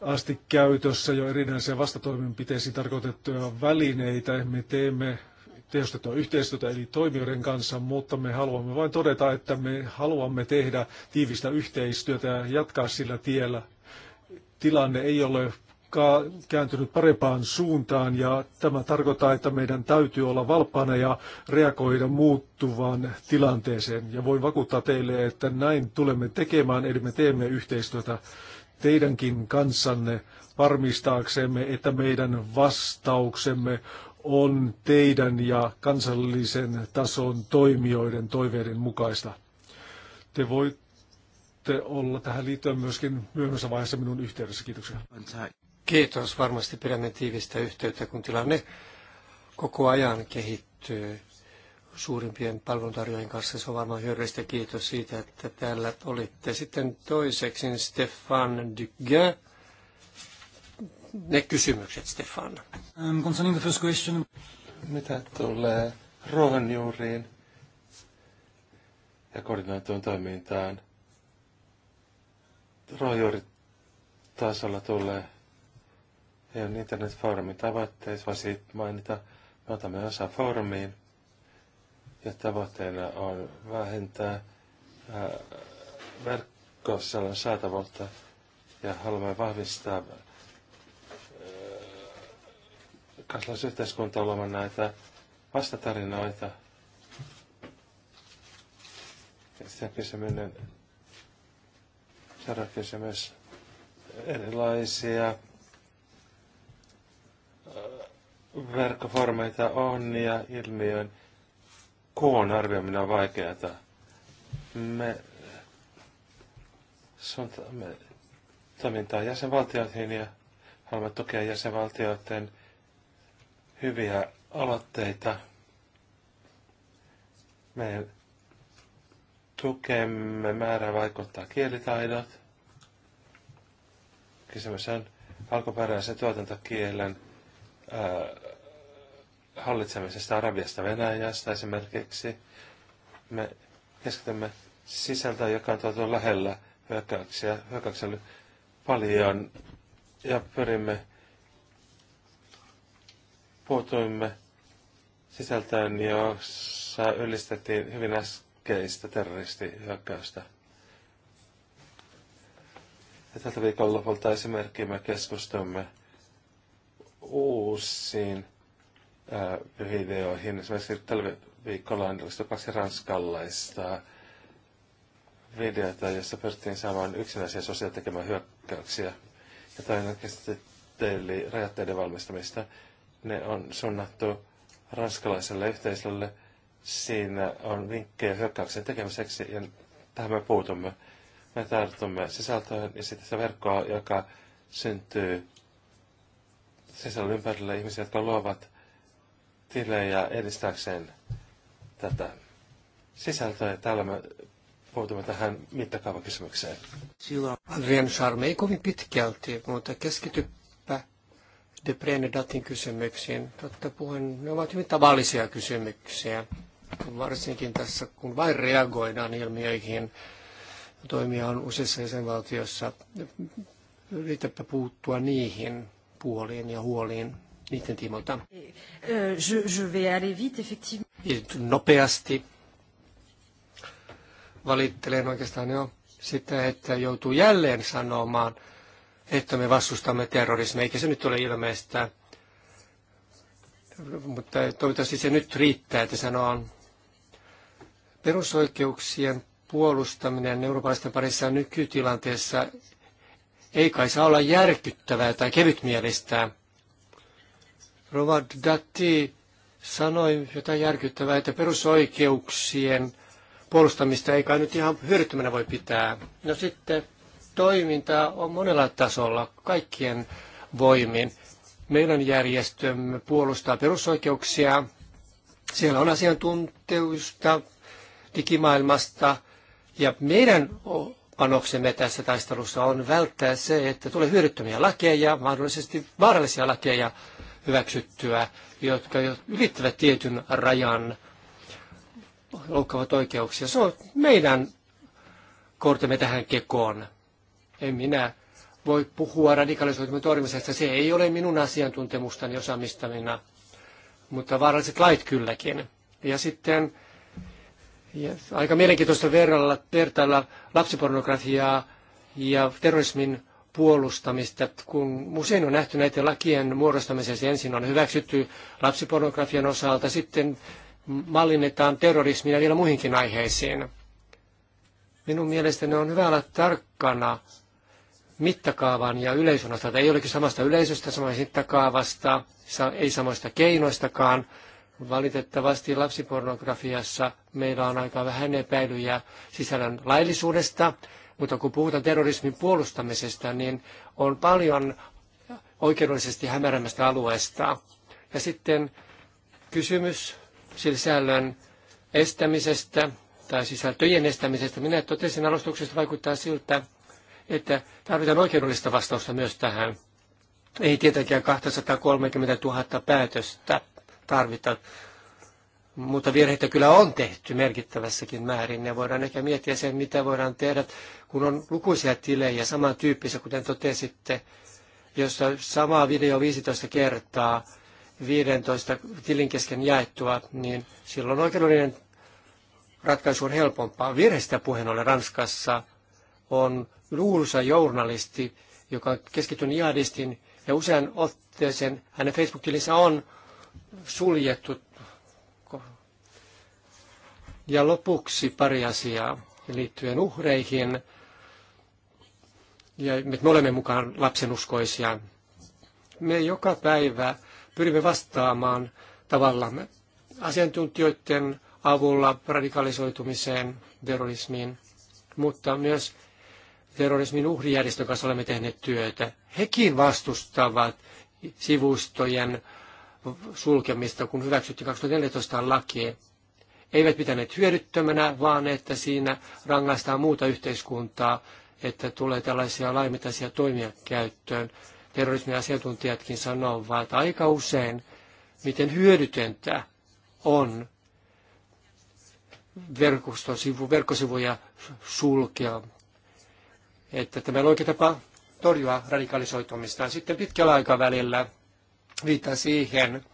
asti käytössä jo erinäisiä vastatoimenpiteisiin tarkoitettuja välineitä. Me teemme tehostettua yhteistyötä eli toimijoiden kanssa, mutta me haluamme vain todeta, että me haluamme tehdä tiivistä yhteistyötä ja jatkaa sillä tiellä. Tilanne ei ole kääntynyt parempaan suuntaan ja tämä tarkoittaa, että meidän täytyy olla valppaana ja reagoida muuttuvaan tilanteeseen. Ja voin vakuuttaa teille, että näin tulemme tekemään, eli me teemme yhteistyötä teidänkin kanssanne varmistaaksemme, että meidän vastauksemme on teidän ja kansallisen tason toimijoiden toiveiden mukaista. Te voitte olla tähän liittyen myöskin myöhemmässä vaiheessa minun yhteydessä. Kiitoksia. Kiitos. Varmasti pidämme tiivistä yhteyttä, kun tilanne koko ajan kehittyy suurimpien palveluntarjoajien kanssa. Se on varmaan hyödyllistä. Kiitos siitä, että täällä olitte. Sitten toiseksi niin Stefan Dugge. Ne kysymykset, Stefan. Um, concerning the first question. Mitä tulee ruohonjuuriin ja koordinaatioon toimintaan? Ruohonjuuritasolla tulee ei ole internetfoorumin tavoitteissa, vaan siitä mainita, me otamme osa foorumiin – ja tavoitteena on vähentää äh, verkkosalan saatavuutta ja haluamme vahvistaa äh, kansalaisyhteiskunta olemaan näitä vastatarinoita. sitten kysyminen, seuraava kysymys, erilaisia äh, verkkoformeita on ja ilmiön koon arvioiminen on vaikeaa. Me me toimintaa jäsenvaltioihin ja haluamme tukea jäsenvaltioiden hyviä aloitteita. Me tukemme määrä vaikuttaa kielitaidot. Kysymys on alkuperäisen tuotantokielen ää, hallitsemisesta Arabiasta Venäjästä esimerkiksi. Me keskitymme sisältöön, joka on tuotu lähellä hyökkäyksiä. Hyökkäyksiä paljon ja pyrimme, puutuimme sisältöön, jossa ylistettiin hyvin äskeistä terroristihyökkäystä. Ja tältä viikonlopulta esimerkiksi me keskustumme uusiin pyhiin äh, videoihin. Esimerkiksi tällä viikolla on kaksi ranskalaista videota, jossa pyrittiin saamaan yksinäisiä sosiaali tekemään hyökkäyksiä. Ja toinen käsitteli rajoitteiden valmistamista. Ne on suunnattu ranskalaiselle yhteisölle. Siinä on vinkkejä hyökkäyksen tekemiseksi ja tähän me puutumme. Me tartumme sisältöön ja sitten sitä verkkoa, joka syntyy sisällön ympärille ihmisiä, jotka luovat tilejä edistääkseen tätä sisältöä. Täällä me puutumme tähän mittakaavakysymykseen. Silloin Adrian Charme ei kovin pitkälti, mutta keskityppä Debrene Datin kysymyksiin. Totta puhuen, ne ovat hyvin tavallisia kysymyksiä, varsinkin tässä, kun vain reagoidaan ilmiöihin. Toimia on useissa jäsenvaltioissa, Yritäpä puuttua niihin puoliin ja huoliin niiden tiimoilta. Eh, eh, nopeasti valittelen oikeastaan jo sitä, että joutuu jälleen sanomaan, että me vastustamme terrorismia, eikä se nyt ole ilmeistä. Mutta toivottavasti se nyt riittää, että sanoon perusoikeuksien puolustaminen eurooppalaisten parissa nykytilanteessa ei kai saa olla järkyttävää tai kevytmielistä. Rova Datti sanoi jotain järkyttävää, että perusoikeuksien puolustamista ei kai nyt ihan hyödyttömänä voi pitää. No sitten toimintaa on monella tasolla, kaikkien voimin. Meidän järjestömme puolustaa perusoikeuksia. Siellä on asiantuntijuutta digimaailmasta ja meidän panoksemme tässä taistelussa on välttää se, että tulee hyödyttömiä lakeja, mahdollisesti vaarallisia lakeja, hyväksyttyä, jotka jo ylittävät tietyn rajan, loukkaavat oikeuksia. Se on meidän kortemme tähän kekoon. En minä voi puhua radikalisoitumisen torjumisesta. Se ei ole minun asiantuntemustani osaamistamina, mutta vaaralliset lait kylläkin. Ja sitten ja aika mielenkiintoista verralla, vertailla lapsipornografiaa ja terrorismin puolustamista, kun usein on nähty näiden lakien muodostamisessa. Ensin on hyväksytty lapsipornografian osalta, sitten mallinnetaan terrorismia ja vielä muihinkin aiheisiin. Minun mielestäni on hyvä olla tarkkana mittakaavan ja yleisön osalta. Ei olekin samasta yleisöstä, samasta mittakaavasta, ei samoista keinoistakaan. Valitettavasti lapsipornografiassa meillä on aika vähän epäilyjä sisällön laillisuudesta, mutta kun puhutaan terrorismin puolustamisesta, niin on paljon oikeudellisesti hämärämmästä alueesta. Ja sitten kysymys sisällön estämisestä tai sisältöjen estämisestä. Minä totesin alustuksesta vaikuttaa siltä, että tarvitaan oikeudellista vastausta myös tähän. Ei tietenkään 230 000 päätöstä tarvita mutta virheitä kyllä on tehty merkittävässäkin määrin. Ja voidaan ehkä miettiä sen, mitä voidaan tehdä, kun on lukuisia tilejä samantyyppisiä, kuten totesitte, jossa sama video 15 kertaa 15 tilin kesken jaettua, niin silloin oikeudellinen ratkaisu on helpompaa. Virheistä puheen ollen Ranskassa on luulsa journalisti, joka on keskittynyt jihadistin, ja usean otteeseen hänen Facebook-tilinsä on suljettu ja lopuksi pari asiaa liittyen uhreihin. Ja me olemme mukaan lapsenuskoisia. Me joka päivä pyrimme vastaamaan tavallamme asiantuntijoiden avulla radikalisoitumiseen, terrorismiin, mutta myös terrorismin uhrijärjestön kanssa olemme tehneet työtä. Hekin vastustavat sivustojen sulkemista, kun hyväksyttiin 2014 laki eivät pitäneet hyödyttömänä, vaan että siinä rangaistaan muuta yhteiskuntaa, että tulee tällaisia laimitaisia toimia käyttöön. Terrorismiasiantuntijatkin sanovat että aika usein, miten hyödytöntä on verkostosivu, verkkosivuja sulkea. Että tämä on oikea tapa torjua radikalisoitumista. Sitten pitkällä aikavälillä viittaa siihen,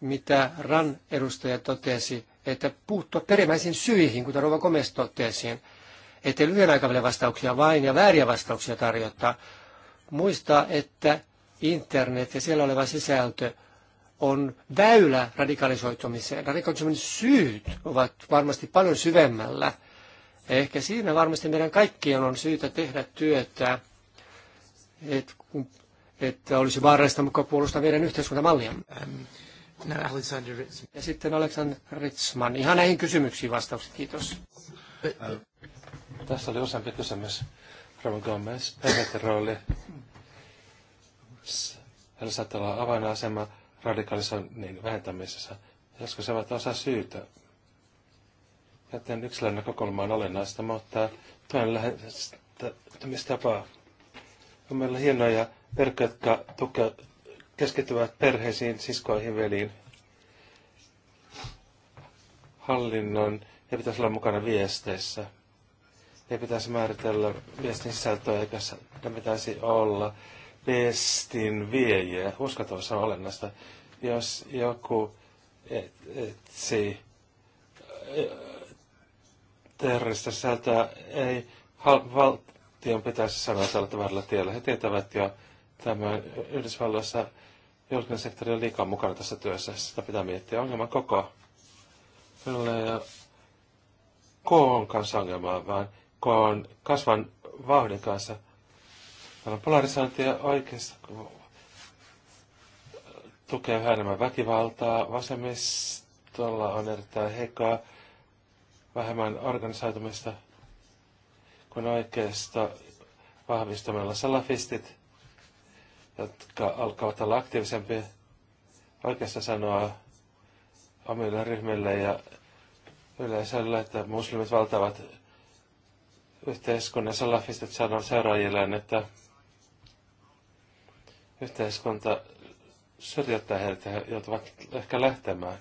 mitä RAN edustaja totesi, että puuttua perimmäisiin syihin, kuten Rova Gomez totesi, ettei lyhyen aikavälin vastauksia vain ja vääriä vastauksia tarjota. Muistaa, että internet ja siellä oleva sisältö on väylä radikalisoitumiseen. Radikalisoitumisen syyt ovat varmasti paljon syvemmällä. Ehkä siinä varmasti meidän kaikkien on syytä tehdä työtä, että, että olisi vaarallista mukaan puolustaa meidän yhteiskuntamalliamme. Ähm, Alexander Ritzman. Ja sitten Alexander Ritzman. Ihan näihin kysymyksiin vastaukset. Kiitos. Tässä oli useampi kysymys. Ravon Gomez, rooli. Hän saattaa olla avainasema radikalisoinnin vähentämisessä. Joskus ovat osa syytä. Joten yksilön näkökulma on olennaista, mutta tuen lähestymistapa. On meillä hienoja verkkoja, jotka tukevat keskittyvät perheisiin, siskoihin, veliin. Hallinnon ja pitäisi olla mukana viesteissä. Ei pitäisi määritellä viestin sisältöä, eikä ne pitäisi olla viestin viejiä. Uskotus on olennaista. Jos joku etsi e- terrorista sisältöä, ei valtion pitäisi sanoa tällä tavalla tiellä. He tietävät jo, Tämä Yhdysvalloissa julkinen sektori on liikaa mukana tässä työssä. Sitä pitää miettiä. Ongelman koko. Kyllä ei ole koon kanssa ongelmaa, vaan koon kasvan vauhdin kanssa. Täällä on polarisointia oikeassa tukee vähän enemmän väkivaltaa. Vasemmistolla on erittäin heikkoa vähemmän organisoitumista kuin oikeasta vahvistamalla salafistit jotka alkavat olla aktiivisempia oikeassa sanoa omille ryhmille ja yleisölle, että muslimit valtavat yhteiskunnan salafistit sanoo seuraajilleen, että yhteiskunta syrjättää heitä, ja joutuvat ehkä lähtemään.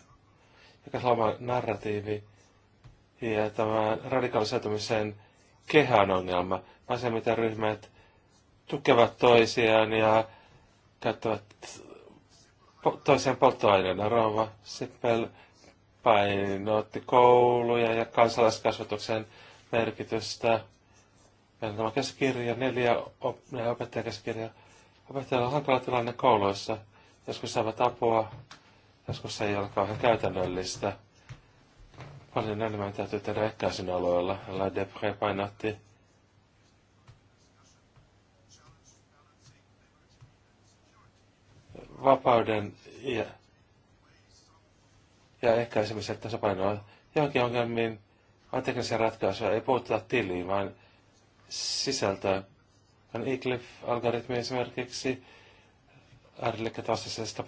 Joka sama narratiivi ja tämä radikalisoitumisen kehän ongelma. Asia, ryhmät tukevat toisiaan ja käyttävät toisen polttoaineena. Rauva Sippel painotti kouluja ja kansalaiskasvatuksen merkitystä. Meillä on tämä käsikirja, neljä op, opettajakäsikirjaa. Opettajalla on hankala tilanne kouluissa. Joskus saavat apua, joskus ei ole kauhean käytännöllistä. Paljon enemmän täytyy tehdä ehkäisyn alueella. La Depre painotti vapauden ja, ja ehkäisemisen tasapainoa. Johonkin ongelmiin on teknisiä ratkaisuja, ei puututa tiliin, vaan sisältöä. On Eclipse-algoritmi esimerkiksi ääriliikkeet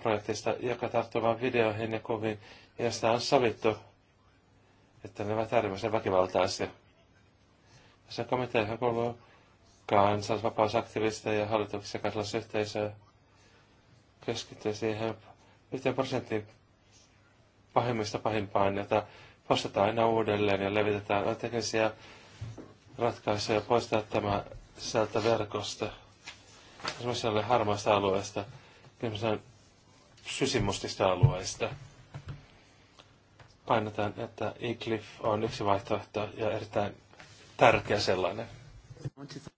projektista, joka tarttuu vain videoihin ja kuviin, josta on sovittu, että ne ovat äärimmäisen väkivaltaisia. Tässä komiteahan kuuluu kansallisvapausaktivisteja ja hallituksia kansallisyhteisöä keskittyä siihen yhteen prosenttiin pahimmista pahimpaan, jota postataan aina uudelleen ja levitetään teknisiä ratkaisuja poistaa tämä sieltä verkosta, semmoiselle harmaista alueesta, semmoisen sysimustista alueesta. Painotan, että e on yksi vaihtoehto ja erittäin tärkeä sellainen.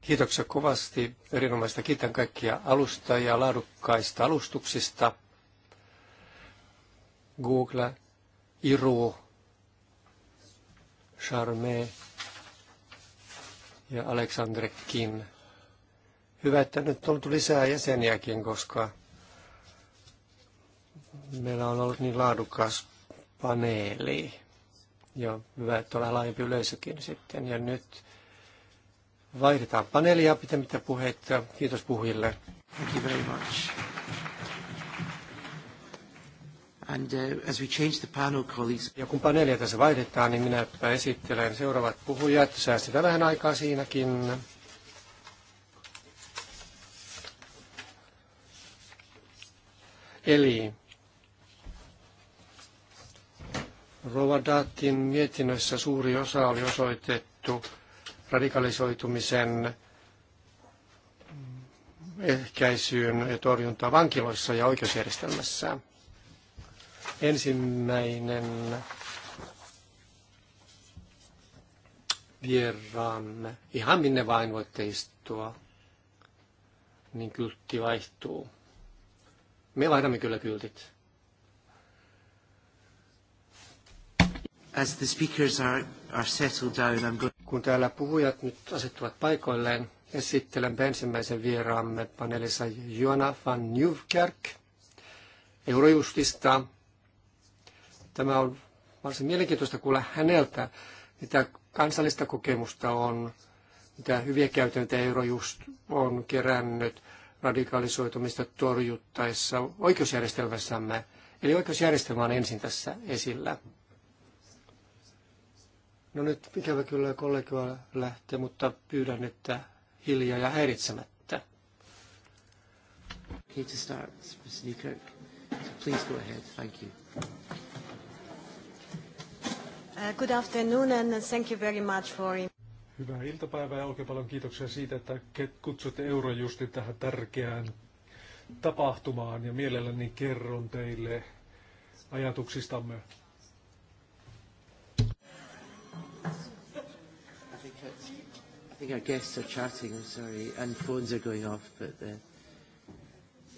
Kiitoksia kovasti. Erinomaista kiitän kaikkia alusta ja laadukkaista alustuksista. Google, Iru, Charme ja Kim. Hyvä, että nyt on tullut lisää jäseniäkin, koska meillä on ollut niin laadukas paneeli. Ja hyvä, että on laajempi yleisökin sitten. Ja nyt Vaihdetaan paneelia pitemmittä puheita. Kiitos puhujille. Thank you very much. And uh, as we change the panel, colleagues... Ja kun paneelia tässä vaihdetaan, niin minä esittelen seuraavat puhujat. Säästetään vähän aikaa siinäkin. Eli Rovadatin mietinnössä suuri osa oli osoitettu radikalisoitumisen ehkäisyyn ja torjuntaan vankiloissa ja oikeusjärjestelmässä. Ensimmäinen vieraamme, ihan minne vain voitte istua, niin kyltti vaihtuu. Me vaihdamme kyllä kyltit. As the speakers are, are settled down, I'm going... Kun täällä puhujat nyt asettuvat paikoilleen, esittelen ensimmäisen vieraamme paneelissa Joana van Nieuwkerk Eurojustista. Tämä on varsin mielenkiintoista kuulla häneltä, mitä kansallista kokemusta on, mitä hyviä käytäntöjä Eurojust on kerännyt radikalisoitumista torjuttaessa oikeusjärjestelmässämme. Eli oikeusjärjestelmä on ensin tässä esillä. No nyt ikävä kyllä kollegoa lähtee, mutta pyydän, että hiljaa ja häiritsemättä. Okay, to start, Mr. Newkirk. So please go ahead. Thank you. Uh, good afternoon and thank you very much for... Hyvää iltapäivää ja oikein paljon kiitoksia siitä, että kutsutte Eurojustin tähän tärkeään tapahtumaan ja mielelläni kerron teille ajatuksistamme I think our guests are chatting, I'm sorry, and phones are going off, but uh,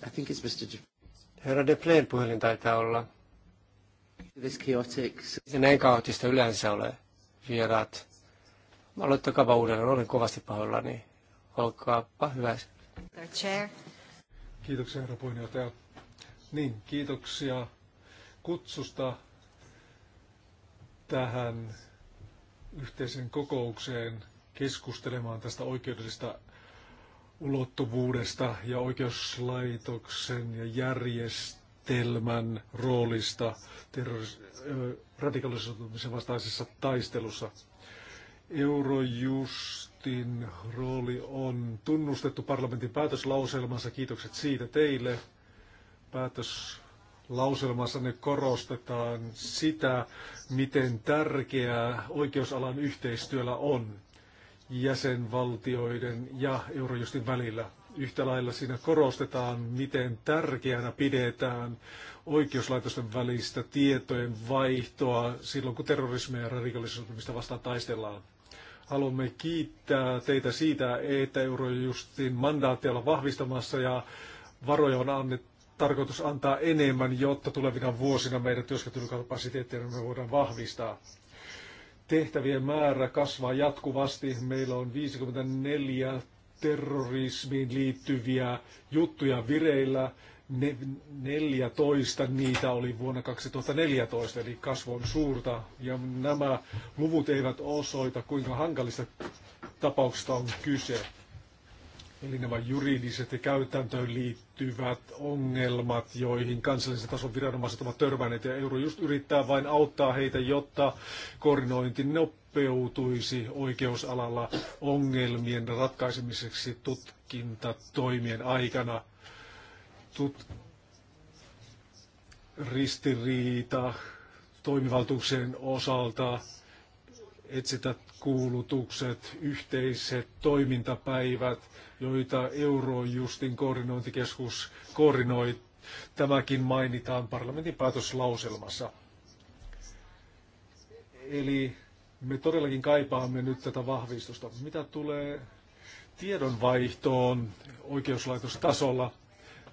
I think it's Mr. Herra De Plain puhelin taitaa olla. This chaotic... Se näin kaoottista yleensä ole, vieraat. Mä Aloittakaa uudelleen, olen kovasti pahoillani. Olkaapa hyvä. Chair. Kiitoksia, herra puheenjohtaja. Niin, kiitoksia kutsusta tähän yhteisen kokoukseen keskustelemaan tästä oikeudellisesta ulottuvuudesta ja oikeuslaitoksen ja järjestelmän roolista radikalisoitumisen vastaisessa taistelussa. Eurojustin rooli on tunnustettu parlamentin päätöslauselmassa. Kiitokset siitä teille. Päätöslauselmassa ne korostetaan sitä, miten tärkeää oikeusalan yhteistyöllä on jäsenvaltioiden ja Eurojustin välillä. Yhtä lailla siinä korostetaan, miten tärkeänä pidetään oikeuslaitosten välistä tietojen vaihtoa silloin, kun terrorismia ja radikalisoitumista vastaan taistellaan. Haluamme kiittää teitä siitä, että Eurojustin mandaattia on vahvistamassa ja varoja on annettu tarkoitus antaa enemmän, jotta tulevina vuosina meidän työskentelykapasiteettia me voidaan vahvistaa tehtävien määrä kasvaa jatkuvasti. Meillä on 54 terrorismiin liittyviä juttuja vireillä. Ne, 14 niitä oli vuonna 2014, eli kasvu on suurta. Ja nämä luvut eivät osoita, kuinka hankalista tapauksista on kyse. Eli nämä juridiset ja käytäntöön liittyvät ongelmat, joihin kansallisen tason viranomaiset ovat törmänneet, ja Eurojust yrittää vain auttaa heitä, jotta koordinointi nopeutuisi oikeusalalla ongelmien ratkaisemiseksi tutkintatoimien aikana. Tut- ristiriita toimivaltuuksien osalta etsitä kuulutukset, yhteiset toimintapäivät, joita Eurojustin koordinointikeskus koordinoi. Tämäkin mainitaan parlamentin päätöslauselmassa. Eli me todellakin kaipaamme nyt tätä vahvistusta. Mitä tulee tiedonvaihtoon oikeuslaitostasolla,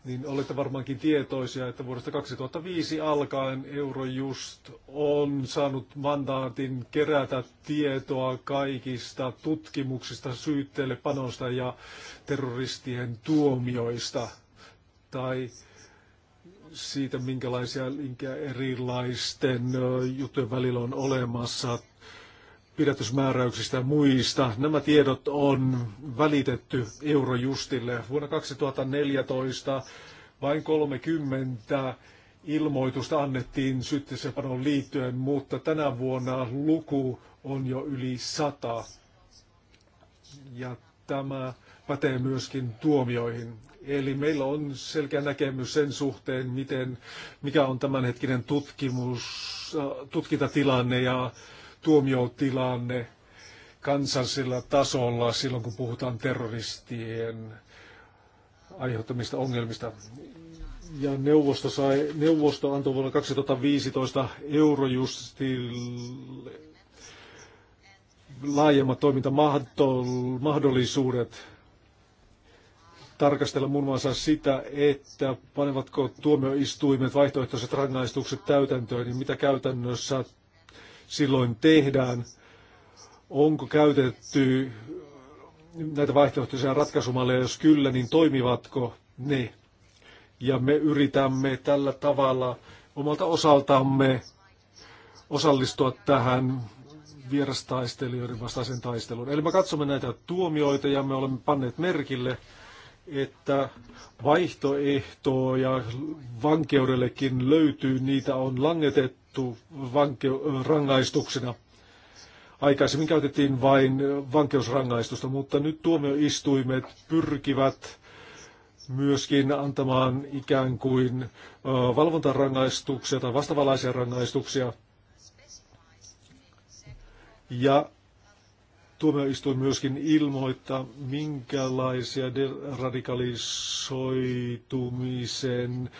niin olette varmaankin tietoisia, että vuodesta 2005 alkaen Eurojust on saanut mandaatin kerätä tietoa kaikista tutkimuksista, syytteelle panosta ja terroristien tuomioista tai siitä, minkälaisia linkkejä erilaisten juttujen välillä on olemassa pidätysmääräyksistä ja muista. Nämä tiedot on välitetty Eurojustille. Vuonna 2014 vain 30 ilmoitusta annettiin syttisepanon liittyen, mutta tänä vuonna luku on jo yli 100. Ja tämä pätee myöskin tuomioihin. Eli meillä on selkeä näkemys sen suhteen, miten, mikä on tämänhetkinen tutkimus, äh, tutkintatilanne ja tuomiotilanne kansallisella tasolla silloin, kun puhutaan terroristien aiheuttamista ongelmista. Ja neuvosto, sai, neuvosto antoi vuonna 2015 Eurojustille laajemmat toimintamahdollisuudet tarkastella muun muassa sitä, että panevatko tuomioistuimet vaihtoehtoiset rangaistukset täytäntöön, niin mitä käytännössä silloin tehdään. Onko käytetty näitä vaihtoehtoisia ratkaisumalleja, jos kyllä, niin toimivatko ne? Ja me yritämme tällä tavalla omalta osaltamme osallistua tähän vierastaistelijoiden vastaisen taisteluun. Eli me katsomme näitä tuomioita ja me olemme panneet merkille, että vaihtoehtoja vankeudellekin löytyy, niitä on langetettu vanke rangaistuksena. Aikaisemmin käytettiin vain vankeusrangaistusta, mutta nyt tuomioistuimet pyrkivät myöskin antamaan ikään kuin valvontarangaistuksia tai vastavalaisia rangaistuksia. Ja tuomioistuin myöskin ilmoittaa, minkälaisia radikalisoitumisen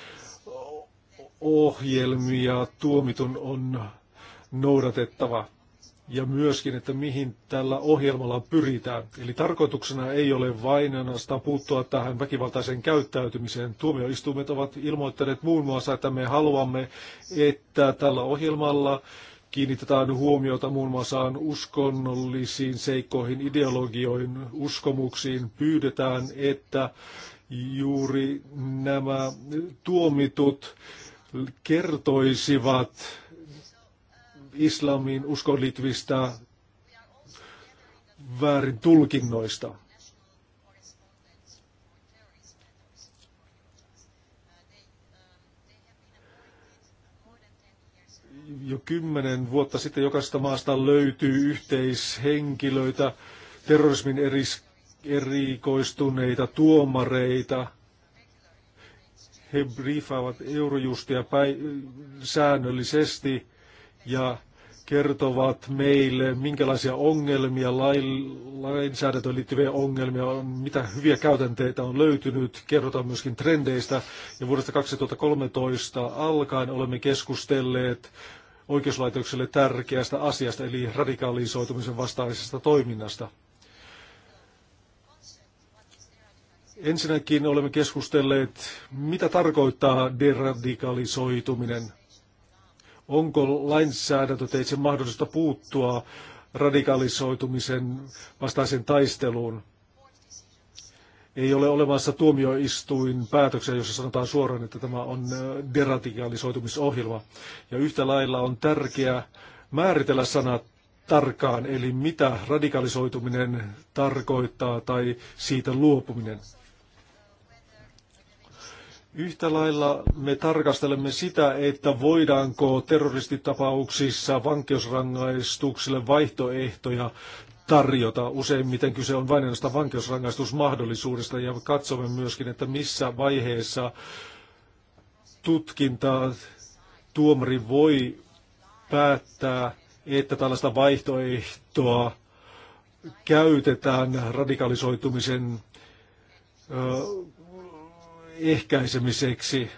ohjelmia tuomitun on noudatettava ja myöskin, että mihin tällä ohjelmalla pyritään. Eli tarkoituksena ei ole vain ainoastaan puuttua tähän väkivaltaiseen käyttäytymiseen. Tuomioistuimet ovat ilmoittaneet muun muassa, että me haluamme, että tällä ohjelmalla kiinnitetään huomiota muun muassa uskonnollisiin seikkoihin, ideologioihin, uskomuksiin. Pyydetään, että juuri nämä tuomitut kertoisivat islamin uskon liittyvistä väärin tulkinnoista. jo kymmenen vuotta sitten jokaisesta maasta löytyy yhteishenkilöitä, terrorismin eris, erikoistuneita tuomareita. He briefaavat Eurojustia päi- säännöllisesti ja kertovat meille, minkälaisia ongelmia, lain, lainsäädäntöön liittyviä ongelmia on, mitä hyviä käytänteitä on löytynyt. Kerrotaan myöskin trendeistä ja vuodesta 2013 alkaen olemme keskustelleet oikeuslaitokselle tärkeästä asiasta, eli radikalisoitumisen vastaisesta toiminnasta. Ensinnäkin olemme keskustelleet, mitä tarkoittaa deradikalisoituminen. Onko teitse mahdollista puuttua radikalisoitumisen vastaiseen taisteluun? ei ole olemassa tuomioistuin päätöksiä, jossa sanotaan suoraan, että tämä on äh, deratikalisoitumisohjelma. Ja yhtä lailla on tärkeää määritellä sanat tarkkaan, eli mitä radikalisoituminen tarkoittaa tai siitä luopuminen. Yhtä lailla me tarkastelemme sitä, että voidaanko terroristitapauksissa vankeusrangaistuksille vaihtoehtoja tarjota. Useimmiten kyse on vain ainoastaan vankeusrangaistusmahdollisuudesta ja katsomme myöskin, että missä vaiheessa tutkintaa tuomari voi päättää, että tällaista vaihtoehtoa käytetään radikalisoitumisen ehkäisemiseksi.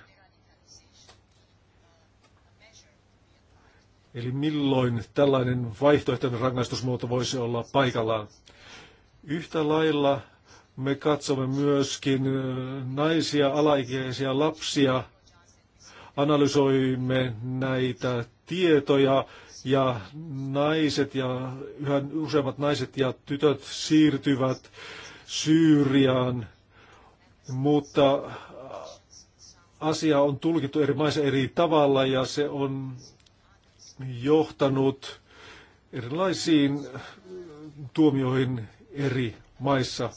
Eli milloin tällainen vaihtoehtoinen rangaistusmuoto voisi olla paikallaan. Yhtä lailla me katsomme myöskin naisia, alaikäisiä lapsia, analysoimme näitä tietoja ja naiset ja yhä useammat naiset ja tytöt siirtyvät Syyriaan, mutta asia on tulkittu eri maissa eri tavalla ja se on johtanut erilaisiin tuomioihin eri maissa.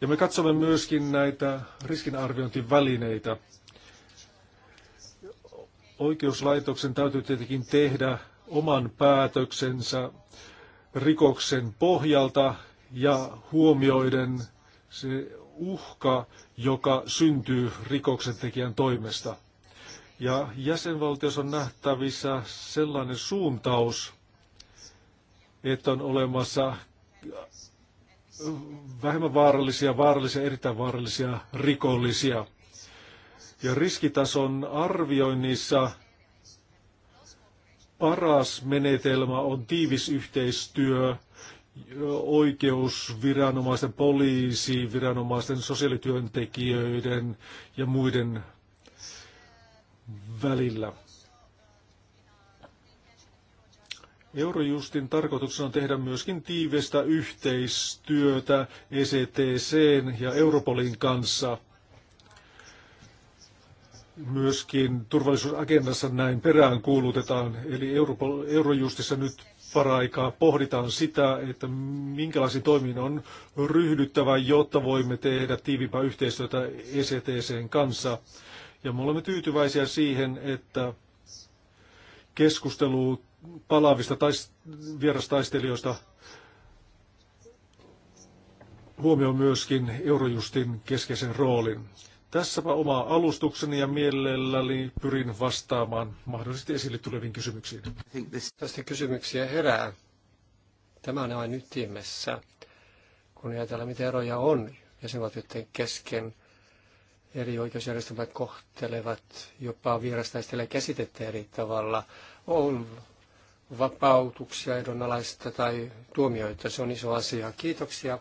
Ja me katsomme myöskin näitä riskinarviointivälineitä. Oikeuslaitoksen täytyy tietenkin tehdä oman päätöksensä rikoksen pohjalta ja huomioiden se uhka, joka syntyy rikoksen tekijän toimesta. Ja jäsenvaltiossa on nähtävissä sellainen suuntaus, että on olemassa vähemmän vaarallisia, vaarallisia, erittäin vaarallisia rikollisia. Ja riskitason arvioinnissa paras menetelmä on tiivis yhteistyö oikeusviranomaisten, poliisiviranomaisten, sosiaalityöntekijöiden ja muiden välillä. Eurojustin tarkoituksena on tehdä myöskin tiivistä yhteistyötä ECTC ja Europolin kanssa. Myöskin turvallisuusagendassa näin perään kuulutetaan, eli Eurojustissa nyt paraikaa pohditaan sitä, että minkälaisiin toimiin on ryhdyttävä, jotta voimme tehdä tiivimpää yhteistyötä ECTCn kanssa. Ja me olemme tyytyväisiä siihen, että keskustelu palaavista tais, vierastaistelijoista huomioi myöskin Eurojustin keskeisen roolin. Tässäpä oma alustukseni ja mielelläni pyrin vastaamaan mahdollisesti esille tuleviin kysymyksiin. Tästä kysymyksiä herää. Tämä on aina ytimessä, kun ajatellaan, mitä eroja on jäsenvaltioiden kesken eri oikeusjärjestelmät kohtelevat jopa vierastaistele käsitettä eri tavalla. On vapautuksia ehdonalaista tai tuomioita, se on iso asia. Kiitoksia.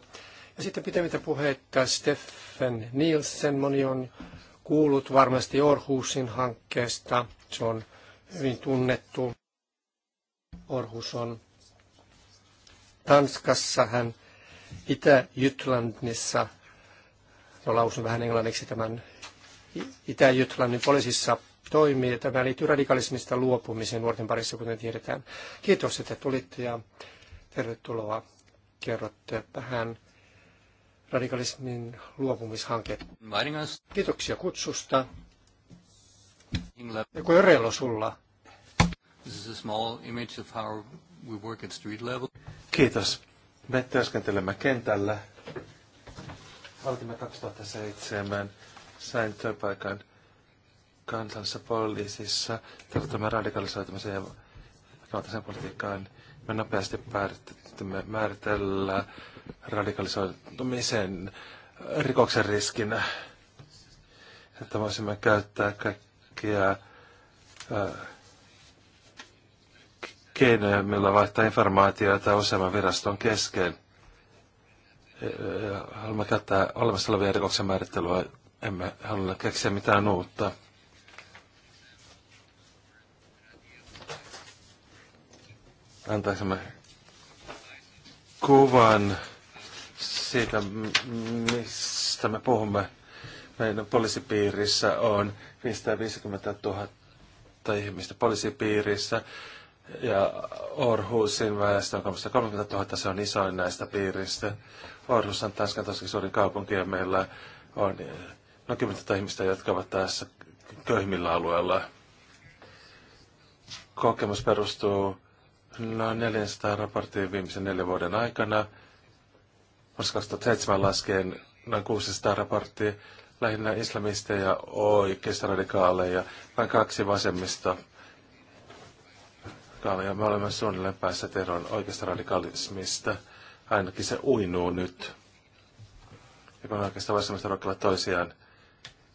Ja sitten pitemmittä puhetta Steffen Nielsen, moni on kuullut varmasti Orhusin hankkeesta, se on hyvin tunnettu. Orhus on Tanskassa, hän Itä-Jytlandissa – no lausun vähän englanniksi tämän Itä-Jutlannin poliisissa toimii. Tämä liittyy radikalismista luopumiseen nuorten parissa, kuten tiedetään. Kiitos, että tulitte ja tervetuloa. Kerrotte vähän radikalismin luopumishanke. Kiitoksia kutsusta. Joku Örello sulla. Kiitos. Me työskentelemme kentällä Aloitimme 2007, sain työpaikan kansallisessa poliisissa, tartumme radikalisoitumiseen ja väkivaltaiseen politiikkaan. Me nopeasti päätimme määritellä radikalisoitumisen rikoksen riskinä, että voisimme käyttää kaikkia keinoja, millä vaihtaa informaatiota useamman viraston kesken – haluamme käyttää olemassa olevia rikoksen määrittelyä, emme halua keksiä mitään uutta. Antaisimme kuvan siitä, mistä me puhumme. Meidän poliisipiirissä on 550 000 ihmistä poliisipiirissä. Ja Orhusin väestö on 30 000, se on isoin näistä piiristä. Orhus on Tanskan tosi suurin kaupunki ja meillä on eh, noin 10 000 ihmistä, jotka ovat tässä köyhimmillä alueilla. Kokemus perustuu noin 400 raporttiin viimeisen neljän vuoden aikana. Vuosi 2007 laskeen noin 600 raporttia, lähinnä islamisteja, oikeista radikaaleja, vain kaksi vasemmista ja Me olemme suunnilleen päässä eroon oikeasta radikalismista. Ainakin se uinuu nyt. Ja kun oikeastaan vasemmista rokkilla toisiaan,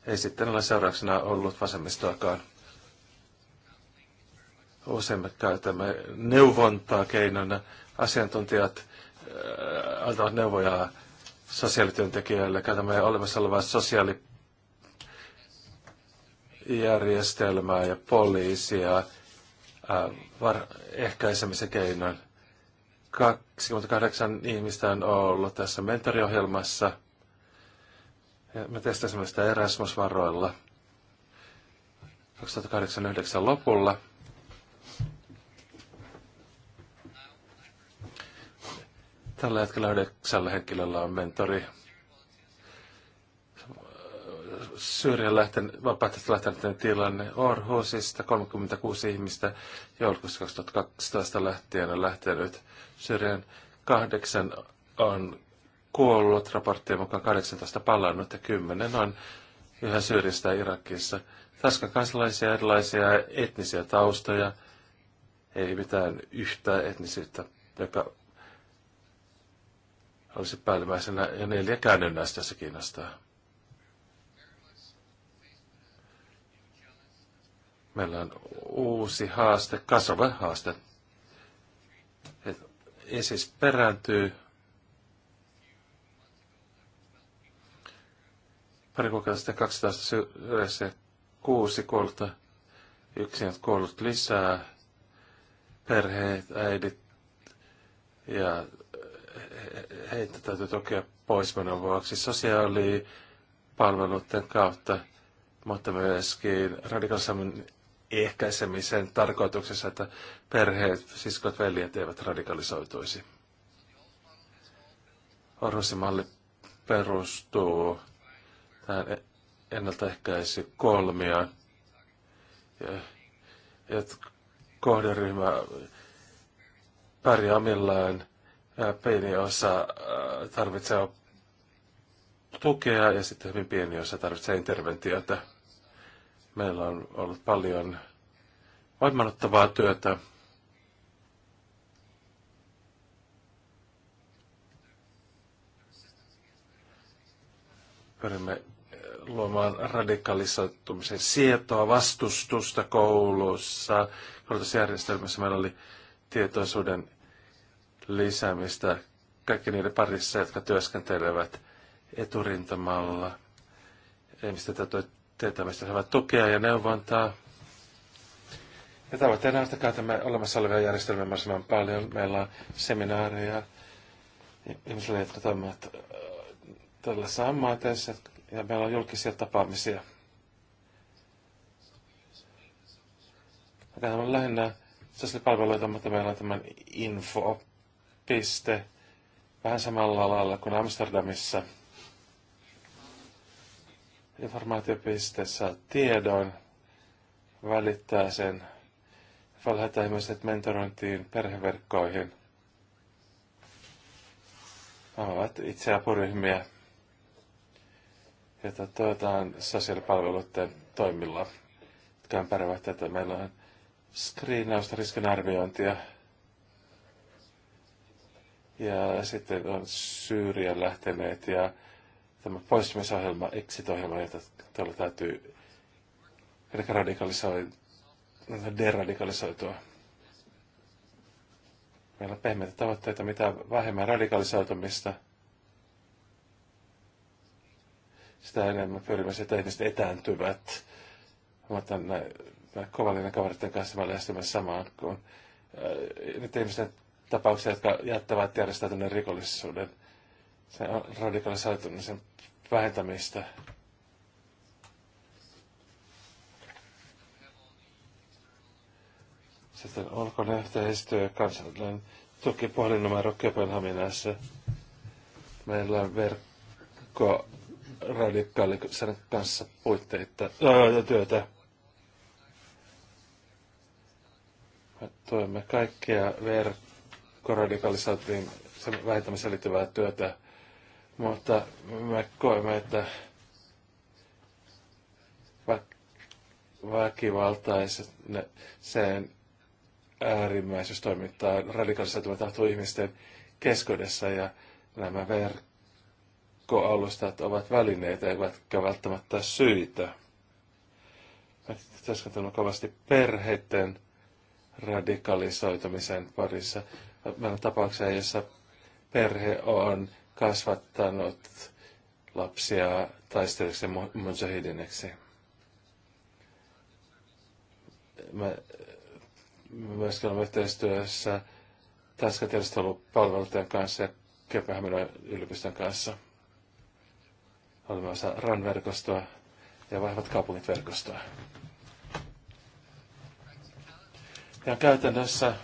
ei sitten ole seurauksena ollut vasemmistoakaan. Usein me käytämme neuvontaa keinona. Asiantuntijat äh, antavat neuvoja sosiaalityöntekijöille. Käytämme olemassa olevaa sosiaali järjestelmää ja poliisia var- ehkäisemisen keinoin. 28 ihmistä on ollut tässä mentoriohjelmassa. Ja me testasimme sitä Erasmus-varoilla 2008-2009 lopulla. Tällä hetkellä yhdeksällä henkilöllä on mentori. Syyrian lähten, vapaaehtoisesti lähteneiden tilanne Orhusista 36 ihmistä joulukuussa 2012 lähtien on lähtenyt. Syyrian kahdeksan on kuollut, raporttien mukaan 18 palannut ja kymmenen on yhä Syyristä ja Irakissa. Tanskan kansalaisia erilaisia etnisiä taustoja, ei mitään yhtä etnisyyttä, joka olisi päällimmäisenä ja neljä näistä se kiinnostaa. Meillä on uusi haaste, kasvava haaste. ISIS perääntyy. Pari kuukautta sitten 12 kuulta. kuusi Yksi on kuollut lisää. Perheet, äidit ja heitä täytyy tukea poismenon vuoksi sosiaalipalveluiden kautta, mutta myöskin radikaalisemmin ehkäisemisen tarkoituksessa, että perheet, siskot, veljet eivät radikalisoituisi. Orhosimalli perustuu tähän e- ennaltaehkäisy kolmia, Ja, ja kohderyhmä pärjää omillaan, pieni osa äh, tarvitsee tukea ja sitten hyvin pieni osa tarvitsee interventiota. Meillä on ollut paljon voimannuttavaa työtä. Pyrimme eh, luomaan radikalisoitumisen sietoa, vastustusta koulussa, koulutusjärjestelmässä. Meillä oli tietoisuuden lisäämistä kaikki niiden parissa, jotka työskentelevät eturintamalla. mistä täytyy tehtävistä saavat tukea ja neuvontaa. Ja tavoitteena on, että käytämme olemassa olevia järjestelmiä mahdollisimman paljon. Meillä on seminaareja ihmisille, jotka toimivat äh, tällaisissa ammateissa, ja meillä on julkisia tapaamisia. Tämä on lähinnä sosiaalipalveluita, mutta meillä on tämän infopiste vähän samalla lailla kuin Amsterdamissa – informaatiopisteessä tiedon, välittää sen, valhetaimiset mentorointiin, perheverkkoihin. Nämä ovat itseapuryhmiä, joita tuetaan sosiaalipalveluiden toimilla, jotka ympäröivät tätä. Meillä on screenausta, riskinarviointia, ja sitten on Syyrian lähteneet ja tämä poistumisohjelma, exit-ohjelma, jota tuolla täytyy radikalisoi, deradikalisoitua. Meillä on pehmeitä tavoitteita, mitä vähemmän radikalisoitumista, sitä enemmän pyrimme siihen, että ihmiset etääntyvät. Mutta kovallinen kavereiden kanssa mä lähestymme samaan kuin äh, niiden ihmisten tapauksia, jotka jättävät järjestäytyneen rikollisuuden – sen radikalisoitumisen vähentämistä. Sitten olkoon yhteistyö kansallinen tuki puhelinnumero Köpenhaminassa. Meillä on verkko radikaalisen kanssa puitteita ja työtä. Me tuemme kaikkea verkkoradikalisaatioon vähentämiseen liittyvää työtä mutta me koemme, että väkivaltaiset sen äärimmäisyystoimintaa radikalisoituma tahtuu ihmisten keskuudessa ja nämä verkkoalustat ovat välineitä eivätkä välttämättä syitä. Me työskentelemme kovasti perheiden radikalisoitumisen parissa. Meillä on tapauksia, jossa perhe on kasvattanut lapsia taistelijaksi mujahidiniksi. Me myöskin olemme yhteistyössä Tanskan kanssa ja Kööpenhaminan yliopiston kanssa. Olemme osa RAN-verkostoa ja vahvat kaupungit verkostoa. Ja käytännössä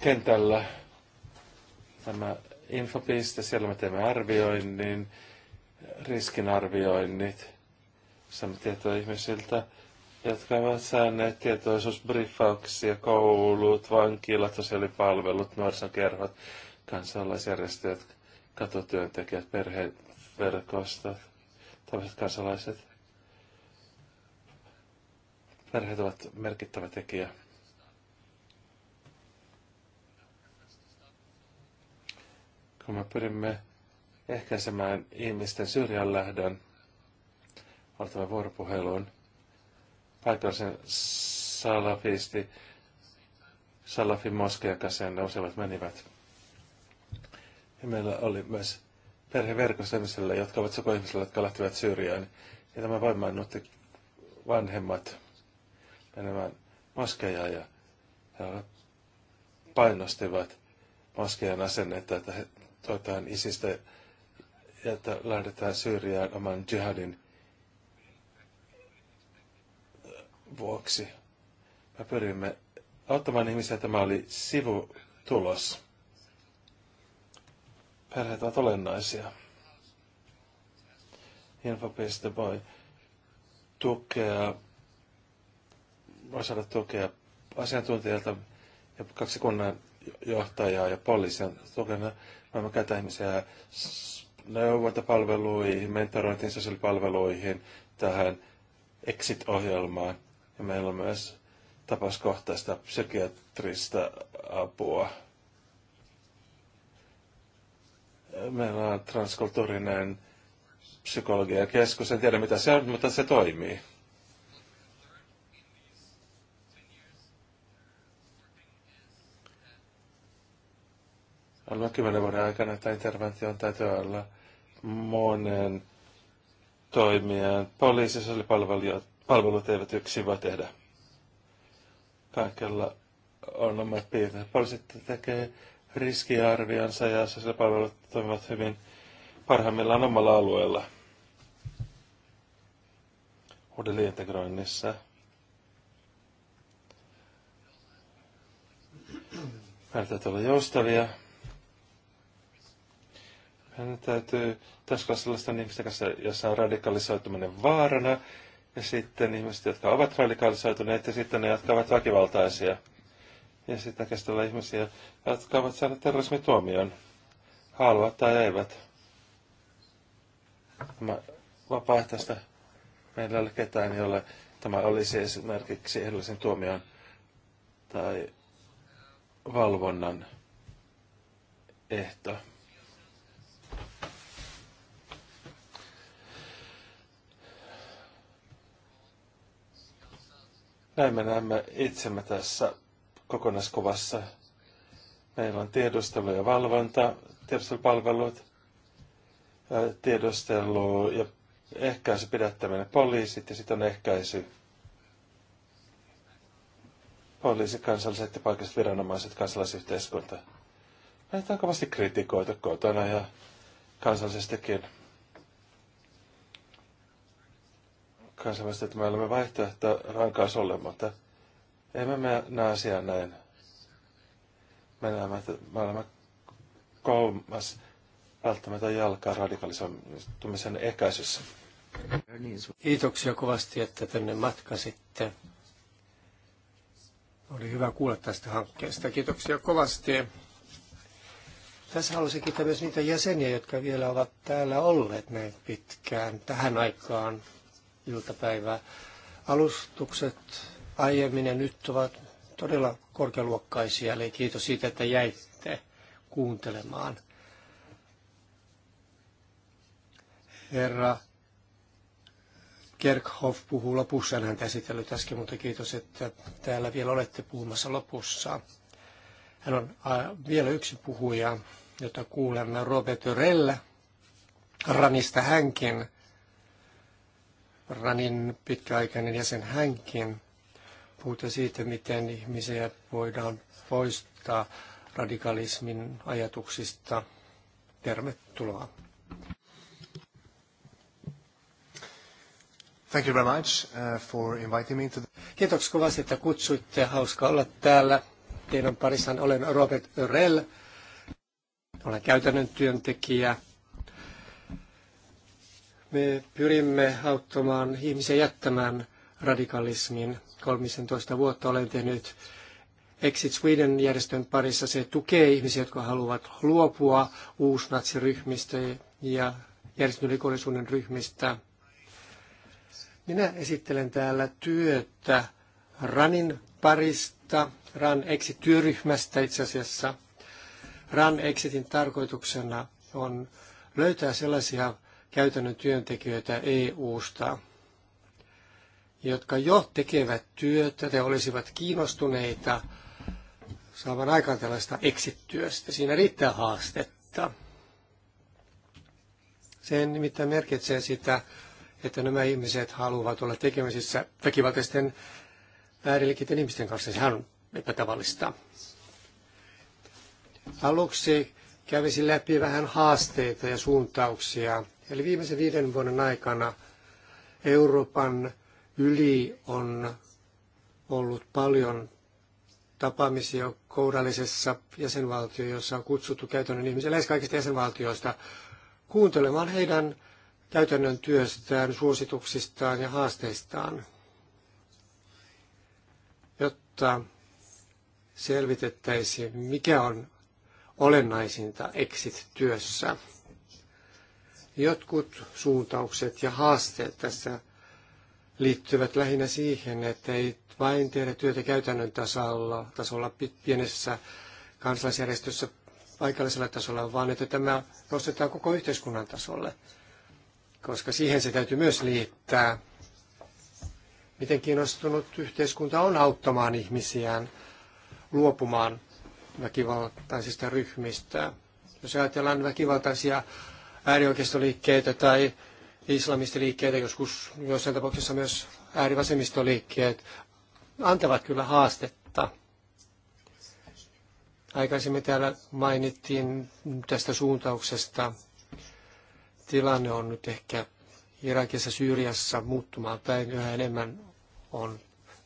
kentällä tämä infopiste, siellä me teemme arvioinnin, riskinarvioinnit, saamme tietoa ihmisiltä, jotka ovat saaneet tietoisuusbriefauksia, koulut, vankilat, sosiaalipalvelut, nuorisokerhot, kansalaisjärjestöt, katotyöntekijät, perheverkostot, tällaiset kansalaiset. Perheet ovat merkittävä tekijä kun me pyrimme ehkäisemään ihmisten syrjään lähdön, oltava vuoropuheluun, paikallisen salafisti, salafin moskeja kanssa ne menivät. Ja meillä oli myös perheverkossa ihmisillä, jotka ovat sukuihmisillä, jotka lähtivät syrjään. Ja tämä voimannutti vanhemmat menemään moskejaan ja, ja painostivat moskejan asennetta, että he tuotaan isistä ja että lähdetään Syyriaan oman jihadin vuoksi. Me pyrimme auttamaan ihmisiä. Tämä oli sivutulos. Perheet ovat olennaisia. Infopiste voi tukea, voi saada tukea asiantuntijalta ja kaksi kunnan johtajaa ja poliisin tukena voimme käyttää ihmisiä neuvontapalveluihin, mentorointiin, sosiaalipalveluihin, tähän exit-ohjelmaan. Ja meillä on myös tapauskohtaista psykiatrista apua. Meillä on transkulttuurinen psykologiakeskus. En tiedä mitä se on, mutta se toimii. Ollaan kymmenen vuoden aikana, interventio on täytyy olla monen toimijan. Poliisi- ja sosiaalipalvelut palvelut eivät yksin voi tehdä. Kaikella on omat piirteet. Poliisit tekee riskiarvionsa ja sosiaalipalvelut toimivat hyvin parhaimmillaan omalla alueella uudelleen integroinnissa. Päätät olla joustavia. Hän täytyy taskella sellaisten ihmisten kanssa, jossa on radikalisoituminen vaarana, ja sitten ihmiset, jotka ovat radikalisoituneet, ja sitten ne, jotka ovat väkivaltaisia. Ja sitten käsitellä ihmisiä, jotka ovat saaneet terrorismituomion, haluavat tai eivät. Tämä vapaaehtoista meillä ei ole ketään, jolle tämä olisi esimerkiksi ehdollisen tuomion tai valvonnan ehto. Näin me näemme itsemme tässä kokonaiskuvassa. Meillä on tiedustelu ja valvonta, tiedustelupalvelut, tiedustelu ja ehkäisy pidättäminen, poliisit ja sitten on ehkäisy. Poliisi, kansalliset ja paikalliset viranomaiset, kansalaisyhteiskunta. Näitä on kovasti kritikoita kotona ja kansallisestikin. kansainvälisesti, että me olemme vaihtoehto rankaus mutta Emme me näe asiaa näin. Me näemme, me olemme kolmas välttämättä jalkaa radikalisoitumisen ehkäisyssä. Kiitoksia kovasti, että tänne matkasitte. Oli hyvä kuulla tästä hankkeesta. Kiitoksia kovasti. Tässä haluaisin kiittää myös niitä jäseniä, jotka vielä ovat täällä olleet näin pitkään tähän aikaan iltapäivää. Alustukset aiemmin ja nyt ovat todella korkealuokkaisia, eli kiitos siitä, että jäitte kuuntelemaan. Herra Kerkhoff puhuu lopussa, hän käsitellyt äsken, mutta kiitos, että täällä vielä olette puhumassa lopussa. Hän on vielä yksi puhuja, jota kuulemme, Robert Rell, Ranista hänkin Ranin pitkäaikainen jäsen hänkin puhutte siitä, miten ihmisiä voidaan poistaa radikalismin ajatuksista. Tervetuloa. Thank you very much uh, for inviting me to the... Kiitoksia kovasti, että kutsuitte. Hauska olla täällä. Teidän parissaan olen Robert Örel. Olen käytännön työntekijä me pyrimme auttamaan ihmisiä jättämään radikalismin. 13 vuotta olen tehnyt Exit Sweden-järjestön parissa. Se tukee ihmisiä, jotka haluavat luopua uusnatsiryhmistä ja järjestön rikollisuuden ryhmistä. Minä esittelen täällä työtä RANin parista, RAN Exit-työryhmästä itse asiassa. RAN Exitin tarkoituksena on löytää sellaisia käytännön työntekijöitä EU-sta, jotka jo tekevät työtä ja olisivat kiinnostuneita saamaan aikaan tällaista exit-työstä. Siinä riittää haastetta. Se nimittäin merkitsee sitä, että nämä ihmiset haluavat olla tekemisissä väkivaltaisten ääriliikkeiden ihmisten kanssa. Sehän on epätavallista. Aluksi kävisin läpi vähän haasteita ja suuntauksia, Eli viimeisen viiden vuoden aikana Euroopan yli on ollut paljon tapaamisia kourallisessa jossa on kutsuttu käytännön ihmisiä lähes kaikista jäsenvaltioista kuuntelemaan heidän käytännön työstään, suosituksistaan ja haasteistaan, jotta selvitettäisiin, mikä on olennaisinta exit-työssä. Jotkut suuntaukset ja haasteet tässä liittyvät lähinnä siihen, että ei vain tehdä työtä käytännön tasolla, tasolla pienessä kansalaisjärjestössä paikallisella tasolla, vaan että tämä nostetaan koko yhteiskunnan tasolle, koska siihen se täytyy myös liittää. Miten kiinnostunut yhteiskunta on auttamaan ihmisiään luopumaan väkivaltaisista ryhmistä. Jos ajatellaan väkivaltaisia äärioikeistoliikkeitä tai islamistiliikkeitä, joskus joissain tapauksissa myös äärivasemmistoliikkeet, antavat kyllä haastetta. Aikaisemmin täällä mainittiin tästä suuntauksesta. Tilanne on nyt ehkä Irakissa, Syyriassa muuttumaan päin. Yhä enemmän on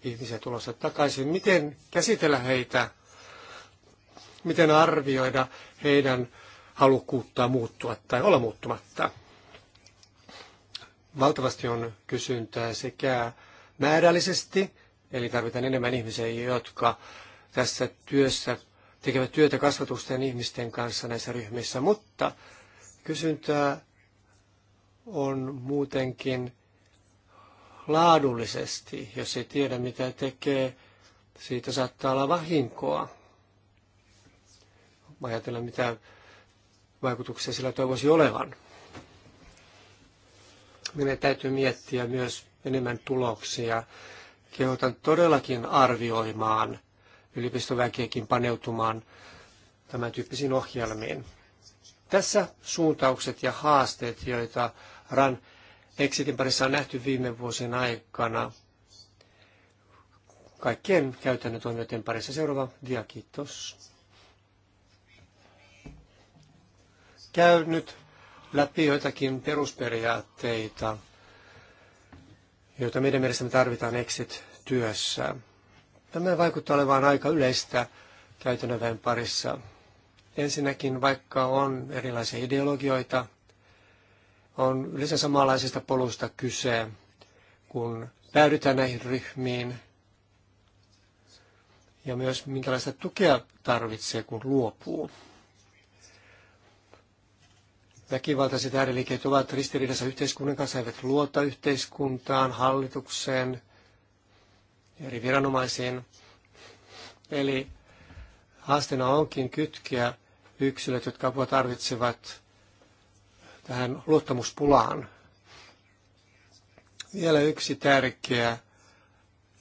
ihmisiä tulossa takaisin. Miten käsitellä heitä? Miten arvioida heidän halukkuutta muuttua tai olla muuttumatta. Valtavasti on kysyntää sekä määrällisesti, eli tarvitaan enemmän ihmisiä, jotka tässä työssä tekevät työtä kasvatusten ihmisten kanssa näissä ryhmissä, mutta kysyntää on muutenkin laadullisesti, jos ei tiedä mitä tekee, siitä saattaa olla vahinkoa. Ajatellaan, mitä vaikutuksia sillä toivoisi olevan. Meidän täytyy miettiä myös enemmän tuloksia. Kehotan todellakin arvioimaan yliopistoväkeäkin paneutumaan tämän tyyppisiin ohjelmiin. Tässä suuntaukset ja haasteet, joita RAN Exitin parissa on nähty viime vuosien aikana kaikkien käytännön toimijoiden parissa. Seuraava dia, kiitos. käynyt läpi joitakin perusperiaatteita, joita meidän mielestämme tarvitaan exit-työssä. Tämä vaikuttaa olevan aika yleistä käytännön parissa. Ensinnäkin, vaikka on erilaisia ideologioita, on yleensä samanlaisesta polusta kyse, kun päädytään näihin ryhmiin ja myös minkälaista tukea tarvitsee, kun luopuu. Väkivaltaiset ääriliikkeet ovat ristiriidassa yhteiskunnan kanssa, eivät luota yhteiskuntaan, hallitukseen, eri viranomaisiin. Eli haasteena onkin kytkeä yksilöt, jotka apua tarvitsevat tähän luottamuspulaan. Vielä yksi tärkeä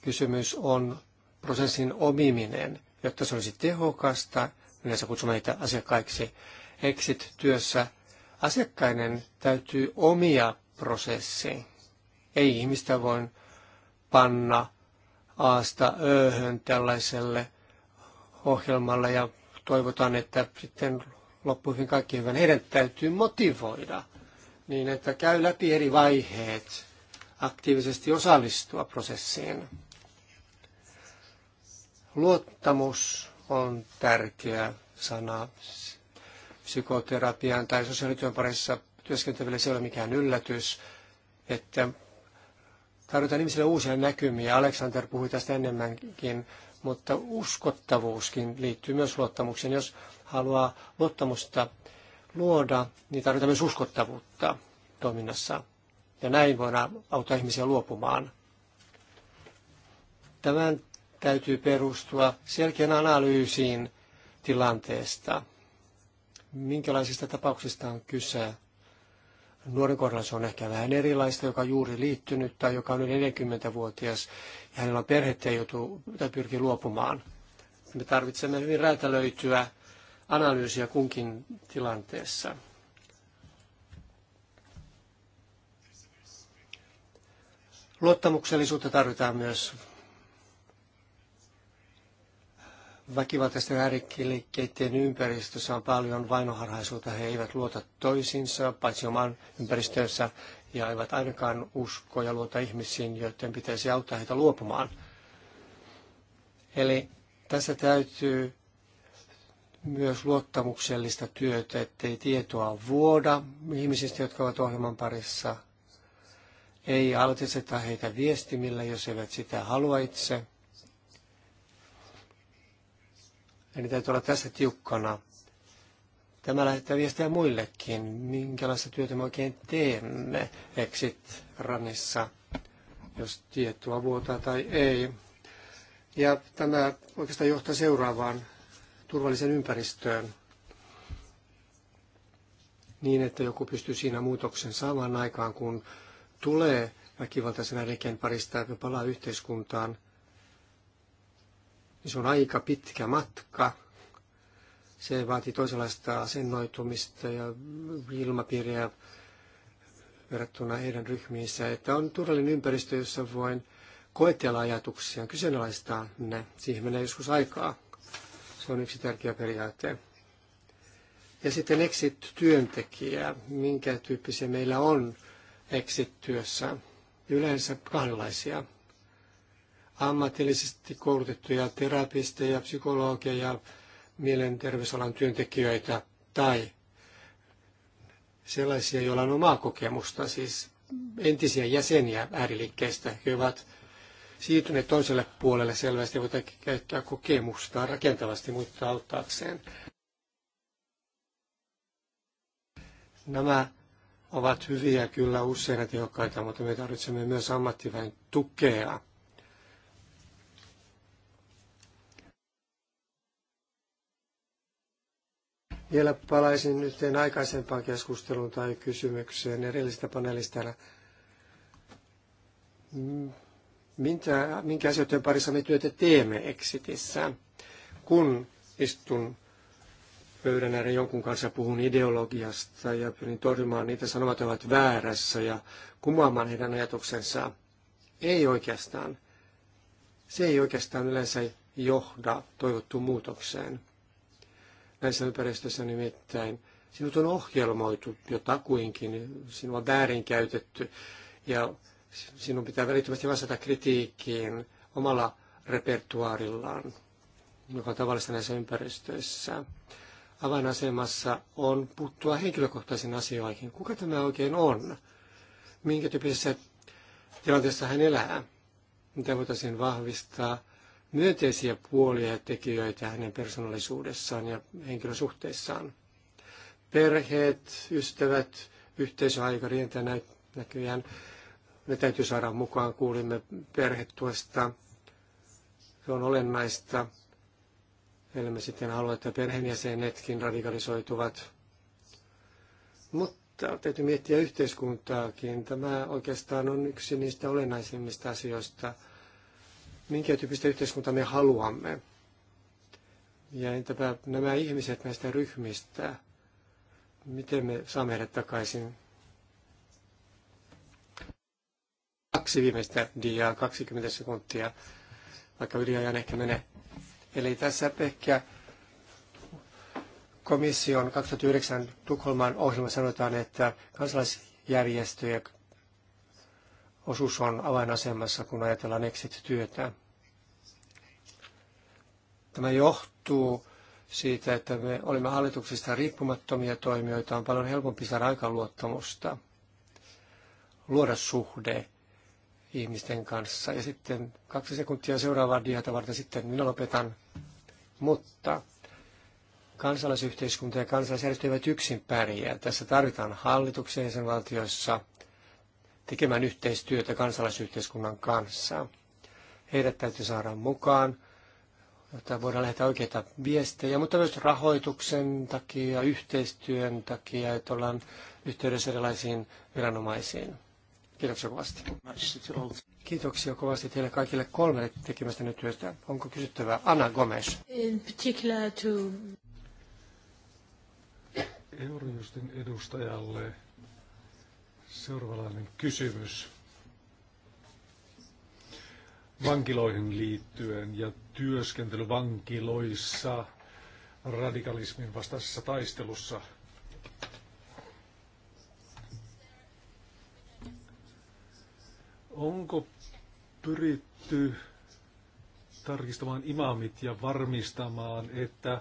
kysymys on prosessin omiminen, jotta se olisi tehokasta. Yleensä kutsumme heitä asiakkaiksi. Exit-työssä asiakkaiden täytyy omia prosessiin. Ei ihmistä voi panna aasta ööhön tällaiselle ohjelmalle ja toivotaan, että sitten loppuihin kaikki hyvän. Heidän täytyy motivoida niin, että käy läpi eri vaiheet, aktiivisesti osallistua prosessiin. Luottamus on tärkeä sana psykoterapian tai sosiaalityön parissa työskenteleville se ei ole mikään yllätys, että tarvitaan ihmisille uusia näkymiä. Alexander puhui tästä enemmänkin, mutta uskottavuuskin liittyy myös luottamukseen. Jos haluaa luottamusta luoda, niin tarvitaan myös uskottavuutta toiminnassa. Ja näin voidaan auttaa ihmisiä luopumaan. Tämän täytyy perustua selkeän analyysiin tilanteesta – minkälaisista tapauksista on kyse. Nuoren kohdalla se on ehkä vähän erilaista, joka on juuri liittynyt tai joka on yli 40-vuotias ja hänellä on perhettä joutuu tai pyrkii luopumaan. Me tarvitsemme hyvin räätälöityä analyysiä kunkin tilanteessa. Luottamuksellisuutta tarvitaan myös väkivaltaisten ääriliikkeiden ympäristössä on paljon vainoharhaisuutta. He eivät luota toisiinsa, paitsi oman ympäristönsä, ja eivät ainakaan usko ja luota ihmisiin, joiden pitäisi auttaa heitä luopumaan. Eli tässä täytyy myös luottamuksellista työtä, ettei tietoa vuoda ihmisistä, jotka ovat ohjelman parissa. Ei altiseta heitä viestimillä, jos eivät sitä halua itse. Eli täytyy olla tässä tiukkana. Tämä lähettää viestiä muillekin, minkälaista työtä me oikein teemme Exit Ranissa, jos tietoa vuotaa tai ei. Ja tämä oikeastaan johtaa seuraavaan turvalliseen ympäristöön niin, että joku pystyy siinä muutoksen saamaan aikaan, kun tulee väkivaltaisena äärikeen parista ja palaa yhteiskuntaan niin se on aika pitkä matka. Se vaatii toisenlaista asennoitumista ja ilmapiiriä verrattuna heidän ryhmiinsä. Että on turvallinen ympäristö, jossa voin koetella ajatuksia, kyseenalaistaa ne. Siihen menee joskus aikaa. Se on yksi tärkeä periaate. Ja sitten exit-työntekijä, minkä tyyppisiä meillä on exit-työssä. Yleensä kahdenlaisia ammatillisesti koulutettuja terapisteja, psykologeja, mielenterveysalan työntekijöitä tai sellaisia, joilla on omaa kokemusta, siis entisiä jäseniä ääriliikkeistä, he ovat siirtyneet toiselle puolelle selvästi, voivat käyttää kokemusta rakentavasti muita auttaakseen. Nämä ovat hyviä kyllä usein tehokkaita, mutta me tarvitsemme myös ammattiväen tukea Vielä palaisin nyt aikaisempaan keskusteluun tai kysymykseen edellisestä paneelista. Minkä, minkä asioiden parissa me työtä teemme Exitissä? Kun istun pöydän ääreen jonkun kanssa puhun ideologiasta ja pyrin torjumaan niitä sanomat ovat väärässä ja kumoamaan heidän ajatuksensa. Ei oikeastaan. Se ei oikeastaan yleensä johda toivottuun muutokseen näissä ympäristöissä nimittäin. Sinut on ohjelmoitu jo takuinkin, sinua on väärinkäytetty ja sinun pitää välittömästi vastata kritiikkiin omalla repertuaarillaan, joka on tavallista näissä ympäristöissä. Avainasemassa on puuttua henkilökohtaisiin asioihin. Kuka tämä oikein on? Minkä tyyppisessä tilanteessa hän elää? Mitä voitaisiin vahvistaa? myönteisiä puolia ja tekijöitä hänen persoonallisuudessaan ja henkilösuhteissaan. Perheet, ystävät, yhteisöaika rientää niin näköjään. Ne täytyy saada mukaan. Kuulimme tuosta, Se on olennaista. Ellemme sitten halua, että perheenjäsenetkin radikalisoituvat. Mutta täytyy miettiä yhteiskuntaakin. Tämä oikeastaan on yksi niistä olennaisimmista asioista – minkä tyyppistä yhteiskuntaa me haluamme. Ja entäpä nämä ihmiset näistä ryhmistä, miten me saamme heidät takaisin? Kaksi viimeistä diaa, 20 sekuntia, vaikka yliajan ehkä menee. Eli tässä ehkä komission 2009 Tukholman ohjelma sanotaan, että kansalaisjärjestöjä osuus on avainasemassa, kun ajatellaan exit-työtä. Tämä johtuu siitä, että me olemme hallituksista riippumattomia toimijoita, on paljon helpompi saada aikaluottamusta, luoda suhde ihmisten kanssa. Ja sitten kaksi sekuntia seuraavaa diata varten sitten minä lopetan. Mutta kansalaisyhteiskunta ja kansalaisjärjestö eivät yksin pärjää. Tässä tarvitaan sen valtioissa tekemään yhteistyötä kansalaisyhteiskunnan kanssa. Heidät täytyy saada mukaan, jotta voidaan lähettää oikeita viestejä, mutta myös rahoituksen takia, yhteistyön takia, että ollaan yhteydessä erilaisiin viranomaisiin. Kiitoksia kovasti. Kiitoksia kovasti teille kaikille kolmelle tekemästä nyt työstä. Onko kysyttävää? Anna Gomes. In particular to... Eurojustin edustajalle Seuraavalainen kysymys vankiloihin liittyen ja työskentely vankiloissa radikalismin vastaisessa taistelussa. Onko pyritty tarkistamaan imamit ja varmistamaan, että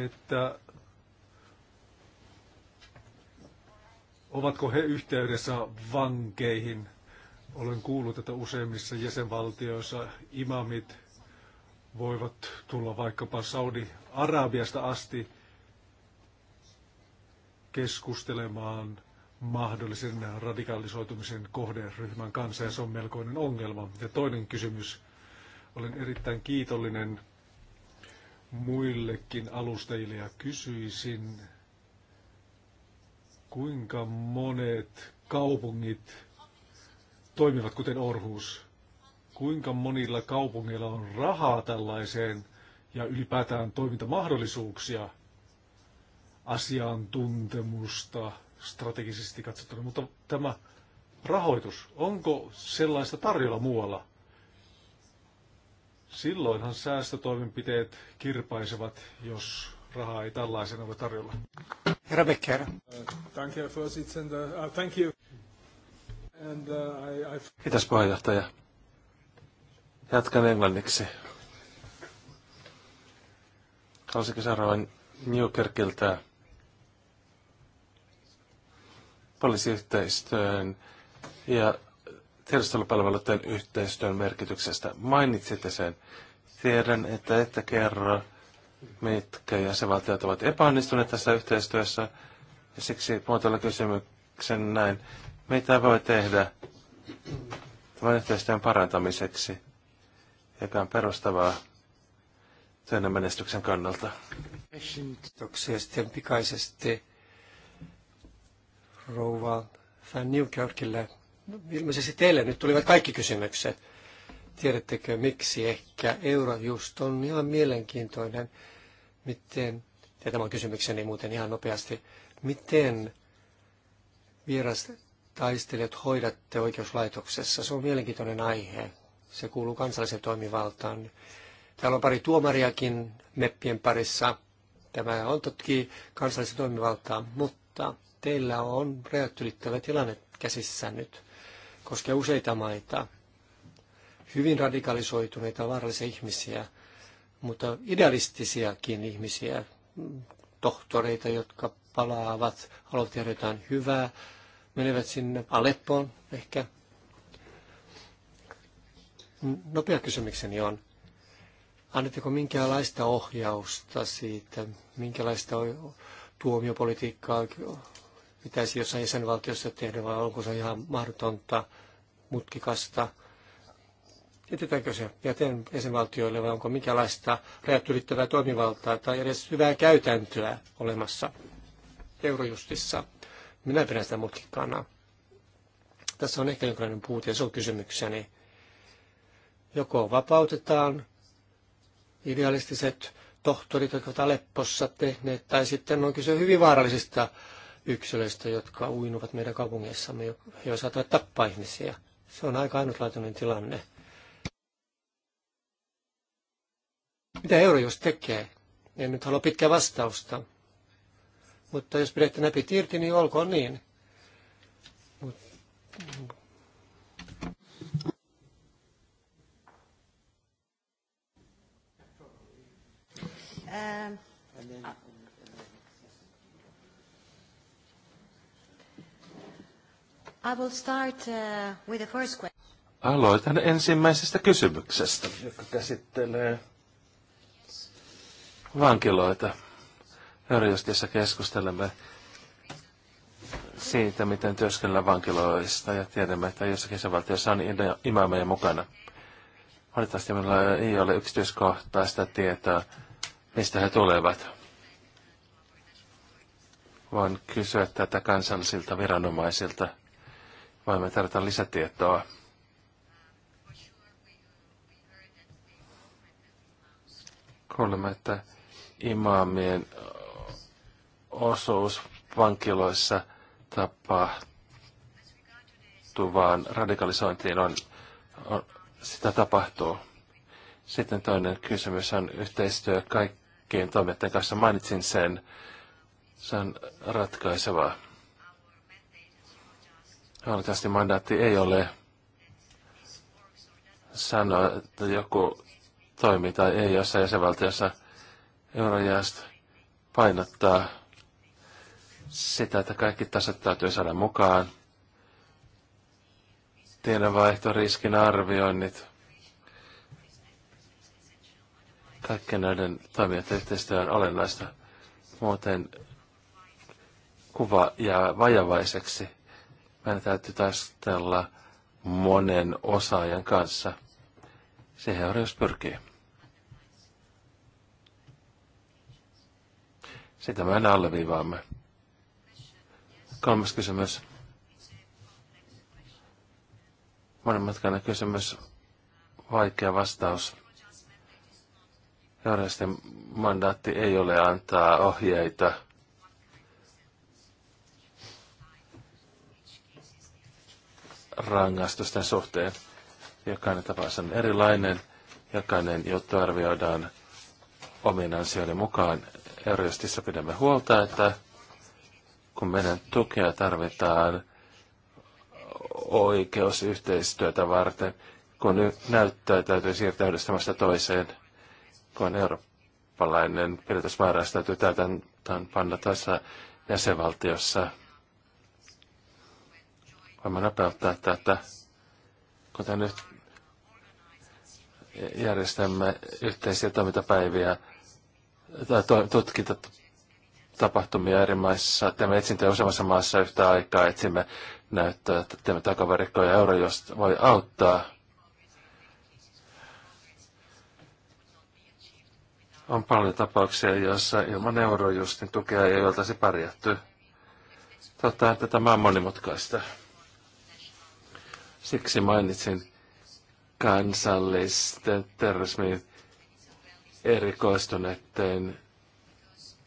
että ovatko he yhteydessä vankeihin. Olen kuullut, että useimmissa jäsenvaltioissa imamit voivat tulla vaikkapa Saudi-Arabiasta asti keskustelemaan mahdollisen radikalisoitumisen kohderyhmän kanssa, ja se on melkoinen ongelma. Ja toinen kysymys. Olen erittäin kiitollinen muillekin alustajille ja kysyisin, kuinka monet kaupungit toimivat kuten Orhus? Kuinka monilla kaupungeilla on rahaa tällaiseen ja ylipäätään toimintamahdollisuuksia, asiantuntemusta strategisesti katsottuna, mutta tämä rahoitus, onko sellaista tarjolla muualla? Silloinhan säästötoimenpiteet kirpaisevat, jos rahaa ei tällaisena ole tarjolla. Herra Becker. Uh, uh, thank you, And, uh, Kiitos puheenjohtaja. Jatkan englanniksi. Haluaisinkin seuraavan Newkirkiltä poliisiyhteistyön ja tiedustelupalveluiden yhteistyön merkityksestä. Mainitsitte sen. Tiedän, että ette kerro, mitkä jäsenvaltiot ovat epäonnistuneet tässä yhteistyössä. Ja siksi muotoilla kysymyksen näin. Mitä voi tehdä tämän yhteistyön parantamiseksi, joka on perustavaa työn menestyksen kannalta? Kiitoksia sitten pikaisesti rouva Fanny Newkirkille No, ilmeisesti teille nyt tulivat kaikki kysymykset. Tiedättekö miksi ehkä Eurojust on ihan mielenkiintoinen, miten, ja tämä on kysymykseni muuten ihan nopeasti, miten vieras taistelijat hoidatte oikeuslaitoksessa? Se on mielenkiintoinen aihe. Se kuuluu kansalliseen toimivaltaan. Täällä on pari tuomariakin meppien parissa. Tämä on toki kansallista toimivaltaa, mutta teillä on rajat ylittävä tilanne käsissä nyt koskee useita maita, hyvin radikalisoituneita, vaarallisia ihmisiä, mutta idealistisiakin ihmisiä, tohtoreita, jotka palaavat, haluavat tehdä jotain hyvää, menevät sinne Aleppoon ehkä. Nopea kysymykseni on, annetteko minkälaista ohjausta siitä, minkälaista tuomiopolitiikkaa pitäisi jossain jäsenvaltiossa tehdä, vai onko se ihan mahdotonta, mutkikasta. Jätetäänkö se jäten jäsenvaltioille vai onko mikälaista rajat ylittävää toimivaltaa tai edes hyvää käytäntöä olemassa eurojustissa? Minä pidän sitä mutkikkaana. Tässä on ehkä jonkinlainen puute ja se on kysymykseni. Joko vapautetaan idealistiset tohtorit, jotka ovat Aleppossa tehneet, tai sitten on kyse hyvin vaarallisista yksilöistä, jotka uinuvat meidän kaupungeissamme, jo osaavat tappaa ihmisiä. Se on aika ainutlaatuinen tilanne. Mitä Eurojust tekee? En nyt halua pitkää vastausta. Mutta jos pidätte näpit irti, niin olkoon niin. Mut... Ähm. I will start, uh, with the first question. Aloitan ensimmäisestä kysymyksestä, joka käsittelee vankiloita. Hörjöstissä keskustelemme siitä, miten työskennellä vankiloista ja tiedämme, että jossakin valtiossa on imaameja mukana. Valitettavasti meillä ei ole yksityiskohtaista tietoa, mistä he tulevat. Voin kysyä tätä kansallisilta viranomaisilta – me tarvitaan lisätietoa. Kuulemme, että imaamien osuus vankiloissa tapahtuvaan radikalisointiin on, on, sitä tapahtuu. Sitten toinen kysymys on yhteistyö kaikkien toimijoiden kanssa. Mainitsin sen. Se on ratkaisevaa. Valitettavasti mandaatti ei ole sanoa, että joku toimii tai ei jossain jäsenvaltiossa. eurojäästä painottaa sitä, että kaikki tasot täytyy saada mukaan. Tiedonvaihto, riskin arvioinnit, kaikkien näiden toimijoiden yhteistyö on olennaista. Muuten kuva jää vajavaiseksi meidän täytyy taistella monen osaajan kanssa. Siihen Euroopas pyrkii. Sitä me aina alleviivaamme. Kolmas kysymys. Monimutkainen kysymys. Vaikea vastaus. Euroopan mandaatti ei ole antaa ohjeita rangaistusten suhteen. Jokainen tapaus on erilainen, jokainen juttu arvioidaan omien ansioiden mukaan. Eurojustissa pidämme huolta, että kun meidän tukea tarvitaan oikeusyhteistyötä varten, kun näyttää täytyy siirtää yhdestä toiseen, kun eurooppalainen pidätysmääräys täytyy täytäntöön panna tässä jäsenvaltiossa – voimme nopeuttaa tätä, kuten nyt järjestämme yhteisiä toimintapäiviä tai tutkinta tapahtumia eri maissa. Teemme etsintöjä useammassa maassa yhtä aikaa, etsimme näyttöä, että teemme takavarikkoja euro, josta voi auttaa. On paljon tapauksia, joissa ilman eurojustin tukea ei oltaisi pärjätty. Totta, että tämä on monimutkaista. Siksi mainitsin kansallisten terrorismin erikoistuneiden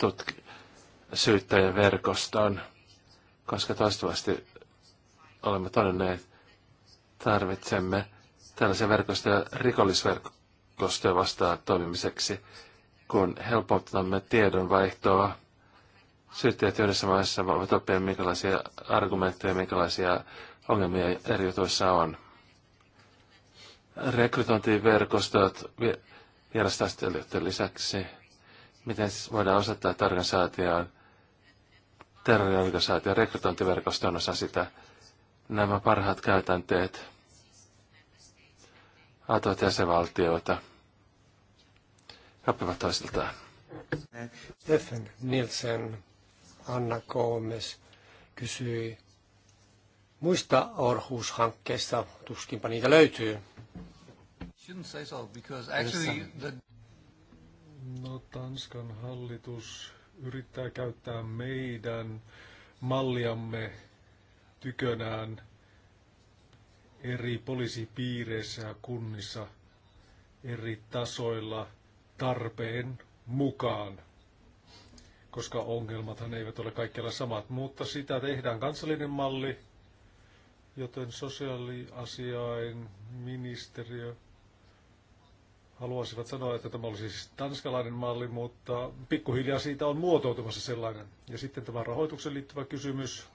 tutk- syyttäjän verkoston, koska toistuvasti olemme todenneet, tarvitsemme tällaisia verkostoja rikollisverkostoja vastaan toimimiseksi, kun helpottamme tiedonvaihtoa. Syyttäjät yhdessä maissa voivat oppia, minkälaisia argumentteja, minkälaisia ongelmia eri jutuissa on. Rekrytointiverkostot vierastaistelijoiden lisäksi, miten siis voidaan osoittaa, että organisaatio on terroriorganisaatio, rekrytointiverkosto on osa sitä. Nämä parhaat käytänteet autot jäsenvaltioita oppivat toisiltaan. Stefan Nielsen, Anna Koomes kysyi muista Orhus-hankkeista, tuskinpa niitä löytyy. No, Tanskan hallitus yrittää käyttää meidän malliamme tykönään eri poliisipiireissä ja kunnissa eri tasoilla tarpeen mukaan, koska ongelmathan eivät ole kaikkialla samat, mutta sitä tehdään kansallinen malli joten sosiaaliasiain ministeriö haluaisivat sanoa, että tämä olisi siis tanskalainen malli, mutta pikkuhiljaa siitä on muotoutumassa sellainen. Ja sitten tämä rahoituksen liittyvä kysymys.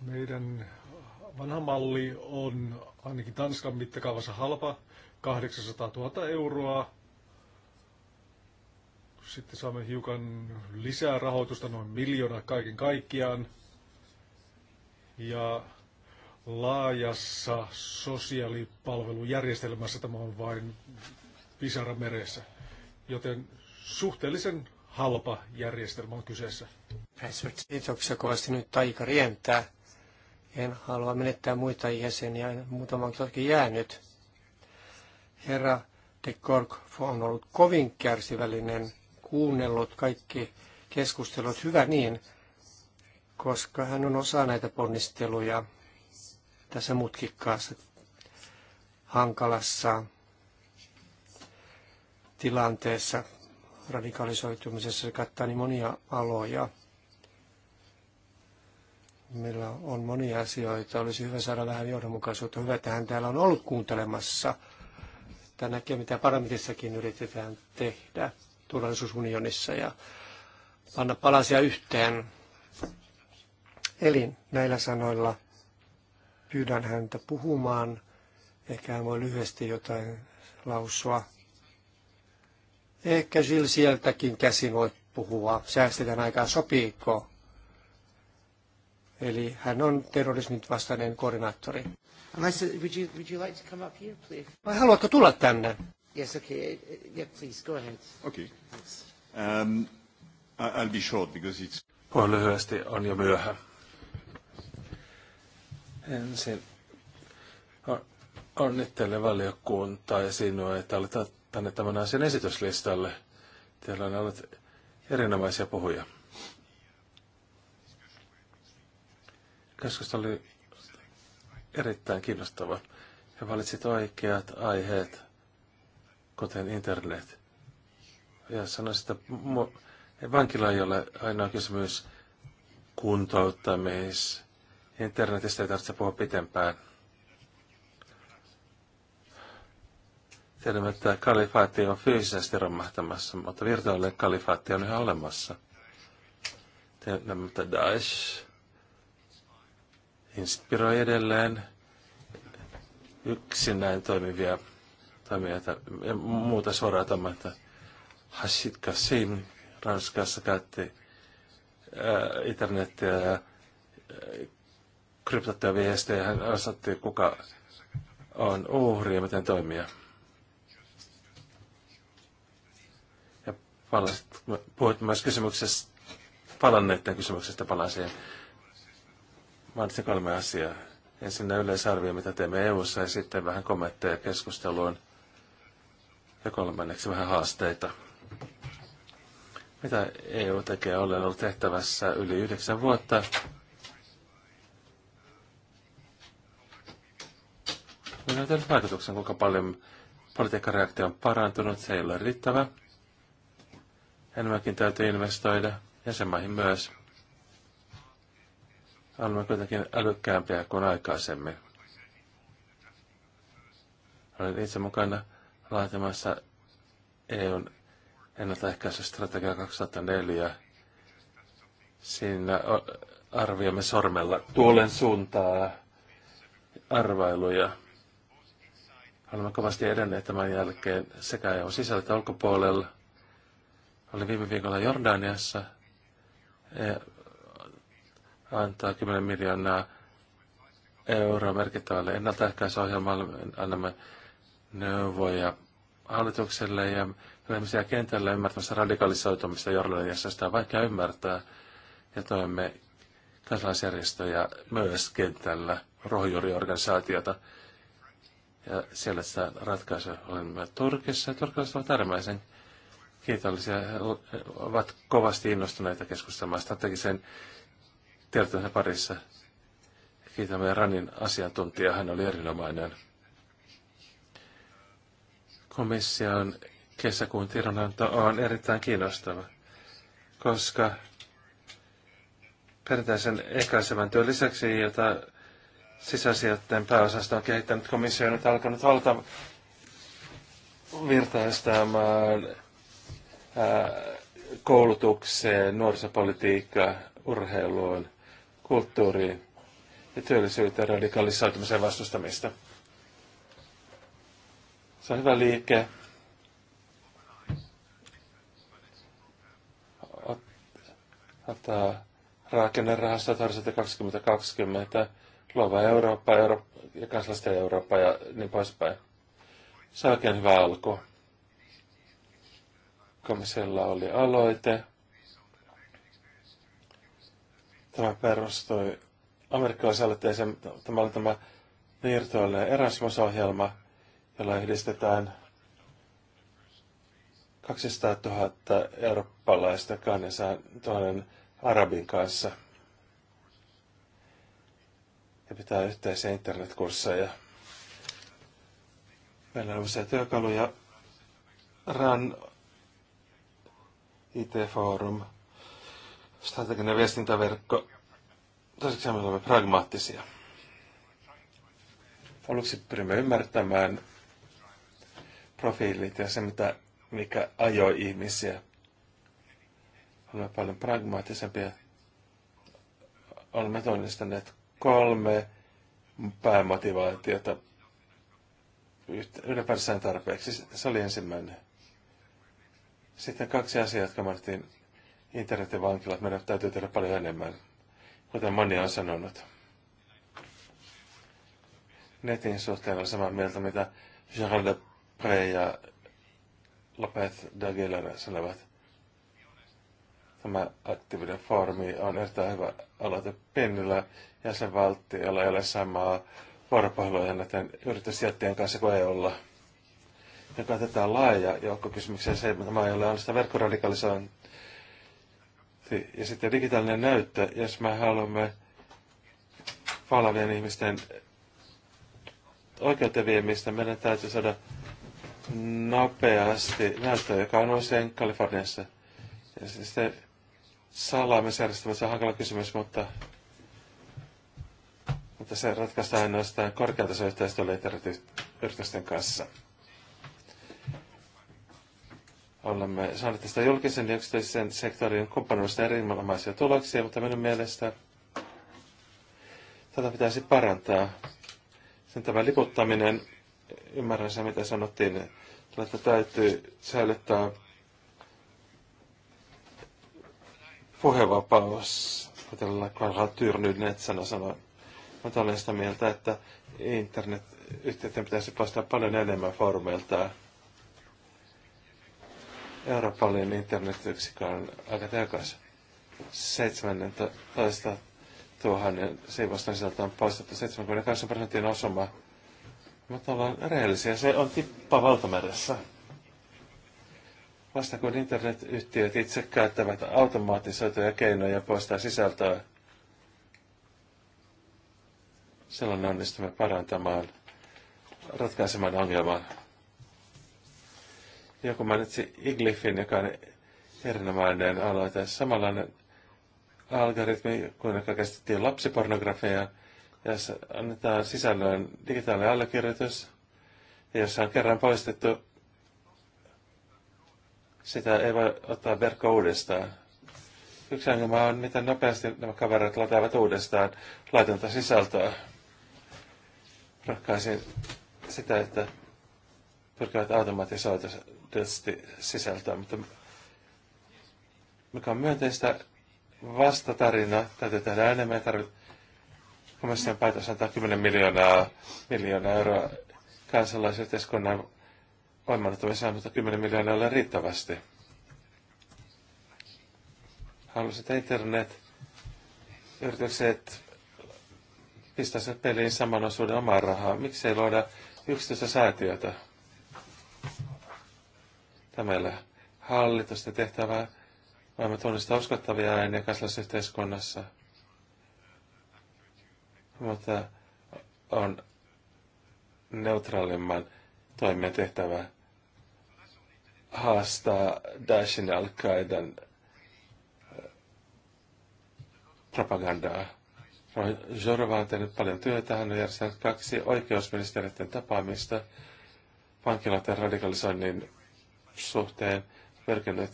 Meidän vanha malli on ainakin Tanskan mittakaavassa halpa, 800 000 euroa. Sitten saamme hiukan lisää rahoitusta, noin miljoona kaiken kaikkiaan ja laajassa sosiaalipalvelujärjestelmässä tämä on vain pisara meressä, joten suhteellisen halpa järjestelmä on kyseessä. Kiitoksia kovasti nyt taika rientää. En halua menettää muita jäseniä, muutama on jäänyt. Herra de Kork on ollut kovin kärsivällinen, kuunnellut kaikki keskustelut, hyvä niin, koska hän on osa näitä ponnisteluja tässä mutkikkaassa, hankalassa tilanteessa radikalisoitumisessa. Se kattaa niin monia aloja. Meillä on monia asioita. Olisi hyvä saada vähän johdonmukaisuutta. Hyvä, että hän täällä on ollut kuuntelemassa. Tämä näkee, mitä parametissakin yritetään tehdä turvallisuusunionissa ja panna palasia yhteen Eli näillä sanoilla pyydän häntä puhumaan. Ehkä hän voi lyhyesti jotain lausua. Ehkä Jill sieltäkin käsi voi puhua. Säästetään aikaa. Sopiiko? Eli hän on terrorismin vastainen koordinaattori. Vai haluatko tulla tänne? Yes, okay. Uh, yeah, please, go ahead. Okay. Um, I'll be short because it's... Puhun lyhyesti, on jo myöhä. Ensin onnittelen valiokuntaa ja sinua, että olet tänne tämän asian esityslistalle. Teillä on ollut erinomaisia puhuja. Keskustelu oli erittäin kiinnostava ja valitsit oikeat aiheet, kuten internet. Ja sanoisin, että vankila ei ole aina kysymys kuntouttamis- Internetistä ei tarvitse puhua pitempään. Tiedämme, että kalifaatti on fyysisesti romahtamassa, mutta virtuaalinen kalifaatti on yhä olemassa. Tiedämme, että Daesh inspiroi edelleen näin toimivia toimijoita ja muuta suoraan tämmöistä. Hashid Qasim Ranskassa käytti internettiä ja kryptattuja viestejä. Hän osoitti, kuka on uhri ja miten toimia. Ja palasit, puhuit myös kysymyksestä, palanneiden kysymyksestä palaseen. Mainitsin kolme asiaa. Ensin yleisarvio, mitä teemme EU-ssa, ja sitten vähän kommentteja keskusteluun. Ja kolmanneksi vähän haasteita. Mitä EU tekee? Olen ollut tehtävässä yli yhdeksän vuotta. Minä on vaikutuksen, kuinka paljon politiikkareaktio on parantunut. Se ei ole riittävä. Enemmänkin täytyy investoida jäsenmaihin myös. Olemme kuitenkin älykkäämpiä kuin aikaisemmin. Olen itse mukana laatimassa EUn strategia 2004. Siinä arvioimme sormella tuolen suuntaa arvailuja Olemme kovasti edenneet tämän jälkeen sekä jo sisällä että ulkopuolella. Olin viime viikolla Jordaniassa. ja e antaa 10 miljoonaa euroa merkittävälle ennaltaehkäisohjelmalle. Annamme neuvoja hallitukselle ja ihmisiä kentällä ymmärtämässä radikalisoitumista Jordaniassa. Sitä on vaikea ymmärtää. Ja toimme kansalaisjärjestöjä myös kentällä, ruohonjuuriorganisaatiota ja siellä saa ratkaisuja. on Turkissa ja turkilaiset ovat äärimmäisen kiitollisia. He ovat kovasti innostuneita keskustelemaan strategisen tietoisen parissa. Kiitämme Ranin asiantuntija, hän oli erinomainen. Komission kesäkuun tiedonanto on erittäin kiinnostava, koska perinteisen ehkäisevän työn lisäksi, jota sisäsijoitteen pääosasto on kehittänyt komissio nyt alkanut valta virtaistamaan koulutukseen, nuorisopolitiikkaan, urheiluun, kulttuuriin ja työllisyyteen radikalisoitumisen vastustamista. Se on hyvä liike. Ot, ottaa rakennerahasta 2020 luova Eurooppa, Eurooppa ja kansalaisten Eurooppa ja niin poispäin. Se on oikein hyvä alku. Komissiolla oli aloite. Tämä perustui amerikkalaisaloitteeseen. Tämä oli tämä virtuaalinen Erasmus-ohjelma, jolla yhdistetään 200 000 eurooppalaista kansaa toinen Arabin kanssa – ja pitää yhteisiä internetkursseja. Meillä on uusia työkaluja. RAN, IT-foorum, strateginen viestintäverkko. Toiseksi me olemme pragmaattisia. Aluksi pyrimme ymmärtämään profiilit ja se, mitä, mikä ajoi ihmisiä. Olemme paljon pragmaattisempia. Olemme tunnistaneet kolme päämotivaatiota ylipäätään tarpeeksi. Se oli ensimmäinen. Sitten kaksi asiaa, jotka mainittiin internetin vankilat. Meidän täytyy tehdä paljon enemmän, kuten moni on sanonut. Netin suhteen on samaa mieltä, mitä Gerald Pre ja Lopez Dagelera sanovat. Tämä aktiivinen foorumi on erittäin hyvä aloite pienillä jäsenvaltioilla, ei ole samaa vuoropuhelua näiden yritysjättien kanssa kuin olla. Ja katsotaan laaja joukko kysymyksiä. Se, että tämä ei ole ainoastaan verkkoradikalisointi ja sitten digitaalinen näyttö, jos me haluamme palavien ihmisten oikeuteen viemistä, meidän täytyy saada nopeasti näyttöä, joka on usein Kaliforniassa. Ja sitten se on hankala kysymys, mutta, mutta se ratkaistaan ainoastaan korkeatason yhteistyöllä yritysten kanssa. Olemme saaneet tästä julkisen ja yksityisen sektorin kumppanuudesta erinomaisia tuloksia, mutta minun mielestä tätä pitäisi parantaa. Sen tämä liputtaminen, ymmärrän sen mitä sanottiin, että täytyy säilyttää puhevapaus, tällä Karl Tyrnydnet sanoi, Mutta olen sitä mieltä, että internet yhteyteen pitäisi päästä paljon enemmän foorumeiltaan. Europolin internetyksikö on aika tehokas. 17 000 siivoston sieltä on poistettu 78 prosentin osuma. Mutta ollaan rehellisiä, se on tippa valtameressä. Vasta kun internetyhtiöt itse käyttävät automaattisoituja keinoja poistaa sisältöä, silloin onnistumme parantamaan, ratkaisemaan ongelmaa. Joku mainitsi Igliffin, joka on erinomainen aloite. Samanlainen algoritmi, kun käsittiin lapsipornografiaa, jossa annetaan sisällön digitaalinen allekirjoitus, ja jos on kerran poistettu sitä ei voi ottaa verkko uudestaan. Yksi ongelma on, miten nopeasti nämä kaverit lataavat uudestaan laitonta sisältöä. Rakkaisin sitä, että pyrkivät automatisoitusti sisältöä, mutta mikä on myönteistä vastatarina, täytyy tehdä enemmän. komission päätös antaa 10 miljoonaa, miljoonaa euroa kansalaisyhteiskunnan että olen saanut 10 miljoonaa riittävästi. Haluaisin, että internet yritykset pistäisivät peliin saman osuuden omaa rahaa. Miksei luoda yksityistä säätiötä? Tämä ei ole hallitusten tehtävää, voimme tunnistaa uskottavia ääniä kansalaisyhteiskunnassa. Mutta on neutraalimman toimijan tehtävää haastaa Daeshin al qaidan äh, propagandaa. Jorva on tehnyt paljon työtä, hän on järjestänyt kaksi oikeusministeriöiden tapaamista vankiloiden radikalisoinnin suhteen, pyrkinyt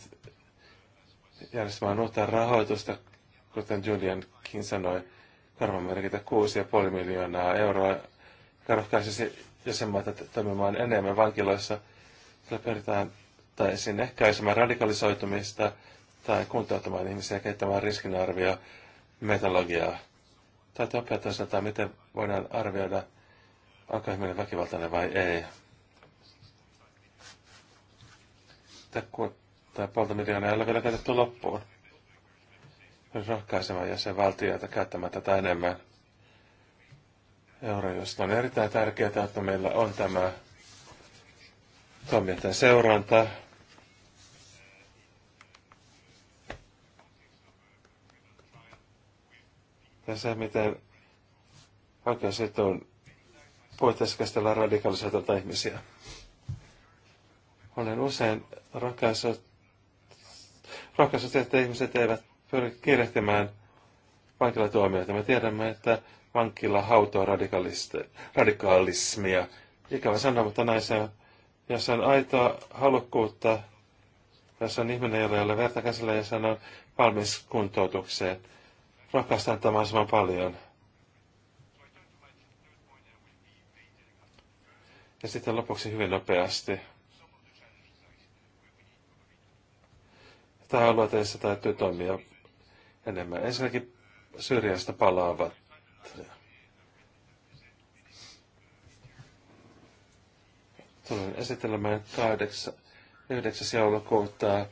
järjestämään uutta rahoitusta, kuten Julian King sanoi, korvamerkitä 6,5 miljoonaa euroa, joka rohkaisisi jäsenmaita toimimaan enemmän vankiloissa. Sillä pyritään sen ehkäisemään radikalisoitumista tai kuntouttamaan ihmisiä kehittämään riskinarvio metodologiaa. Tai opettaa tai miten voidaan arvioida, onko ihminen väkivaltainen vai ei. Tämä puolta miljoonaa ei ole vielä käytetty loppuun. Rohkaisemaan jäsenvaltioita käyttämään tätä enemmän. Eurojust on erittäin tärkeää, että meillä on tämä toimijoiden seuranta, Ja se, miten on, voitaisiin käsitellä radikalisoituneita ihmisiä. Olen usein rohkaissut, että ihmiset eivät pyri kiirehtimään vankilatuomioita. Me tiedämme, että vankila hautoo radikaalismia. Ikävä sanoa, mutta näin se on. Jos on aitoa halukkuutta, jos on ihminen, jolla ei ole verta käsillä ja sanoo valmis kuntoutukseen – rakastan tämän saman paljon. Ja sitten lopuksi hyvin nopeasti. tähän alue teissä täytyy toimia enemmän. Ensinnäkin syrjästä palaavat. Tulen esittelemään 8, 9. joulukuuta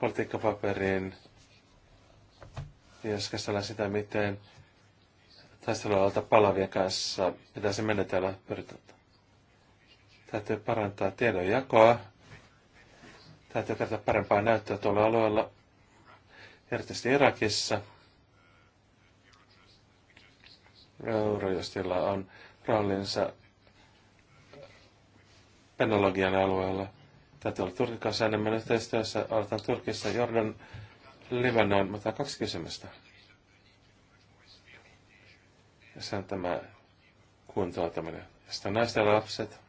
politiikkapaperin keskustellaan sitä, miten taistelualalta palavien kanssa pitäisi menetellä. Täytyy parantaa tiedonjakoa. Täytyy kertoa parempaa näyttöä tuolla alueella, erityisesti Irakissa. Eurojustilla on roolinsa penologian alueella. Täytyy olla Turkin kanssa enemmän yhteistyössä. Aloitan Turkissa Jordan Libanon, mutta on kaksi kysymystä. Ja se on tämä kuntoutuminen. Ja sitten on naisten lapset.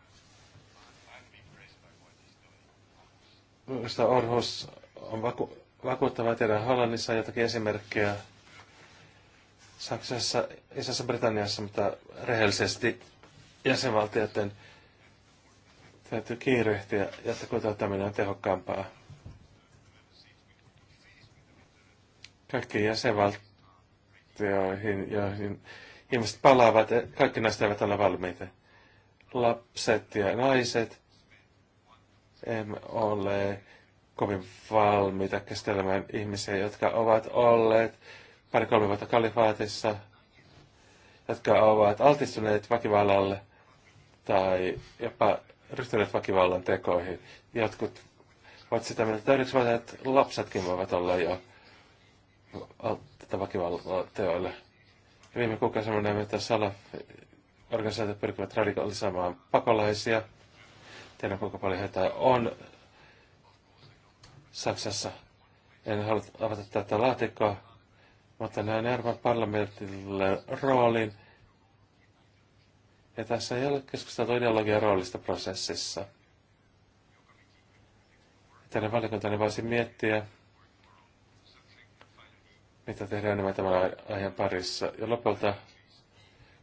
Minusta Orhus on vaku- vakuuttava tiedä Hollannissa on jotakin esimerkkejä. Saksassa, Isossa Britanniassa, mutta rehellisesti jäsenvaltioiden täytyy kiirehtiä, jotta kotouttaminen on tehokkaampaa. kaikkiin jäsenvaltioihin, joihin ihmiset palaavat, kaikki näistä eivät ole valmiita. Lapset ja naiset emme ole kovin valmiita käsittelemään ihmisiä, jotka ovat olleet pari-kolme vuotta kalifaatissa, jotka ovat altistuneet väkivallalle tai jopa ryhtyneet väkivallan tekoihin. Jotkut ovat sitä mieltä, että lapsetkin voivat olla jo alttiita väkivaltateoille. Ja viime kuukausina nähnyt, että salaorganisaatiot pyrkivät radikalisoimaan pakolaisia. Tiedän, kuinka paljon heitä on Saksassa. En halua avata tätä laatikkoa, mutta näen Euroopan parlamentille roolin. Ja tässä ei ole keskusteltu ideologian roolista prosessissa. Tänne valiokunta voisi miettiä, mitä tehdään enemmän tämän aiheen parissa. Ja lopulta,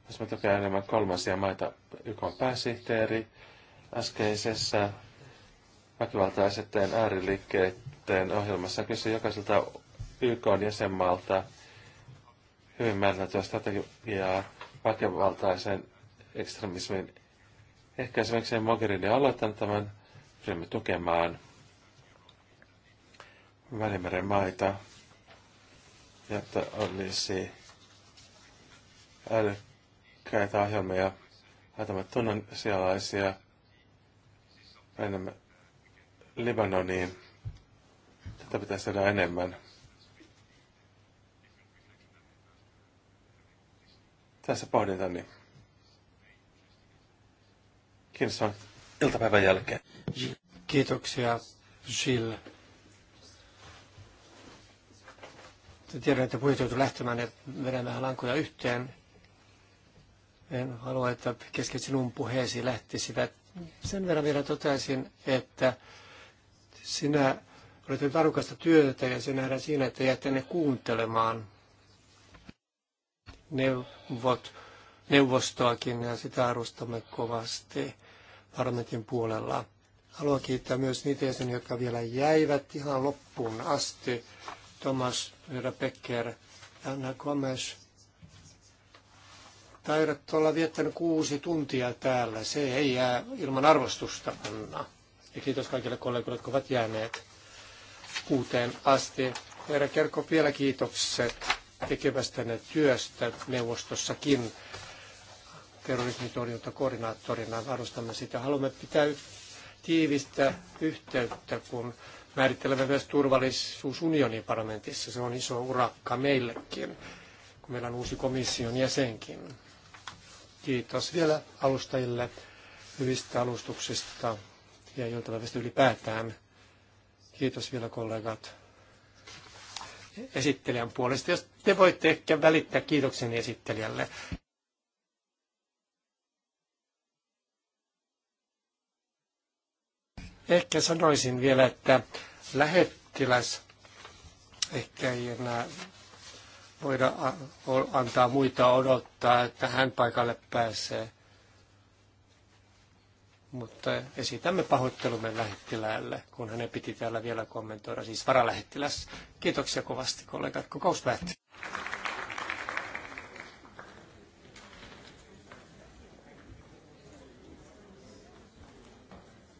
jos me tukea enemmän kolmansia maita, YK on pääsihteeri, äskeisessä väkivaltaisetteen ääriliikkeiden ohjelmassa kysyi jokaiselta YK jäsenmaalta hyvin määrätyä strategiaa väkivaltaisen ekstremismin ehkäisemiseksi. Mogherini on aloittanut tämän, pyrimme tukemaan Välimeren maita jotta olisi älykkäitä ohjelmia, laitamme tunnan sijalaisia, menemme Libanoniin. Tätä pitäisi tehdä enemmän. Tässä pohdintani. Niin. Kiitos iltapäivän jälkeen. Kiitoksia, Jill. Tiedän, että puhjat joutuu lähtemään ja vedämään lankoja yhteen. En halua, että kesken sinun puheesi lähti sitä. Sen verran vielä totesin, että sinä olet nyt arvokasta työtä ja se nähdään siinä, että jäät tänne kuuntelemaan neuvot, neuvostoakin ja sitä arvostamme kovasti parlamentin puolella. Haluan kiittää myös niitä jäseniä, jotka vielä jäivät ihan loppuun asti. Thomas, Vera Becker, Anna Gomes. Taidat olla viettänyt kuusi tuntia täällä. Se ei jää ilman arvostusta, Anna. Ja kiitos kaikille kollegoille, jotka ovat jääneet kuuteen asti. Herra Kerkko, vielä kiitokset tekemästänne työstä neuvostossakin terrorismitorjunta koordinaattorina. Arvostamme sitä. Haluamme pitää tiivistä yhteyttä, kun määrittelemme myös turvallisuusunionin parlamentissa. Se on iso urakka meillekin, kun meillä on uusi komission jäsenkin. Kiitos vielä alustajille hyvistä alustuksista ja iltapäivästä ylipäätään. Kiitos vielä kollegat esittelijän puolesta. Jos te voitte ehkä välittää kiitokseni esittelijälle. Ehkä sanoisin vielä, että lähettiläs ehkä ei enää voida antaa muita odottaa, että hän paikalle pääsee. Mutta esitämme pahoittelumme lähettiläälle, kun hänen piti täällä vielä kommentoida, siis varalähettiläs. Kiitoksia kovasti kollegat, kokous päättyy.